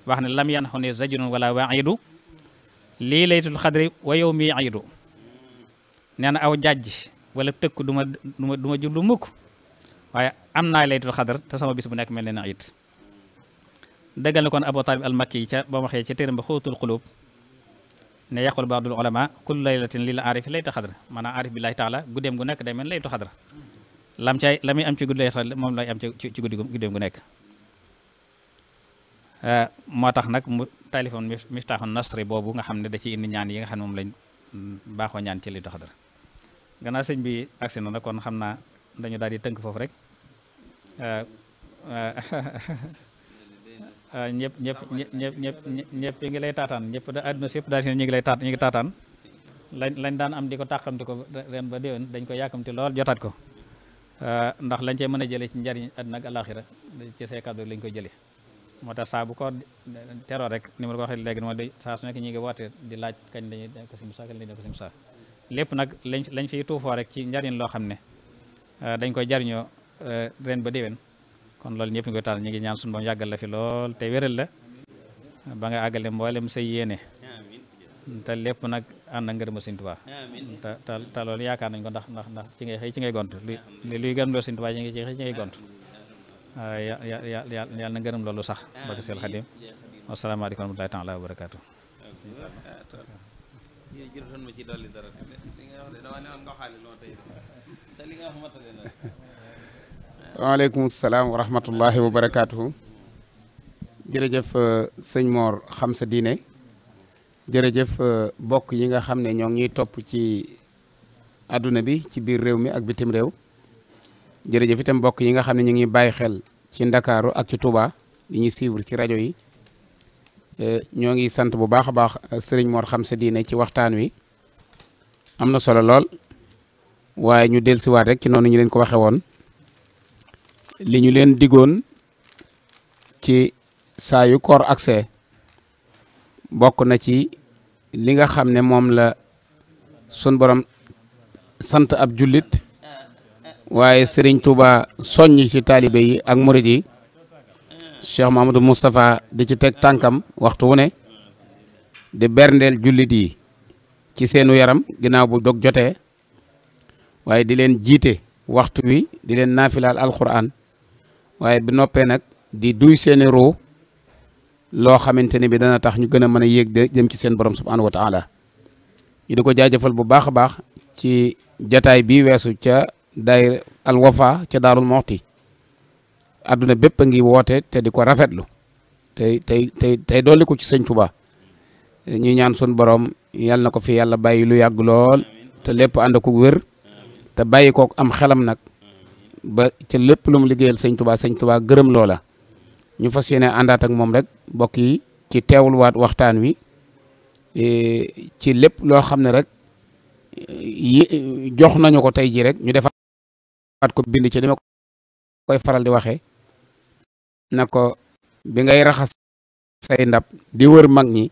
wax ne lam xo ne zajrun wala waidu lii laytul xadri wa yow mi idu nee na aw jajj wala tëkk du ma du ma du ma jublu mukk waaye am naa laytul xadar te sama bis bu nekk mel ne na it dëggal na kon Abu Talib al-Makki yi ca ba ma waxee ca téeram ba xóotul xulub ne yaqul baadul ulama kullu laylatin lil aarifi layta xadar maanaam aarif billahi taala guddeem gu nekk day mel laytu xadar lam cay la am ci guddi lay moom lay am ci ci guddi guddeem gu nekk euh, moo tax nag mu taalifoon miftaaxu nasri boobu nga xam ne da ci indi ñaan yi nga xam ne moom lañ baaxoo ñaan ci li dox dara gannaaw sëñ bi agsi na nag kon xam naa dañu daal di tënk foofu rek euh, euh, ñëpp ñëpp ñëpp ñëpp ñëpp yi ngi lay taataan ñëpp da àdduna si yëpp daal ñu ngi lay taat ñu ngi taataan lañ lañ daan am di ko tàqamti ko ren ba déwén dañ ko yàkkamti lool jotaat ko Eh, ndax lañ cee mën a jëlee ci njariñ àddina ak àlaxira ci say kàddu lañ koy jëlee moo tax saa bu ko teroo rek nu ma la ko waxee léegi moo di saa su nekk ñi ngi woote di laaj kañ lañuy dem ko sim saa kañ lañuy dem ko sim lépp nag lañ lañ fiy tuufoo rek ci njariñ loo xam ne eh, dañ koy jariñoo eh, ren ba déwén kon loolu ñëpp ñu koy tànn ñu ngi ñaan suñu boom yàggal la fi lool te wéral la ba nga àggale mbooleem say yéene tal lépp nag ànd ak ngërëmal Sëñ Tuubaa te te te loolu yaakaar nañ ko ndax ndax ndax ci ngay xëy ci ngay gont li luy gërëm loolu Sëñ Tuubaa ci ngay ci xëy ci ngay gont yàlla na ngërëm loolu sax wa wa wa wa Mor xam sa jërëjëf euh, mbokk yi nga xam ne ñoo ngi topp ci àdduna bi ci biir réew mi ak bitim réew jërëjëf itam mbokk yi nga xam ne ñu ngi bàyyi xel ci ndakaaru ak ci Touba di ñuy suivre ci rajo yi euh, ñoo ngi sant bu baax a baax euh, sëriñ Mor xam sa diine ci waxtaan wi am na solo lool waaye ñu dellusiwaat rek ci noonu ñu leen ko waxee woon li ñu leen diggoon ci saa yu koor accès bokk na ci li nga xam ne moom la sun borom sant ab jullit waaye Serigne Touba soññ ci taalibe yi ak murid yi Cheikh Mahamadou Moustapha di ci teg tànkam waxtu wu ne di berndeel jullit yi ci seenu yaram ginnaaw bu dog jotee waaye di leen jiite waxtu wi di leen naafilaal alquran waaye bi noppee nag di duy seeni ruu lo xamanteni bi dana tax ñu gëna mëna yegg de jëm ci seen borom subhanahu wa taala ñu diko jaajeufal bu baax baax ci jotaay bi wessu ca dair al wafa ca darul moxti aduna bepp a ngi woote te diko rafetlu tey tey tey tey dolli ko ci seigne touba ñuy ñaan sun borom yalla nako fi yalla bayyi lu yag lool te lepp and ko wër te bayyi ko am xelam nak ba ci lepp lu mu liggéeyal seigne touba seigne touba gërëm loola ñu fas andat ak mom rek bokki ci tewul wat waxtaan wi e, ci lepp lo xamne rek e, jox nañu ko tey rek ñu ko bind ci dama koy faral di waxe nako bi ngay raxas say ndab di wër mag ñi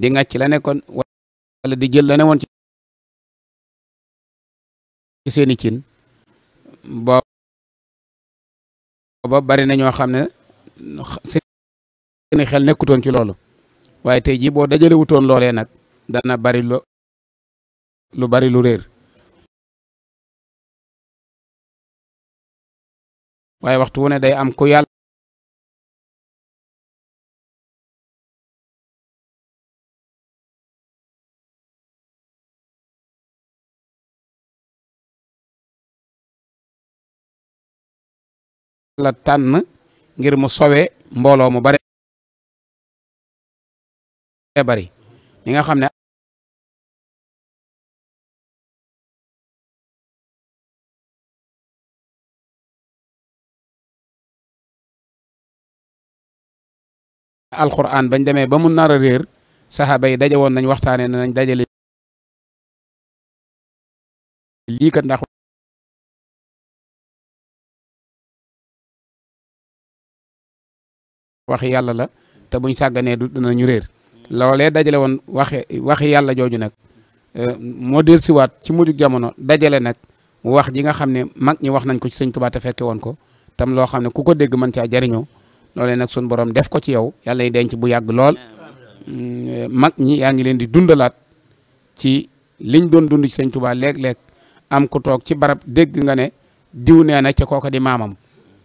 di ci la nekkon wala di jël la ne ci seeni cin bo booba bari na ñoo xam ne seeni xel nekkutoon ci loolu waaye tey jii boo dajale wutoon nag dana bari lu lu bari lu réer waaye waxtu wu ne day am ku yàlla la tànn ngir mu sowe mbooloo mu bare bari mi nga xam ne alquran bañ demee ba mu nar a réer saxaaba yi daje woon nañ waxtaane nañ dajale lii kat ndax waxi yàlla la te buñ sàgganee du ñu réer loolee dajale woon waxi waxi yàlla jooju nag euh, moo del siwaat ci mujjug jamono dajale nag wax ji nga xam ne mag ñi wax nañ ko ci sëñ Tuubaa te fekke woon ko tam loo xam ne ku ko dégg mën caa jariñoo loolee nag sun boroom def ko ci yow yàlla yi denc bu yàgg lool mm, mag ñi yaa ngi leen di dundalaat ci liñ doon dund ci sëñ Tuubaa léeg-léeg am ku toog ci barab dégg nga ne diw nee na ca kooka di maamam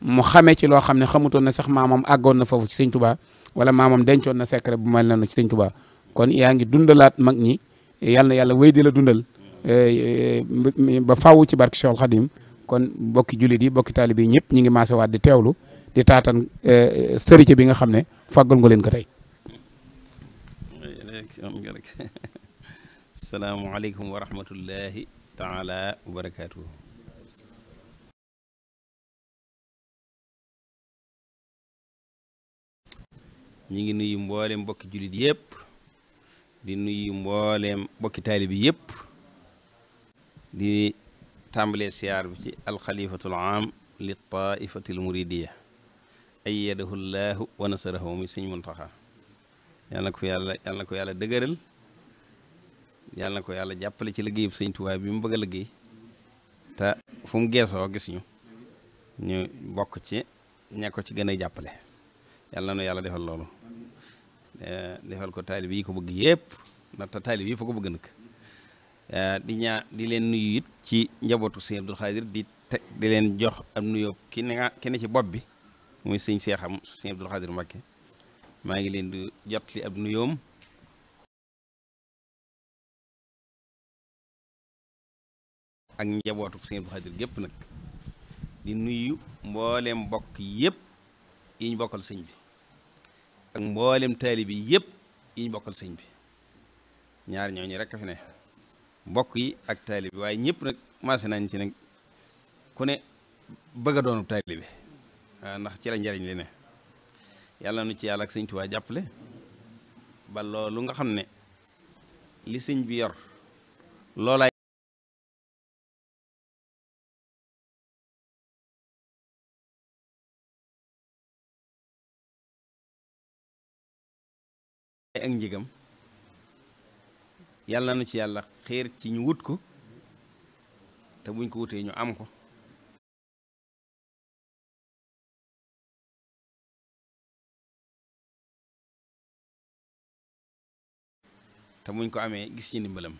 mu xamee ci loo xam ne xamutoon na sax maamam àggoon na foofu ci sëñ Tuubaa wala maamam dencoon na secret bu mel noonu ci sëñ Tuubaa kon yaa ngi dundalaat mag ñi yal na yàlla wéy di la dundal eh, eh, ba faw ci barke Cheikhul kon bokki jullit yi bokki taalib yi ñëpp ñu ngi maase waat di teewlu di taatan eh, sëriñ bi nga xam ne fàggal nga leen ko tey. salaamaaleykum wa rahmatullahi taala wa barakaatuhu ñu ngi nuyu mbooleem mbokki julit yëpp di nuyu mbooleem mbokki taalibi yëpp di tàmbalee siyaar bi ci alxalifatul am li taifatil muridiya ayyadahu llaahu wa nasarahu mi sëñ Muntaxa yàlla na ko yàlla yàlla na ko yàlla dëgëral yàlla ko yàlla jàppale ci liggéeyub sëñ Tuubaa bi mu bëgg a liggéey te fu mu geesoo gis ñu ñu bokk ci ña ko ci gën a jàppale yàlla na yàlla defal loolu eh, defal ko taalib yi ko bëgg yëpp ndaxte taalib yi fa ko bëgg nag eh, di ñaa di leen nuyu it ci njabootu sëñ Abdul Xaadir di te di leen jox am nuyoo ki ne ki ne ci bopp bi muy sëñ Seexam sëñ Abdul Xaadir Mbàkke maa ngi leen di jot ab nuyoom ak njabootu sëñ Abdul Xaadir gépp nag di nuyu mboolem mbokk yëpp yi ñu bokkal sëñ bi ak mboolem taalibe yi yëpp yi bokkal sëñ bi ñaar ñooñu rek a fi ne mbokk yi ak taalibe waaye ñëpp nag maase nañ ci nag ku ne bëgg a doonub taalibe waaw ah, ndax ci la njariñ li ne yàlla nu ci yàlla ak sëñ Tuubaa jàppale baloo lu nga xam ne li sëñ bi yor loolaay ak njigam yàlla na nu ci yàlla xeer ci ñu wut ko te buñ ko wutee ñu am ko te buñ ko amee gis ci ndimbalam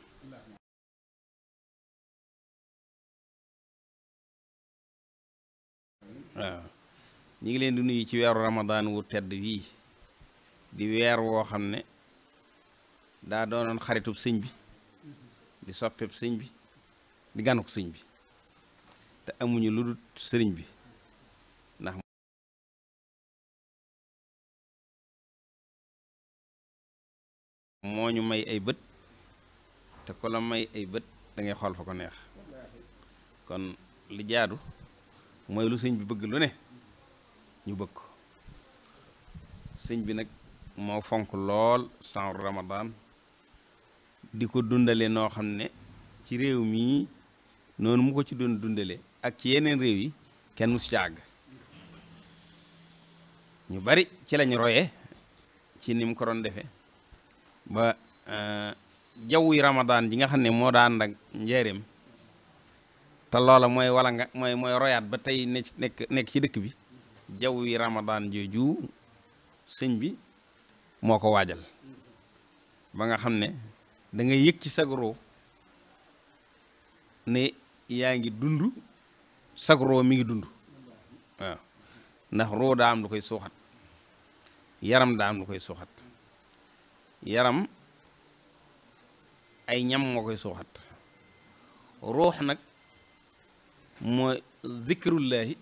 waaw ñu ngi leen di nuyu ci weeru ramadaan wu tedd wii di weer woo xam ne daa doonoon xaritub sëñ bi di soppeb sëñ bi di ganuk sëñ bi te amuñu lu sëriñ bi ndax moo ñu may ay bët te ku la may ay bët da ngay xool fa ko neex kon li jaadu mooy lu sëñ bi bëgg lu ne ñu bëgg ko sëñ bi nag moo fonk lool sahru ramadan di ko dundale noo xam ne ci réew mii noonu mu ko ci doon dundale ak ci yeneen réew yi kenn mu si ci àgg ñu bari ci lañ roye ci ni mu ko doon defe ba eh, jawwi ramadan ji nga xam ne moo daan ak njëriñ te loola mooy wala nga mooy mooy royaat ba tey nekk nekk ci dëkk bi jawwi ramadan jooju sëñ bi moo ko waajal ba nga xam ne dangay ngay yëg ci sagro ne yaa ngi dund sagro mi ngi dund waaw ndax roo daa am lu koy suuxat yaram daa am lu koy suuxat yaram ay ñam moo koy suuxat ruux nag mooy zikrullaahi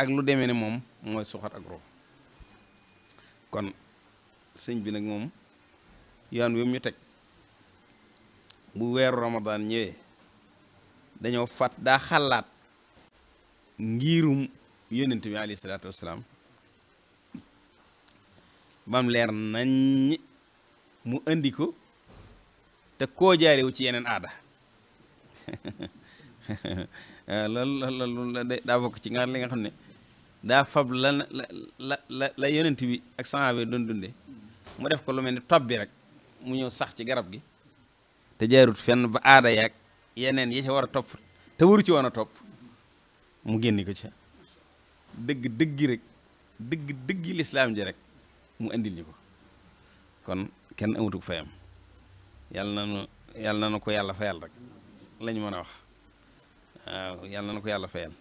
ak lu demee ne moom mooy suuxat ak ruux kon sëñ bi nag moom yoon wi ñu teg bu weeru ramadaan ñëwee dañoo fat daa xalaat ngirum yonent bi alayhi bam leer nañ mu indi ko te koo jaarewu ci yeneen aada ah, loolu loolu daa bokk ci nga li nga xam ne daa fab la la la la yonent bi ak saxaaba doon dunde mu def ko lu mel ni tob bi rek mu ñëw sax ci garab gi te jaarut fenn ba aada yaag yeneen yi ca war a topp te waru ci woon a topp mu génni ko ca dëgg dëggi rek dëgg dëggi lislaam ji rek mu indil ñu ko kon kenn amatuk fayam yàlla na nu yàlla na nu ko yàlla fayal rek lañu mën a wax waaw yàlla na nu ko yàlla fayal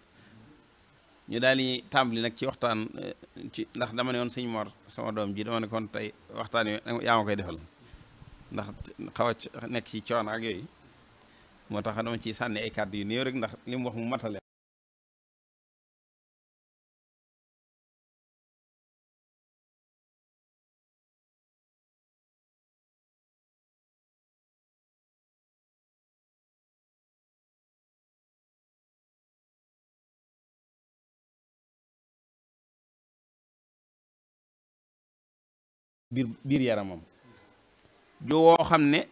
ñu daal di tàmbali nag ci waxtaan eh, ci ndax dama ne woon sëñ Mor sama doom ji dama ne kon tey waxtaan yi yaa ma koy defal ndax xaw a nekk ci coono ak yooyu moo tax dama ci sànni ay kàddu yu néew rek ndax li mu wax mu matale biir biir yaramam ju xam ne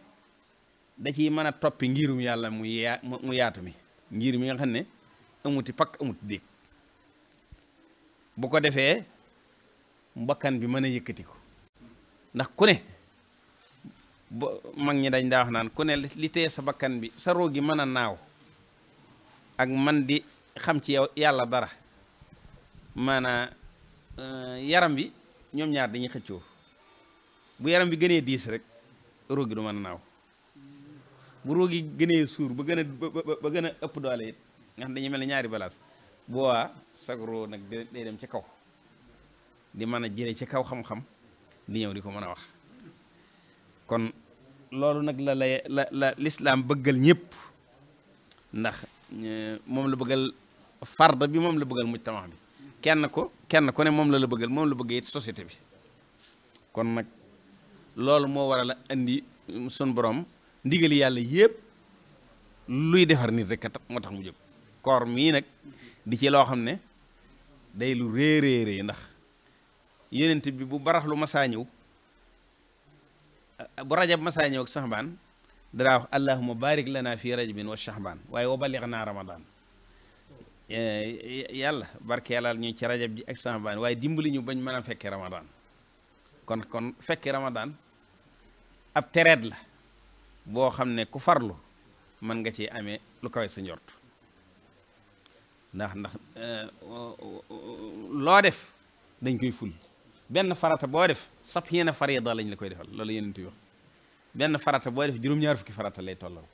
da ciy mën a toppi ngirum yàlla mu yaa mu mi ngir mi nga xam ne amuti pakk amuti dégg bu ko defee mbakkan bi mën a yëkkati ko ndax ku ne ñi dañ daa naan ku ne li tee sa bakkan bi sa roo gi mën a naaw ak man di xam ci yow yàlla dara maanaa euh, yaram bi ñoom ñaar dañuy xëccoo bu yaram bi gënee diis rek róog gi du mën naaw bu róog gi gënee suur ba gën a gën a ëpp doole it nga xam dañuy mel ne ñaari balaas boobaa sag roo nag day dem ci kaw di mën a jële ci kaw xam-xam di ñëw di ko mën a wax kon loolu nag la la la la lislaam bëggal ñëpp ndax moom la bëggal farda bi moom la bëggal mujtama bi kenn ko kenn ku ne moom la la bëggal moom la bëgg it société bi kon nag lol mo waral andi sun borom ndigali yalla yeb luy defar nit rek motax mu jóg koor mi nak di ci lo xamne day lu re ndax yenente bi bu barax lu massa ñew bu rajab massa ñew ak sahban dara wax allahumma barik lana fi rajbin wa shahban way wa balighna ramadan eh, yalla barke yalal ñu ci rajab ji ak sahban way dimbali ñu bañ mëna fekke ramadan kon kon fekke ramadan ab tereet la boo xam ne ku farlu mën nga ci amee lu kawe sa njort ndax ndax euh, loo def dañ koy ful benn farata boo def sab yéen a daal lañ la koy defal loolu yéen a benn farata boo def juróom-ñaar fukki farata lay tollal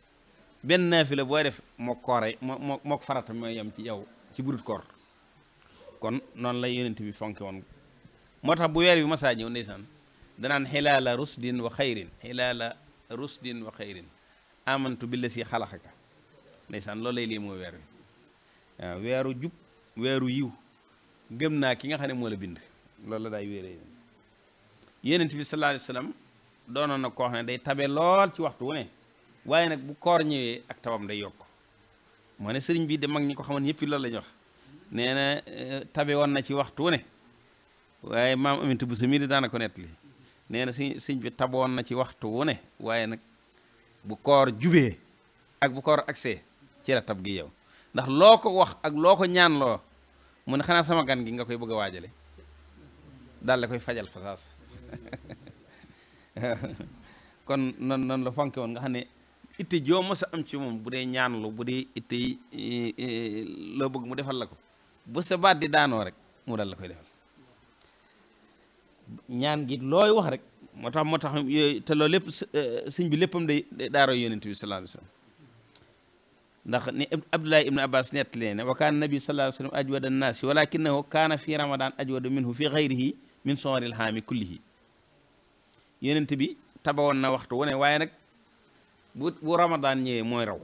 benn naafila boo def moo koore moo moo farata mooy yem ci yow ci burut koor kon noonu la yonent bi fonke woon moo tax bu weer bi saa ñëw ndeysaan danaan xilaala rusdin wa xayrin xilaala rusdin wa xayrin amantu bi si xalaxaka ndeysaan loolu lay lii mooy weer wi weeru jub weeru yiw gëm naa ki nga xam ne moo la bind loolu la daay wéeree yonent bi sallallahu alayhi wa sallam doonoon na koo xam ne day tabe lool ci waxtu wu ne waaye nag bu koor ñëwee ak tabam day yokk moo ne sëriñ bii de mag ñi ko xamoon ñëpp loolu la ñu nee na eh, tabe woon na ci waxtu wu ne waaye maam amintu bu sa mii di daana nee na si sëñ bi taboon na ci waxtu wu ne waaye nag bu koor jubee ak bu koor agsee ci la tab gi yow ndax loo ko wax ak loo ko ñaan loo mu ne xanaa sama gan gi nga koy bëgg a waajale daal la koy fajal fasaas kon noonu noonu la fonke woon nga xam ne it joo mos a am ci moom bu dee ñaanlu bu dee itte eh, eh, loo bëgg mu defal la ko bu sa baat di daanoo rek mu dal la koy defal ñaan gi looy wax rek moo tax moo tax te loolu lépp sëñ bi léppam day daaro yonent bi sallallahu alayhi wa ndax ni abdullahi ibnu abbas nettali ne wa kaana nabi sallallahu alayhi wa sallam ajwada annaasi walakinahu kaana fi ramadan ajwada minhu fi gayrihi min sooril haami kullihi yonent bi tabawoon na waxtu wu ne waaye nag bu bu ramadan ñëwee mooy raw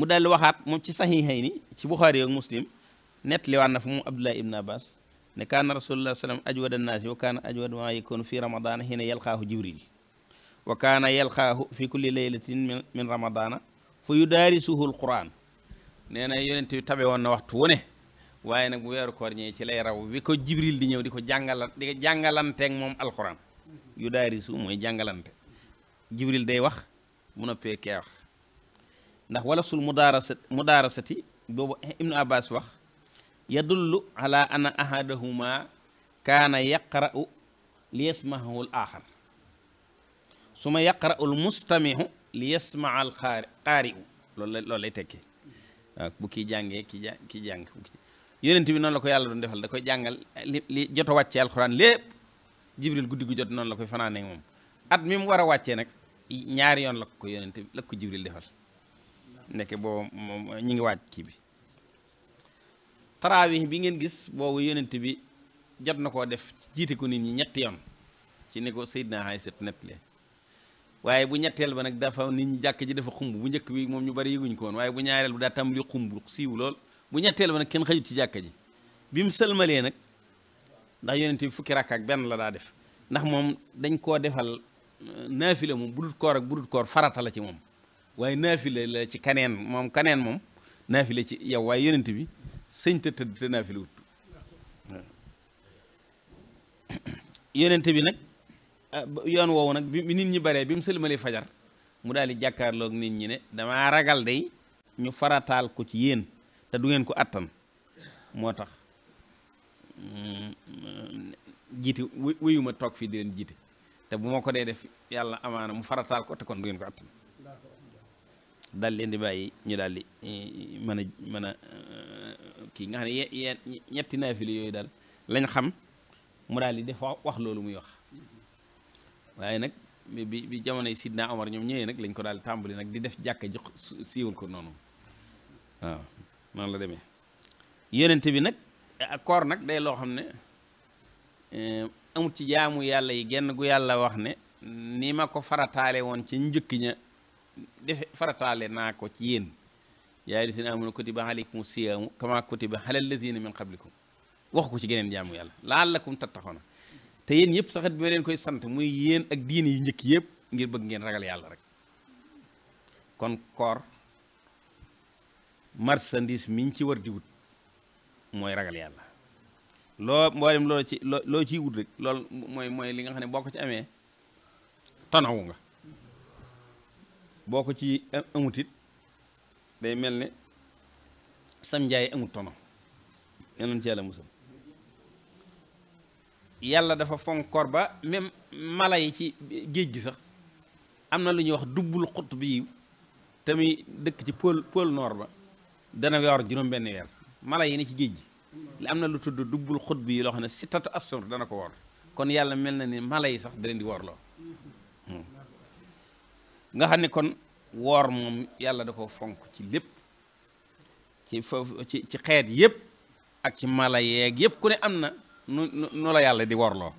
mu dal waxaat moom ci saxiixay ni ci buxaari ak muslim li na fa moom abdullahi ibn abbas ne kaana rasulullah sallam ajwada annaasi wa kaana ajwada maa yakunu fi ramadana hiina yalqaahu jibril wa kaana yalqaahu fi kulli laylatin min ramadana fa yudaarisuhu alquran nee na yonent bi tabe woon na waxtu wu ne waaye nag weeru koor ñëwee ci lay raw bi ko jibril di ñëw di ko jàngala di ko jàngalanteeg moom alquran yudaarisu mooy jàngalante jibril day wax mu noppee kee ndax wala sul mudaarasa mudaarasati boobu ibnu abbas wax yadullu ala anna ahadahuma kaana yaqra'u li yasmahu al axar suma yaqra'u al mustamihu li yasmaa al qaari'u loolu la loolu lay tekki kii jàngee kii jàng kii jàng yonent bi la ko yàlla doon defal da koy jàngal li joto jot a wàccee alxuraan lépp jibril guddi gu jot noonu la koy fanaanee moom at mi mu war a wàccee nag ñaari yoon la ko yonent bi la ko jibril defal nekk boo moom ñu ngi waaj kii bi taraawih bi ngeen gis boobu yonent bi jot na koo def jiite ko nit ñi ñetti yoon ci ne ko Seydina Aysat nettali waaye bu ñetteel ba nag dafa nit ñi jàkk ji dafa xumb bu njëkk bi moom ñu bari yëguñ koon woon waaye bu ñaareel bu daa tàmbali xumb siiw lool bu ñetteel ba nag kenn xëjut ci jàkk ji bi mu sëlmalee nag ndax yonent bi fukki rakk ak benn la daa def ndax moom dañ koo defal euh, naafila moom budut koor ak budut koor farata ci moom waaye naafile la ci kaneen moom kaneen moom naafile ci yow waaye yonent bi sëñ te tëdd te naafile wut yonent bi nag ah, yoon woowu nag bi nit ñi baree bi mu sëlmali fajar mu daal di jàkkaarlook nit ñi ne damaa ragal day ñu farataal ko ci yéen te du ngeen ko attan moo tax mm, jiite wéyuma toog fii di leen jiite te bu ma ko dee def yàlla amaana mu farataal ko te kon du ngeen ko attan daal leen di bàyyi ñu dal di eh, mën a mën a eh, kii nga xam ne ñetti naafili yooyu daal lañ xam mu daal di def wax loolu muy wax waaye nag bi bi jamonoy Sidna Omar ñoom ñëwee nag lañ ko daal tàmbali nag di def jàkka jox siiwal ko noonu waaw noonu la demee yonent bi nag eh, koor nag day loo xam ne amut ci jaamu yàlla yi genn gu yàlla wax ne ni ma ko farataale woon ci njëkk ña defe farataale naa ko ci yéen yaa lazina amanu kutiba alaykum siyaamu kama kutiba alal lazina min qablikum wax ko ci geneen jaamu yàlla laal laallakum tattaxoona te yéen yëpp saxat bi ma koy sant muy yéen ak diine yu njëkk yëpp ngir bëgg ngeen ragal yàlla rek kon koor marchandise miñ ci war di wut mooy ragal yàlla loo mboolem loo ci loo ciy wut rek loolu mooy mooy li nga xam ne boo ko ci amee tanawu nga boo ko ci amut day mel ne sam njaay amut tono yenoon ci yàlla musal yàlla dafa fonkoor ba même mala yi ci géej gi sax am na lu ñuy wax dubbul xut bi tamit dëkk ci pôle pôle noor ba dana yor juróom-benn weer mala yi ne ci géej gi li am na lu tudd dubbul xut bi loo xam ne si tatu astur dana ko wor kon yàlla mel na ni mala yi sax da leen di worloo hmm. nga xam ne kon woor moom yàlla da ko fonk ci lépp ci foofu ci ci xeet yëpp ak ci mala yeeg yëpp ku ne am na nu la yàlla di worloo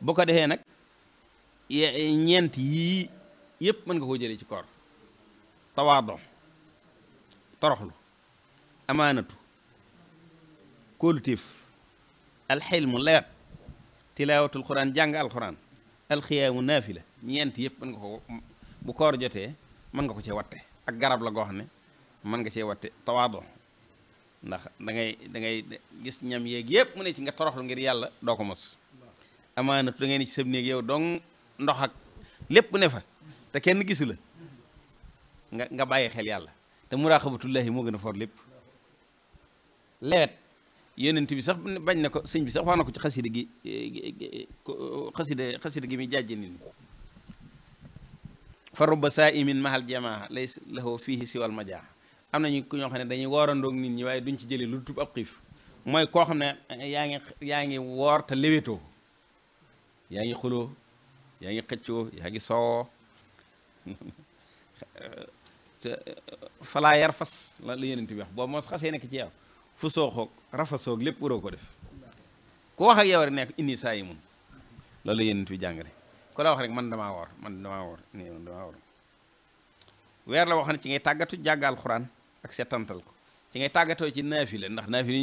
bu ko defee nag ñeent yii yëpp mën nga koo jëlee ci koor tawaado toroxlu amaanatu kóolutéef alxilmu layat tilaawatul quran jàng alquran alxiyaamu naafila ñeent yëpp mën nga ko bu koor jotee mën nga ko cee watte ak garab la goo xam ne mën nga cee watte tawaado ndax dangay dangay gis ñam yéeg yëpp mu ne ci nga toroxlu ngir yàlla doo ko mos amaana da ngay ci sëb néeg yow don ndox ak lépp ne fa te kenn gisu la nga nga bàyyi xel yàlla te muraaxabatullaahi moo gën a for lépp leet yonent bi sax bañ ne ko sëñ bi sax wax na ko ci xasida gi eh, xasida xasida gi muy jàjje nit ñi fa saa saa'imin mahal jamaa la lahu fiihi siwal majaa am na ñu ku ñoo xam ne dañuy woorandoog nit ñi waaye duñ ci jëlee lu tub ab xiif mooy koo xam ne yaa ngi yaa ngi woor te léwétoo yaa ngi xuloo yaa ngi xëccoo yaa ngi soowoo falaa yar fas la la ti bi wax boobu moos xasee nekk ci yow fu sooxoog rafasoog lépp waroo ko def ku wax ak yow nekk inni saa yi mun loolu la yeneen bi jàngale ku la wax rek man damaa woor man damaa woor nii man weer la wax ne ci ngay tàggatu jàng alxuraan ak setantal ko ci ngay tàggatoo ci la ndax naafila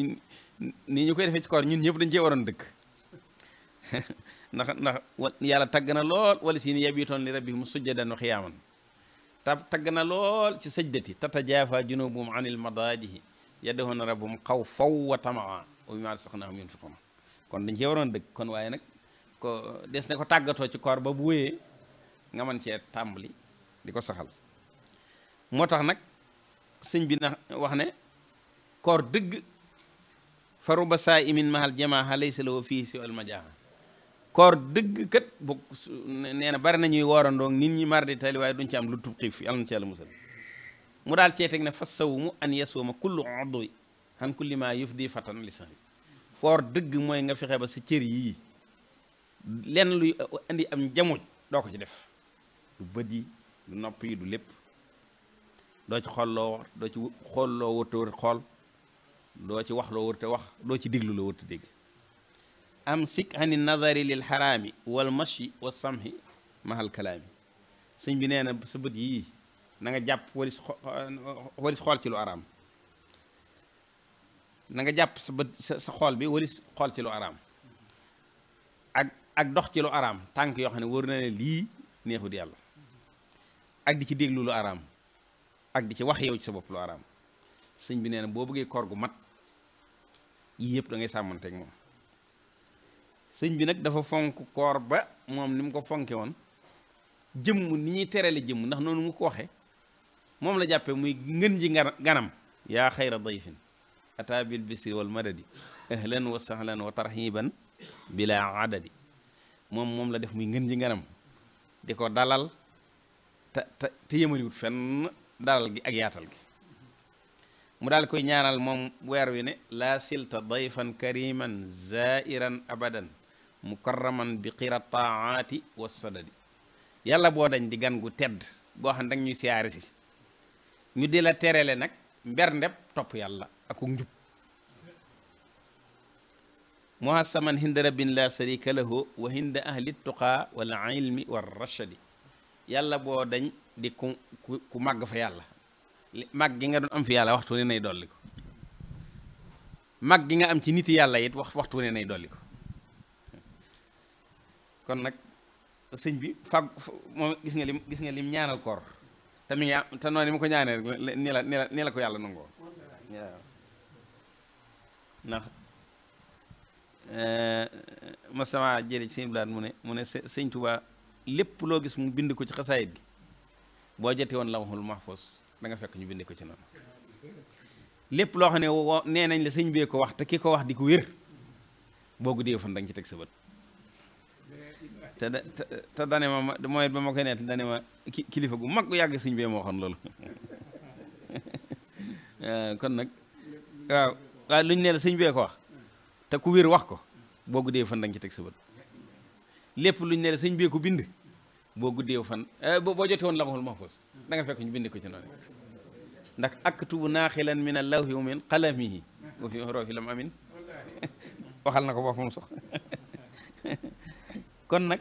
nii ñu koy defee ci koor ñun ñëpp dañ cee waroon dëkk ndax ndax yàlla tagg na lool wala si ni yabitoon li rabbihim sujjadan wa xiyaaman ta tagg na lool ci sajdat yi tatajaafa junubuhum anil madaajihi yad'uuna rabbahum xawfan wa tamaa wa mimmaa razaqnaahum yunfiquun kon dañ cee waroon dëkk kon waaye nag ko des na ko tàggatoo ci koor ba bu wéyee nga man cee tàmbali di ko saxal moo tax nag sëñ bi na wax ne koor dëgg faru ba saa imin mahal jamaaha laysa lahu fii si wal majaaha koor dëgg kat bu nee na bari nañuy woorandoo nit ñi mar di tali waaye duñ ci am lu tub xiif yàlla na ci yàlla musal mu daal cee teg ne fa sawmu an yasuma kullu odwi han kulli ma yufdi fatan lisan koor dëgg mooy nga fexe ba sa cër yii lenn luy indi am njamuj doo ko ci def du bët yi du nopp yi du lépp doo ci xool loo doo xool wërta xool doo ci wax loo wërta wax doo ci diglu loo wërta dégg am sik ani nazari lil xaraami wal mashi wa samhi mahal kalaami sëñ bi nee na sa bët yi na nga jàpp walis xool ci lu araam na nga jàpp sa bët sa xool bi walis xool ci lu araam ak dox ci lu araam tànk yoo xam ne wóor na ne lii neexut yàlla ak di ci déglu lu araam ak di ci wax yow ci sa bopp lu araam sëñ bi nee na boo bëggee koor gu mat yii yëpp da ngay sàmmanteeg moom sëñ bi nag dafa fonk koor ba moom ni mu ko fonke woon jëmm ni ñuy terale jëmm ndax noonu mu ko waxee moom la jàppee muy ngën ji ganam yaa xayra dayfin ataa bil bisri wal madadi ahlan wa sahlan wa tarhiban bila adadi mom mom la def muy ngeen ji ngaram diko dalal te te te wut fenn dalal gi ak yaatal gi mu dal koy ñaanal mom wer wi ne la silta dayfan kariman zairan abadan mukarraman bi xira taati was sadadi yalla bo dañ di gan gu tedd bo xam dañ ñuy siyaare si ñu di la terele nak mber ndep top yalla ak njub muhasaman hinda rabbin la sharika lahu wa hinda ahli tuqaa wal ilmi war rashadi yàlla boo dañ di ku ku màgg fa yàlla màgg gi nga doon am fi yàlla waxtu ne nay dolli ko màgg gi nga am ci niti yàlla it wax waxtu ne nay dolli ko kon nag sëñ bi fag moom gis nga lim gis nga lim ñaanal koor te mi ngi am te noonu mu ko ñaanee rek ni la ni la ni la ko yàlla nangoo waaw ndax ma samaa ci sëñ blaat mu ne mu ne sëñ Tuubaa lépp loo gis mu bind ko ci xasaayit gi boo jotee woon lawhul mahfuz da danga fekk ñu bind ko ci noonu lépp loo xam ne nee nañ la sëñ bee ko wax te ki ko wax di ko wér boo guddee fan da ci teg sa bët te da te dane ma mooy ba ma koy neet dane ma kilifa gu mag gu yàgg sëñ bee moo waxoon loolu kon nag waaw waaw luñ ne la sëñ bee ko wax te ku wér wax ko boo guddee fan da ci teg sa bët lépp luñ ne la sëñ bee ko bind boo guddee fan eh, boo jotee woon lawhul mahfuz da danga fekk ñu bind ko ci noonu ndax aktubu naaxilan min allawhi wa min qalamihi wa fi hurufi lam amin waxal na ko boppam sax kon nag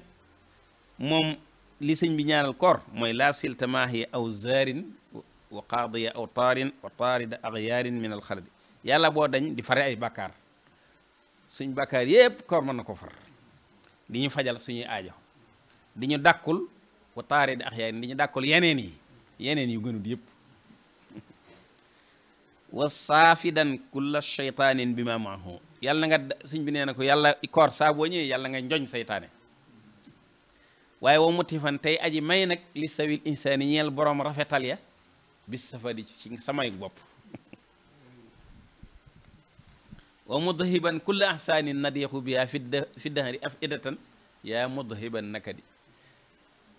moom li sëñ bi ñaanal koor mooy la silta maahiya aw zaarin wa qaadiya aw taarin wa taarida axyaarin min alxaladi yàlla boo dañ di fare ay bàkkaar suñ bakkaar yépp koor mën na ko far di ñu fajal suñuy aajo di ñu dàkkul ku taaree di ax yaay di ñu dàkkul yeneen yi yeneen yu gënul yépp wa saafidan kulla shaytaanin bi ma maahu yàlla nga suñ bi nee na ko yàlla koor saa boo ñëwee yàlla nga njoñ waaye wa mutifan tey aji may nag li sawil insaani ñeel borom rafetal ya bis safadi ci samay bopp wa mudhiban kulla ahsanin nadiixu biha fi dahri af idatan yaa mudhiban nakadi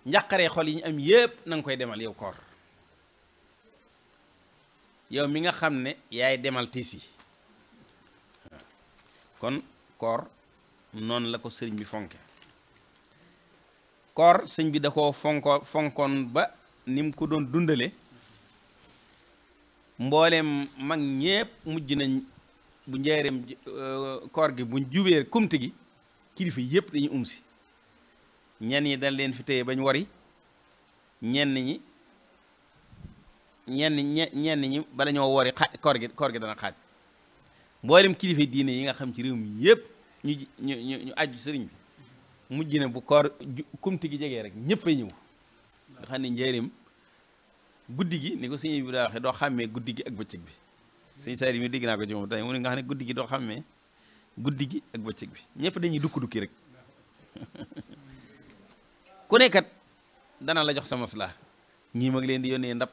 njàqaree xol yi ñu am yépp nanga koy demal yow koor yow mi nga xam ne yaay demal tiis yi kon koor noonu la ko sëriñ bi fonke koor sëñ bi da koo fonkoon ba ni mu ko doon dundale mboolem mag ñépp mujj nañ bu njeereem euh, koor gi buñ jubee kumte gi kilifa yëpp dañu um si ñenn ñi dañ leen fi téye bañ wori ñenn ñi ñenn ñe ñenn ñi bala ñoo wari xa koor gi koor gi dana xaaj mboolem kilifa diine yi nga xam ci réew mi yëpp ñu ñu ñu ñu sëriñ bi mujj na bu koor kumte gi jegee rek ñëpp ay ñëw nga xam ne njeereem guddi gi ni ko sëñ bi daa waxee doo xàmmee guddi gi ak bëccëg bi suñu sayri mi dégg naa ko ci moom tey mu nga xam ne guddi gi doo xàmmee guddi gi ak bëccëg bi ñëpp dañuy dukk dukki rek ku kat dana la jox sa maslaa ñii ma ngi leen di yónnee ndab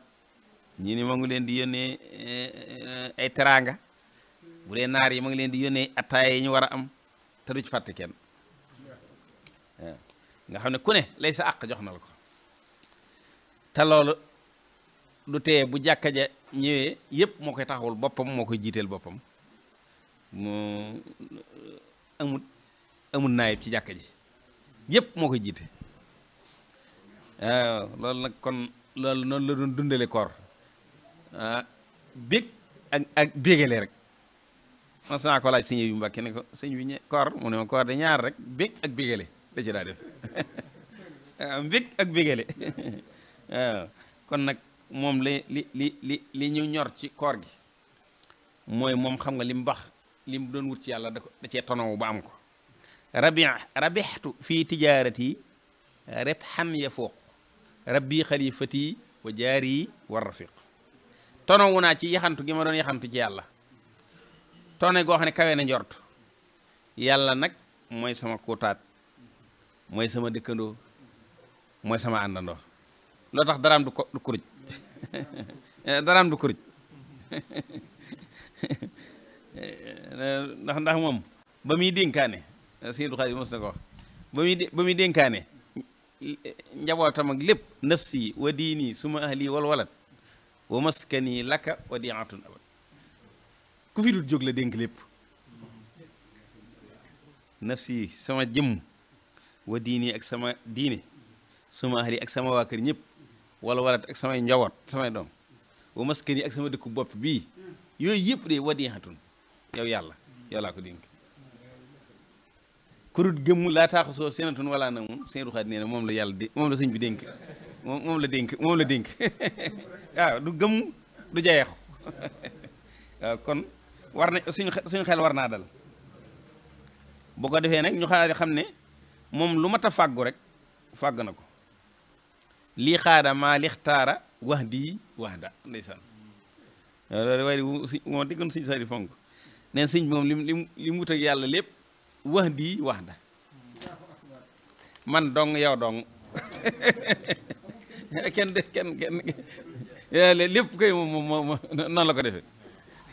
ñii ni ma ngi leen di yónnee eh, eh, ay teraanga bu dee naar yi ma ngi leen di yónnee attaaya yi ñu war a am te du ci fàtte eh, nga xam ne ku ne lay sa àq jox na ko te loolu du tee bu jàkka ja ñëwee yëpp moo koy taxawul boppam moo ko jiiteel boppam mu amut amut naayib ci jàkka ji yëpp moo koy jiite waaw loolu nag kon loolu noonu la doon dundale koor ah bég ak bégale rek mas naa ko laaj sëñ bi Mbàkke ne ko sëñ bi ñe koor mu ne ma koor de ñaar rek bég ak bégale da ci daa def ah, bég ak bégale kon nag moom li li li li li ñu ñor ci koor gi moy mom xam nga lim bax lim doon wut ci yalla da ko da cee ba am ko rabi rabixtu fii tijaarati ya yafuuq rabbi khalifati wa jari wa rafiq tonowu wuna ci yahantu gi ma doon yahantu ci yalla tone go xane kawé na ñortu yalla nak moy sama kootat moy sama dëkkandoo moy sama andando lo tax daram du ko du kuruj Eh, daraam du kuruj eh, ndax ndax moom ba muy dénkaane sëñ Abdou Khadre mos na ko ba muy ba muy dénkaane njabootam ak lépp nafsi wa diini suma ahli wal walad wa maskani laka wa diatun abad ku fi dul jóg la dénk lépp nafsi sama jëmm wa diini ak sama diine suma ahli ak sama waa kër wala walat ak samay njaboot samay doom wa maskan yi ak sama dëkku bopp bii yooyu yëpp de wadiyatun yow yàlla yàllaa ko dénk kurut gëmm laa taax soo senatun wala na mun seen ruxaat nee na moom la yàlla dé moom la sëñ bi dénk moom moom la dénk moom dénk waaw du gëmm du jayeexu waaw kon war na suñu suñu xel war naa dal boo ko defee nag ñu xalaat xam ne moom lu mat a fàggu rek fàgg na ko lii xaada maa lixtaara wax di wax da ndeysaan loolu waaye moo fonk neen sëñ moom lim lim lim wut yàlla lépp wax di wax da man dong yow dong kenn kenn kenn lépp koy moom moom la ko defe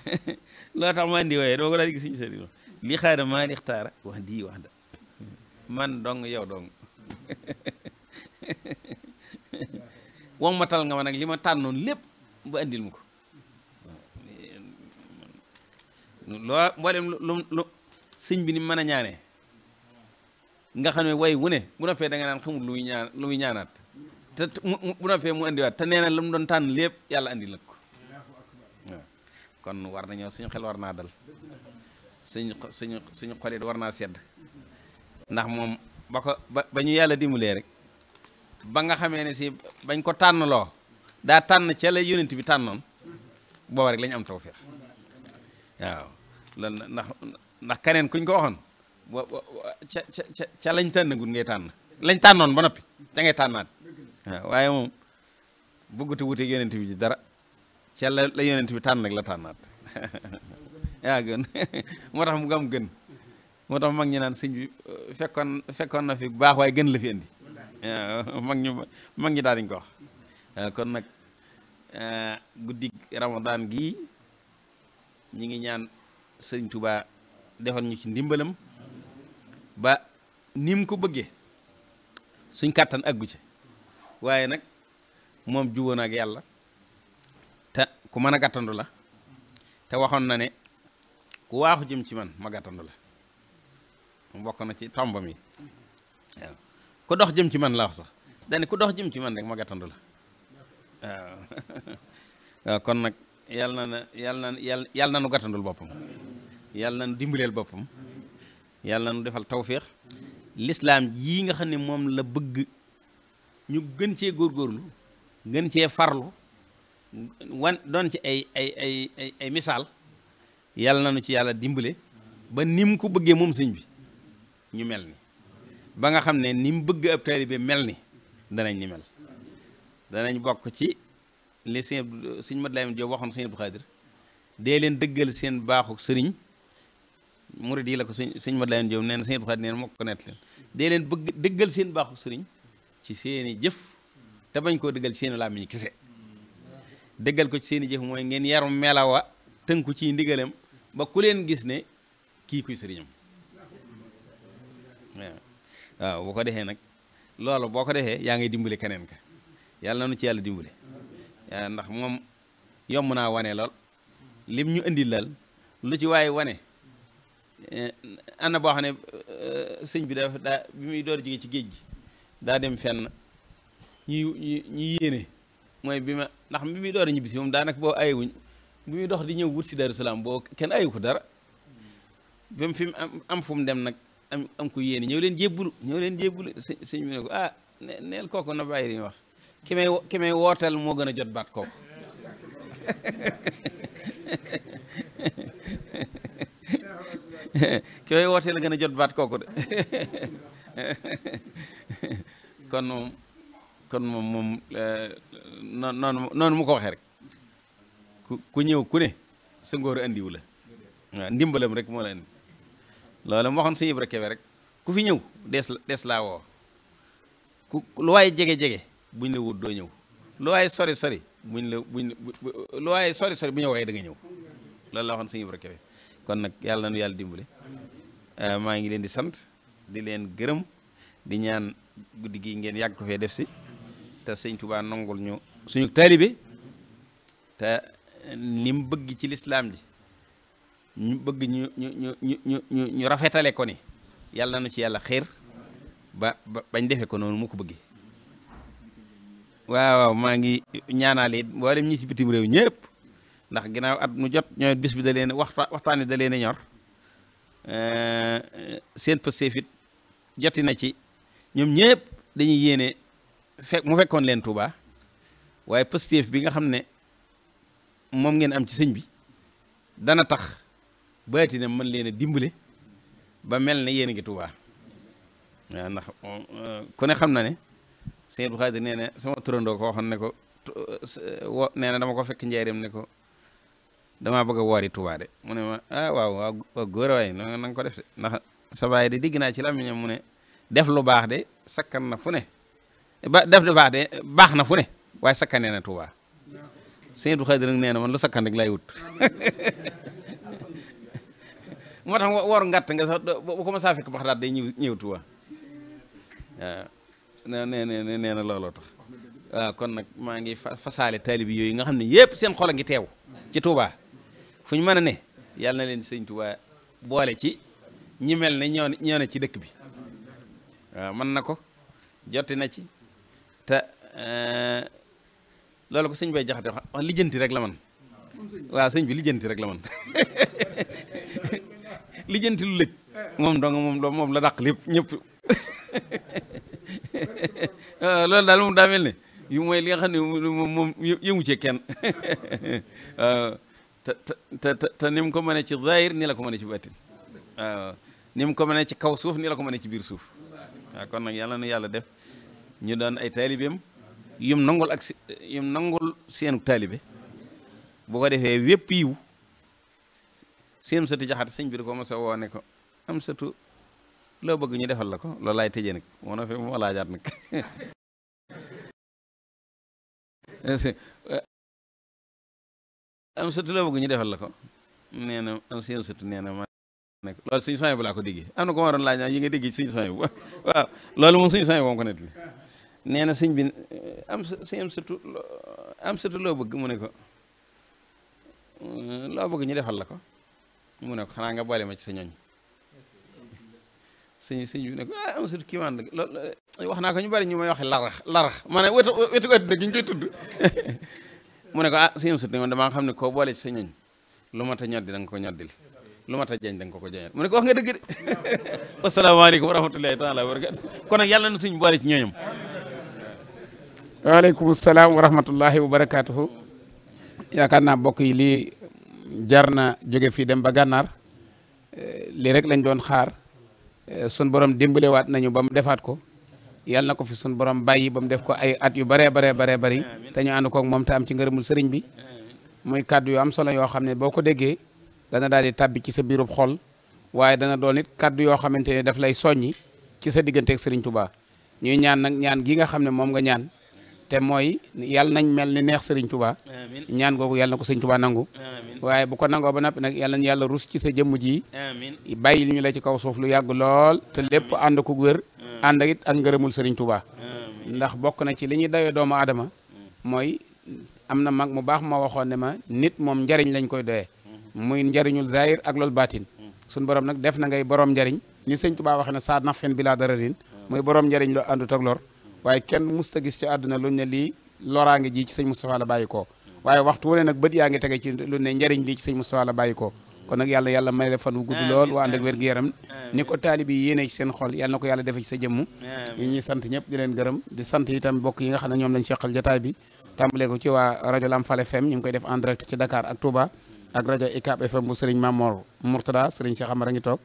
loo tax ma indi waaye dama ko daal di gis suñu sëriñ li maa lixtaara wax di wax da man dong yow dong matal nga ma lima tan non lip bu ba andil mu Loa loo mboolem lu lu sëñ bi ni nga xam way wu bu noppee da nga naan xamul lu muy ñaan lu muy ñaanaat te bu mu andiwaat te nee na lu mu doon tànn lépp yàlla andil nag kon war nañoo suñu xel war naa dal suñu suñu suñu xol it war naa sedd ndax moom ba ko ba rek ba nga xamee ne si bañ ko tànnloo daa tànn ca la yonent bi tànnoon booba rek lañ am tawféex waaw loolu ndax ndax keneen kuñ ko waxoon ba ca ca ca lañ tànnagul ngay tànn lañ tànnoon ba noppi ca ngay tànnaat waaw waaye moom bëggatu wuteeg yonent bi dara ca la la yonent bi tànn rek la tànnaat yaa gën moo tax mu gam gën moo tax mag ñi naan sëñ bi uh, fekkoon fekkoon na fi baax waaye gën la fi indi mag ñu mag ñi daal di ko wax euh, kon nag euh, guddi ramadan gii ñu ngi ñaan sëriñ tubaa defoon ñu ci ndimbalam ba nim ko bëggee suñ kàttan aggu ci waaye nag moom juwoon ak yàlla te ku mën a gàttandu la te waxoon na ne ku waaxu jëm ci man ma gàttandu la mu na ci tombam yi waaw ko dox jëm ci man laa wax sax dani ko dox jëm ci man rek ma gàttandu la waaw waaw kon nag yàlla na yàlla na yàlla na nu gàttandul boppam yàlla na nu dimbaleel boppam yàlla na nu defal tawféex lislaam jii nga xam ni moom la bëgg ñu gën cee góor góorlu gën cee farlu wan doon ci ay ay ay ay ay misaal yàlla na nu ci yàlla dimbale ba nim ko bëggee moom sëñ bi ñu mel ni ba nga xam ne ni mu bëgg ab taalibe mel ni danañ ni mel danañ bokk ci li sëñ sëñ ma Lamin Jóob waxoon sëñ Abdu dee leen dëggal seen baaxuk sëriñ murid la ko sëñ sëñ Mat Lamin Jóob nee na sëñ Abdu Xaadir moo ko nett leen dee leen bëgg dëggal seen baaxuk sëriñ ci seeni jëf te bañ koo dëggal ci seeni làmmiñ kese dëggal ko ci seeni jëf mooy ngeen yarum melawa tënku ciy ndigalam ba ku leen gis ne kii kuy sëriñam waaw boo ko defee nag loolu boo ko defee yaa ngay dimbale keneen ka yàlla na nu ci yàlla dimbale ndax moom yomb naa wane lool lim ñu indi lal lu ci waaye wane eh, am na boo xam ne eh, sëñ bi dafa daa bi muy door jóge ci géej gi daa dem fenn ñi ñi yéene mooy bi ma ndax bi muy door a ñibbisi daanaka boo ayewuñ bu dox di ñëw wut si Darou Salaam boo kenn ayu ko dara ba mu fi am am fu mu dem nag am am ko yéene ñëw leen jébbulu ñëw leen jébbulu s sëñ ko ah neel kooku na bàyyi li ñu wax ki may ki may wootal moo gën a jot baat kooku ki may wooteel gën a jot baat kooku de kon moom kon moom moom eh, noonu noonu mu ko waxee rek ku ku ñëw ku ne sa ngóor la waaw ndimbalam rek moo la andi loola mu waxoon sëñ Ibra Kebe rek ku fi ñëw des laa woo ku jege-jege buñ la wut doo ñëw lu waaye sori sori buñ la buñ lu sori sori bu ñu waaye da nga ñëw loolu la waxoon sëñ Ibra Kebe kon nag yàlla nañu yàlla dimbale euh, maa ngi leen di sant di leen gërëm di ñaan guddi gi ngeen yàgg ko fee def si te sëñ Tuubaa ñu suñu taalibe te ni bëgg ci lislaam ji ñu bëgg ñu ñu ñu ñu ñu ñu rafetale ko ni yàlla na ci yàlla xiir ba bañ defee ko noonu mu bëggee waaw maa ngi ñaanaale it mboolem ñi si bitim réew ñëpp ndax ginnaaw at mu jot ñooy bis bi da leen waxta waxtaan da leen a ñor seen pësteef it joti na ci ñoom ñëpp dañuy yéene fekk mu fekkoon leen Touba waaye pësteef bi nga xam ne moom ngeen am ci sëñ bi dana tax. baati na mën leen a dimbale ba mel ne yéen a ngi Tuubaa waaw ndax euh, ku ne xam na ne sëñ Abdou Khadir nee na sama turandoo ko waxoon ne ko euh, wo nee na dama ko fekk njaareem ne ko damaa bëgg a woori Tuubaa de mu ne ma ah waaw waaw góor waay na ko def de ndax sa naa ci làmmiñam mu ne def lu baax de sakkan na fu ne ba def lu baax de baax na fu ne waaye sakkanee na Tuubaa sëñ Abdou nee na man lu sakkan rek wut moo tax wooru ngàtt nga sax bu ko ma saa fekk bax daat day ñëw ñëw tuwa waaw nee nee nee na looloo tax waaw kon nag maa ngi fasaale taalibi yooyu nga xam ne yëpp seen xol a ngi teew ci Touba fu ñu mën a ne yàlla na leen sëñ Touba boole ci ñi mel ne ñoo ñoo ci dëkk bi waaw mën na ko jotti na ci te eh, loolu ko sëñ bay jaxate wax lijjanti rek la man waaw sëñ bi lijjanti rek la man lijjanti lu lëj moom dong moom moom la dàq lépp ñëpp loolu daal moom daa mel yu mooy li nga xam ne moom moom yëngu ci kenn waaw euh, te te te ni ko mënee ci zaahir ni la ko ne ci baatin waaw euh, ni mu ko mënee ci kaw suuf nii la ko ne ci biir suuf waaw kon nag yàlla na yàlla def ñu doon ay taalibeem yum nangul ak yum nangul seenu taalibe bu ko defee wépp yiw si am satu jaxat sëñ bi da ko mos a woo ko am satu loo bëgg ñu defal la ko loolu lay tëjee nag moo na fi moo laajaat nag am satu loo bëgg ñu defal la ko nee na am si am satu nee na ma ne ko loolu suñu bu laa ko déggee am na ko ma doon laaj yi nga dégg suñu sony bu waaw loolu moom suñu sony bu moom ko nettali nee na sëñ bi am sëñ am satu loo bëgg mu ne ko loo bëgg ñu defal la ko mu ne ko xanaa nga boole ma ci sa ñooñ sëñ sëñ bi ne ko ah Amsatu kiimaan la loolu eh, wax naa ko ñu bari ñu may waxe larax larax maanaam wetu wetu àddina gi ñu koy mu ne ko ah sëñ Amsatu xam ne koo boole ci lu mat a ñoddi da nga ko ñoddil lu mat a jañ da ko ko jañal mu ne ko wax nga dëgg de wasalaamaaleykum wa rahmatulahi taala yàlla na suñ boole wa rahmatullahi wa barakatuhu yaakaar naa mbokk yi jar na jóge fii dem ba gànnaar eh, lii rek lañ doon xaar eh, sun borom dimbalewaat nañu ba mu defaat ko yàlla na ko fi sun borom bàyyi ba mu def ko ay at yu baree baree baree bari te ñu ànd koog moom te am ci ngërëmul sëriñ bi muy kàddu yu am solo yoo xam ne boo ko déggee dana daal di tàbbi ci sa biirub xol waaye dana doon it kàddu yoo xamante ne daf lay soññi ci sa digganteeg sëriñ tubaa ñuy ñaan nag ñaan gi nga xam ne moom nga ñaan. te mooy yàlla nañ mel ni neex sëriñ Touba ñaan googu yàlla na ko sëriñ Touba nangu waaye bu ko nangoo ba noppi nag yàlla yàlla rus ci sa jëmm ji bàyyi li ñu la ci kaw suuf lu yàgg lool te lépp ànd ko wér ànd ak it ak ngërëmul sëriñ Touba ndax bokk na ci li ñuy dawe doomu aadama mm. mooy am na mag mu baax ma waxoon ne ma nit moom njariñ lañ koy doyee mm-hmm. muy njariñul zahir ak lool baatin mm-hmm. suñ borom nag def na ngay borom njariñ ni sëñ Touba waxee ne saa nafin bi laa dara rin mm-hmm. njariñ loo àndut ak waaye kenn musta gis ci àdduna luñ ne lii loraange ji ci sëñ Moustapha la bàyyi ko waaye waxtu wu ne nag bët yaa ngi tege ci lu ne njariñ lii ci sëñ Moustapha la bàyyi ko kon nag yàlla yàlla may fan wu lool waa ànd ak wér-gu-yaram ni ko taalibi yéene ci seen xol yàlla na ko yàlla defe ci sa jëmm ñuy sant ñëpp di leen gërëm di sant itam bokk yi nga xam ne ñoom lañ seqal jataay bi tàmbalee ko ci waa rajo Lamfal ñu ngi koy def en direct ci Dakar ak Touba ak rajo ICAP FM bu Serigne Mamor Mourtada Serigne Cheikh Amara ngi toog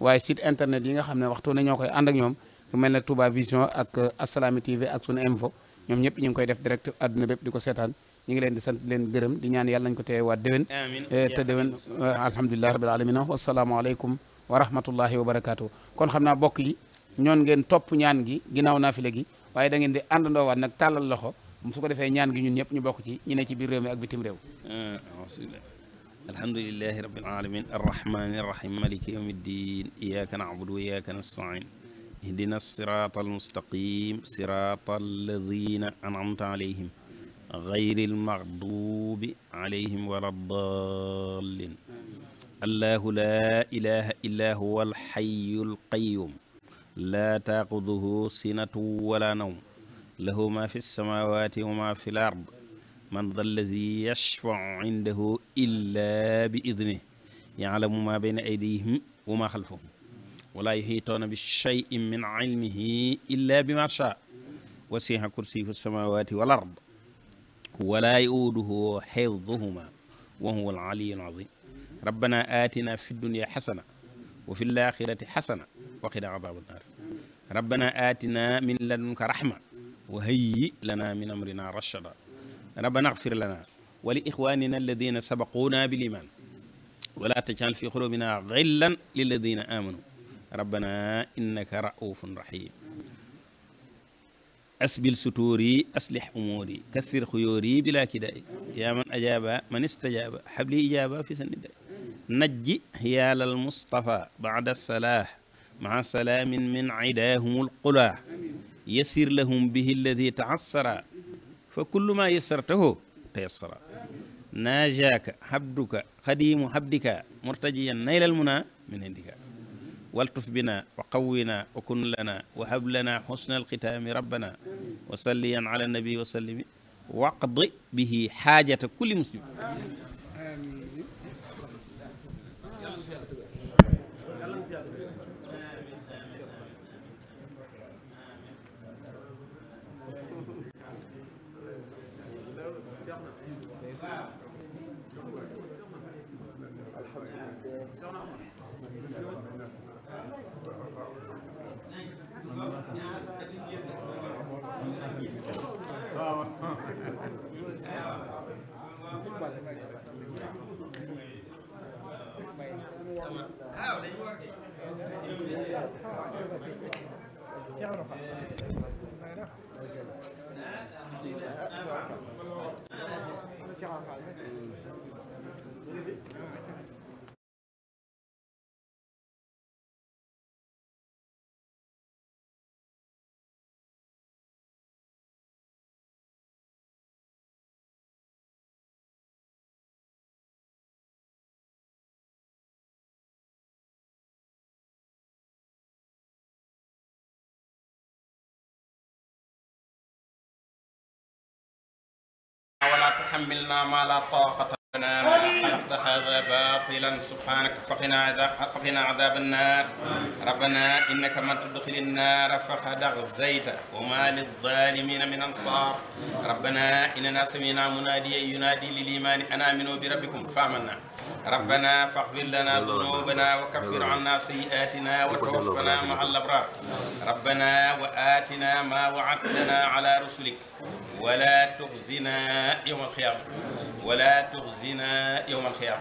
waaye sit internet yi nga xam ne waxtu ne ñoo koy ànd ak ñoom lu mel ne Touba Vision ak euh, Assalaamy TV ak sunu info ñoom ñëpp ñu ngi koy def direct adduna bépp di ko seetaan ñu ngi leen di sant leen gërëm di ñaan yàlla nañu ko teewe waat déwén eh, te déwén euh, alhamdulilahi rabil alamina wasalaamaaleykum wa rahmatullahi wa barakaatu kon xam naa bokk yi ñoon ngeen topp ñaan gi ginnaaw naafile gi waaye da di àndandoo waat nag tàllal loxo su ko defee ñaan gi ñun ñëpp ñu bokk ci ñu ci biir réew mi ak bitim réew eh, alhamdulilahi rabil alamin arrahmani arrahim maliki yawmiddin iyaka na'budu wa iyaka nasta'in اهدنا الصراط المستقيم صراط الذين أنعمت عليهم غير المغضوب عليهم ولا الضالين الله لا إله إلا هو الحي القيوم لا تأخذه سنة ولا نوم له ما في السماوات وما في الأرض من ذا الذي يشفع عنده إلا بإذنه يعلم ما بين أيديهم وما خلفهم ولا يهيتون بشيء من علمه إلا بما شاء وسيح كرسيه السماوات والأرض ولا يؤده حفظهما وهو العلي العظيم ربنا آتنا في الدنيا حسنة وفي الآخرة حسنة وقنا عذاب النار ربنا آتنا من لدنك رحمة وهيئ لنا من أمرنا رشدا ربنا اغفر لنا ولإخواننا الذين سبقونا بالإيمان ولا تجعل في قلوبنا غلا للذين آمنوا ربنا إنك رؤوف رحيم أسبل ستوري أصلح أموري كثر خيوري بلا كدائي يا من أجاب من استجاب حبلي إجابة في سن الدائي نجي هيال المصطفى بعد الصلاح مع سلام من عداهم القلا يسر لهم به الذي تعسر فكل ما يسرته تيسر ناجاك حبدك خديم حبدك مرتجيا نيل المنى من عندك والطف بنا وقونا وكن لنا وهب لنا حسن الختام ربنا وصليا على النبي وسلم واقض به حاجة كل مسلم وحملنا ما لا طاقة لنا خلقت هذا باطلا سبحانك فقنا عذاب فقنا عذاب النار ربنا انك من تدخل النار فقد اغزيت وما للظالمين من انصار ربنا اننا سمعنا مناديا ينادي للايمان ان امنوا بربكم فامنا ربنا فاغفر لنا ذنوبنا وكفر عنا سيئاتنا وتوفنا مع الابرار ربنا واتنا ما وعدتنا على رسلك ولا تخزنا يوم الخيام ولا تخزنا يوم الخيام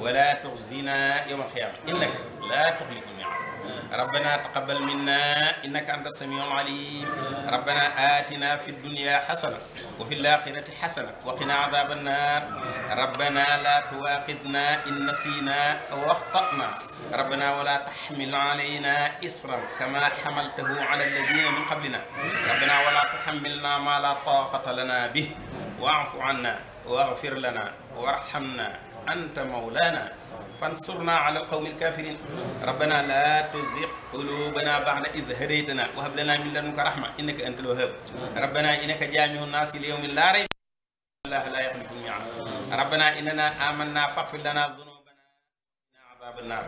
ولا تخزنا يوم الخيام انك لا تخلف الميعاد ربنا تقبل منا إنك أنت السميع العليم ربنا آتنا في الدنيا حسنة وفي الآخرة حسنة وقنا عذاب النار ربنا لا تواقدنا إن نسينا أو أخطأنا ربنا ولا تحمل علينا إسرا كما حملته على الذين من قبلنا ربنا ولا تحملنا ما لا طاقة لنا به واعف عنا واغفر لنا وارحمنا أنت مولانا فانصرنا على القوم الكافرين ربنا لا تزغ قلوبنا بعد إذ هديتنا وهب لنا من لدنك رحمة إنك أنت الوهاب ربنا إنك جامع الناس ليوم لا ريب الله لا يخلف الميعاد ربنا إننا آمنا فاغفر لنا ذنوبنا عذاب النار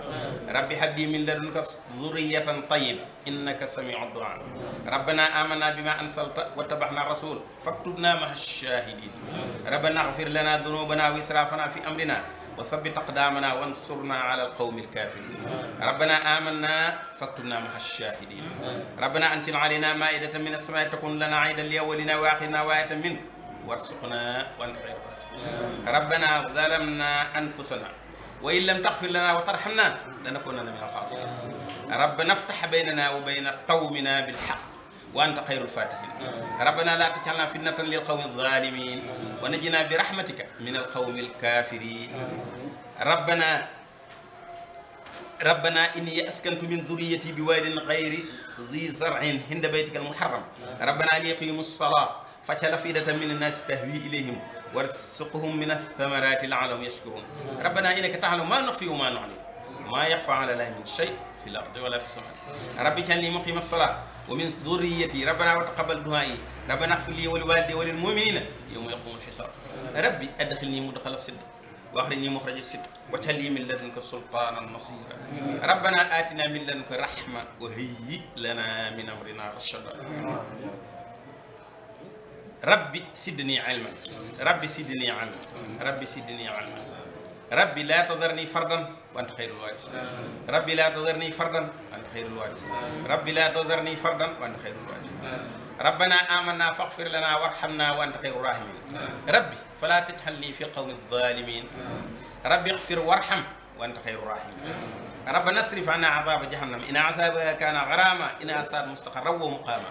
ربي هب لي من لدنك ذرية طيبة إنك سميع الدعاء ربنا آمنا بما أنزلت واتبعنا الرسول فاكتبنا مع الشاهدين ربنا اغفر لنا ذنوبنا وإسرافنا في أمرنا وثبت أقدامنا وانصرنا على القوم الكافرين ربنا آمنا فاكتبنا مع الشاهدين ربنا أنزل علينا مائدة من السماء تكون لنا عيدا لأولنا وآخرنا وآية منك وارزقنا وأنت خير ربنا ظلمنا أنفسنا وإن لم تغفر لنا وترحمنا لنكونن من الخاسرين ربنا افتح بيننا وبين قومنا بالحق وأنت خير الفاتحين ربنا لا تجعلنا فتنة للقوم الظالمين ونجنا برحمتك من القوم الكافرين ربنا ربنا إني أسكنت من ذريتي بواد غير ذي زرع عند بيتك المحرم ربنا ليقيموا الصلاة فجعل أفئدة من الناس تهوي إليهم وارزقهم من الثمرات لعلهم يشكرون ربنا إنك تعلم ما نخفي وما نعلن ما يخفى على الله من شيء في الأرض ولا في السماء ربي كان لي مقيم الصلاة ومن ذريتي ربنا وتقبل دعائي ربنا اغفر لي ولوالدي وللمؤمنين يوم يقوم الحساب ربي ادخلني مدخل الصدق واخرجني مخرج الصدق واجعل لي من لدنك سلطانا نصيرا ربنا اتنا من لدنك رحمه وهيئ لنا من امرنا رشدا ربي سدني علما ربي سدني علما ربي سدني علما ربي لا تذرني فردا وانت خير الوارثين ربي لا تذرني فردا وانت خير الوارثين ربي لا تذرني فردا وانت خير الوارثين ربنا آمنا فاغفر لنا وارحمنا وانت خير الراحمين ربي فلا تجعلني في قوم الظالمين ربي اغفر وارحم وانت خير الراحمين ربنا نصرف عنا عذاب جهنم إن عذابها كان غراما إن صارت مستقرا ومقاما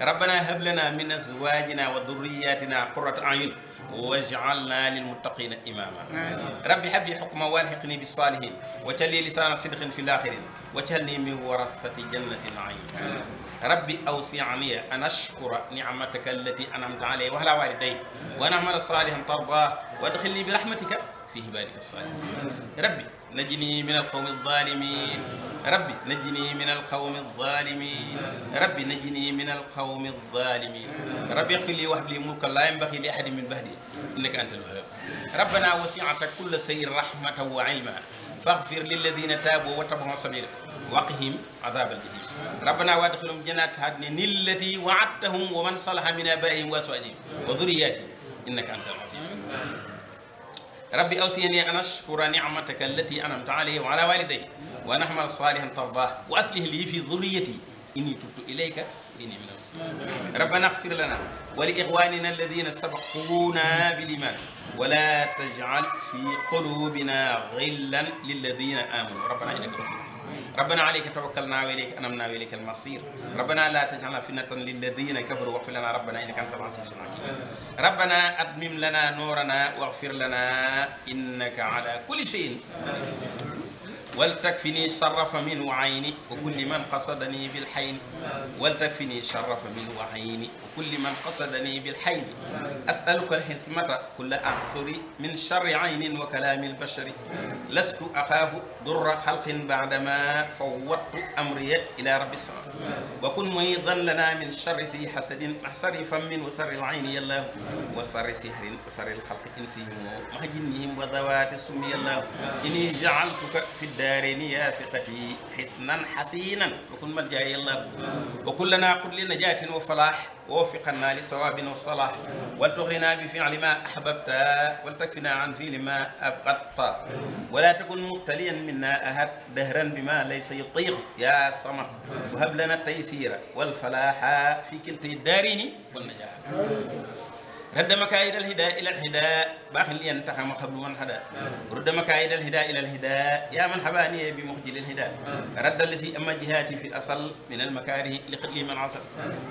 ربنا هب لنا من أزواجنا وذرياتنا قرة أعين واجعلنا للمتقين إماما ربي حبي حكم والحقني بالصالحين وتلي لسان صدق في الآخرين وتلي من ورثة جنة العين ربي أوسعني أن أشكر نعمتك التي أنعمت علي وعلى والدي وأن أعمل صالحا ترضاه وأدخلني برحمتك في عبادك الصالحين ربي نجني من القوم الظالمين ربي نجني من القوم الظالمين ربي نجني من القوم الظالمين ربي اغفر لي وهب لي ملك لا ينبغي لاحد من بعدي انك انت الوهاب ربنا وسعت كل شيء رحمه وعلما فاغفر للذين تابوا وتبعوا سبيلك وقهم عذاب الجحيم ربنا وادخلهم جنات عدن التي وعدتهم ومن صلح من ابائهم وازواجهم وذرياتهم انك انت العزيز ربي أوصيني أن أشكر نعمتك التي أنعمت علي وعلى والدي وأن أعمل صالحا ترضاه وأصلح لي في ذريتي إني تبت إليك وإني من المسلمين ربنا اغفر لنا ولإخواننا الذين سبقونا بالإيمان ولا تجعل في قلوبنا غلا للذين آمنوا ربنا إنك رسول ربنا عليك توكلنا واليك أنمنا واليك المصير ربنا لا تجعلنا فتنه للذين كفروا واغفر لنا ربنا انك انت العزيز الحكيم ربنا اتمم لنا نورنا واغفر لنا انك على كل شيء ولتكفني شرف من وعيني وكل من قصدني بالحين ولتكفني شرف من وعيني وكل من قصدني بالحين أسألك الحسمة كل أعصر من شر عين وكلام البشر لست أخاف ضر خلق بعدما فوضت أمري إلى رب السماء وكن مهيضا لنا من شر سي حسد محسر فم وسر العين يا الله وسر سحر وسر الخلق إنسهم ومهجنهم وذوات السم يا الله إني جعلتك في الدار دارني يا ثقتي حسنا حسينا وكن ملجا الى الله وكلنا قل لنجاة وفلاح ووفقنا لصواب وصلاح ولتغرنا بفعل ما احببت ولتكفنا عن فعل ما ابغضت ولا تكن مبتليا منا اهد دهرا بما ليس يطيق يا صمد وهب لنا التيسير والفلاح في كلتي الدارين والنجاح رد مكائد الهداء الى الهداء باخل لي أن تحم خبل حدا رد مكايد الهداء إلى الهداء يا من حباني بمخجل الهداء رد الذي أما جهاتي في الأصل من المكاره لخلي من عصر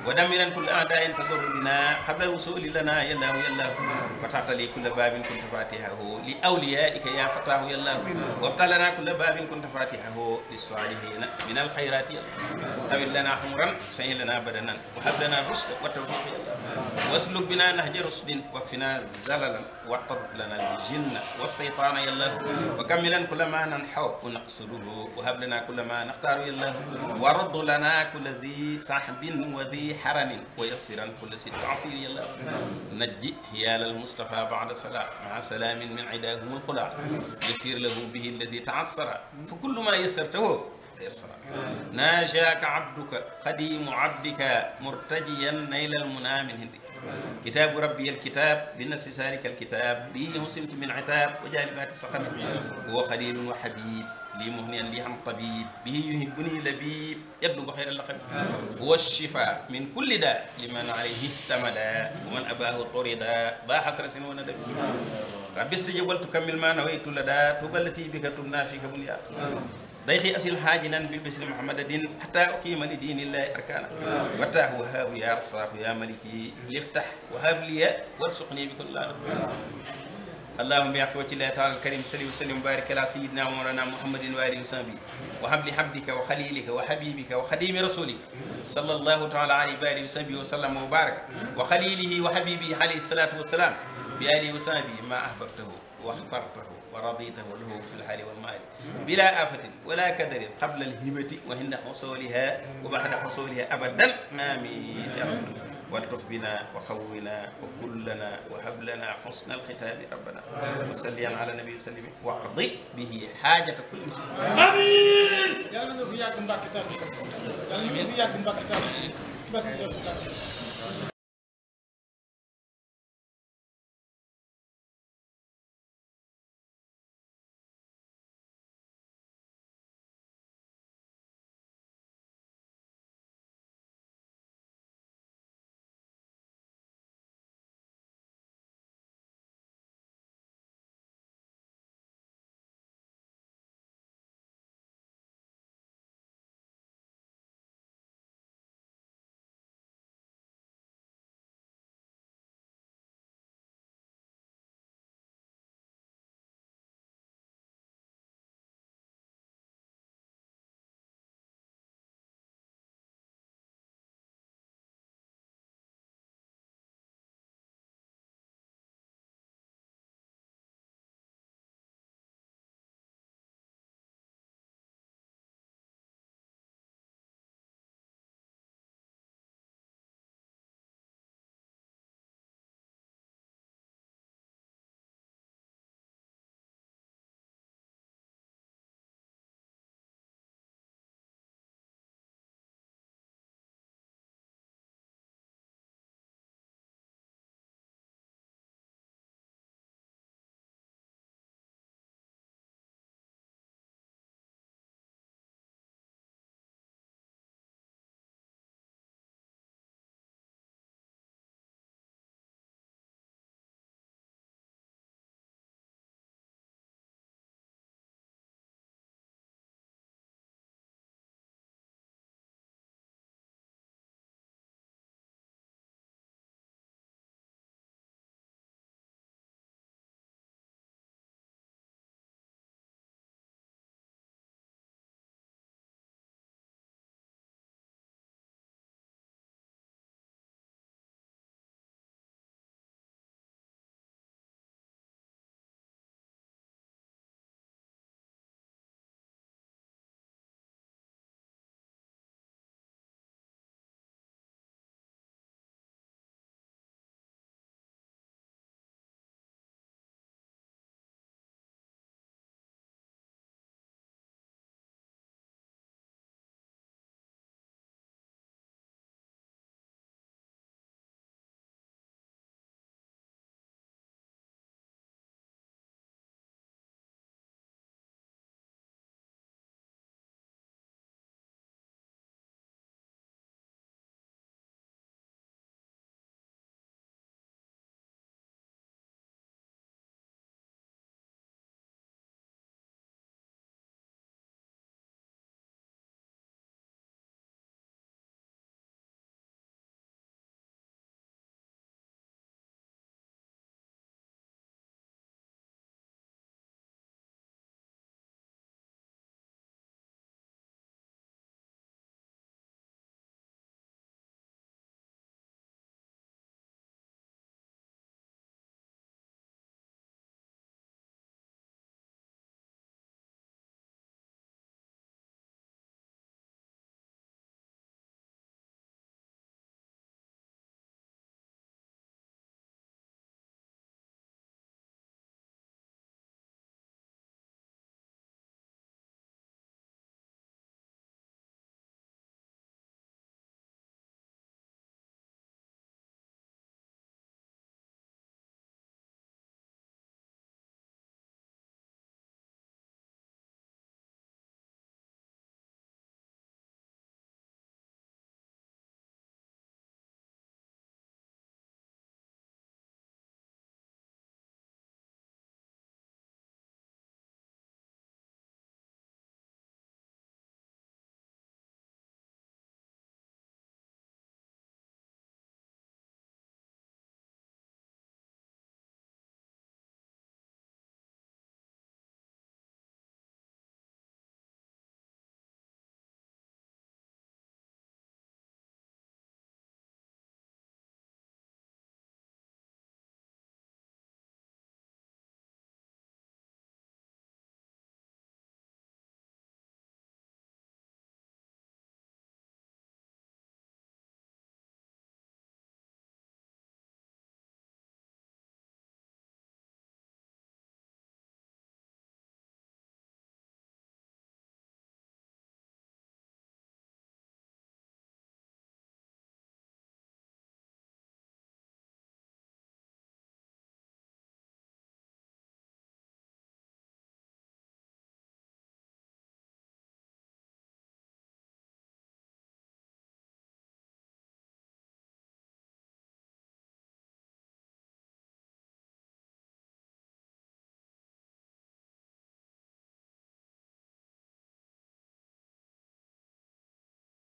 ودمرا كل أعداء تضر بنا قبل الوصول لنا يا الله يا الله فتحت لي كل باب كنت فاتحه لأوليائك يا فتاه يا الله وافتح لنا كل باب كنت فاتحه للصالحين من الخيرات يا الله لنا حمرا سهل لنا بدنا وهب لنا الرشد والتوفيق يا الله واسلك بنا نهج رشد واكفنا زللا واطرد لنا الجن والشيطان يا الله وكملا كل ما ننحو ونقصده وهب لنا كل ما نختار يا الله ورد لنا كل ذي صاحب وذي حرم ويسرا كل ست عصير يا الله نجئ هيال المصطفى بعد صلاة مع سلام من عداهم القلع يسير له به الذي تعسر فكل ما يسرته يسرا ناجاك عبدك قديم عبدك مرتجيا نيل المنى من هندك كتاب ربي الكتاب بنفس سالك الكتاب به سمت من عتاب وجالبات سقم هو خليل وحبيب لي مهنيا لي عن طبيب به يهبني لبيب يبلغ خير اللقب هو الشفاء من كل داء لمن عليه اهتمدا ومن اباه طردا ذا حسرة وندب ربي استجب ولتكمل ما نويت لدى توبى التي بك تبنى فيك بنيا ضيخي أسيل حاجنا بالبشر محمد الدين حتى أقيم لدين الله أركانا فتح وهاب يا رصاف يا ملكي ليفتح وهاب لي وارسقني بكل لا اللهم يا قوة الله تعالى الكريم صلي وسلم وبارك على سيدنا ومولانا محمد وآله وصحبه وحبل حبلك وخليلك وحبيبك وخديم رسولك صلى الله تعالى عليه وآله وصحبه وسلم وبارك وخليله وحبيبه عليه الصلاة والسلام بآله وصحبه ما أحببته واخترته ورضيته له في الحال والمال بلا آفة ولا كدر قبل الهبة وهن حصولها وبعد حصولها أبدا آمين والطف بنا وقونا وكلنا وهب لنا حسن الختام ربنا وصلي يعني على النبي وسلم واقض به حاجة كل مسلم آمين يا رب ياكم كتابي يا رب ياكم باكتاب بس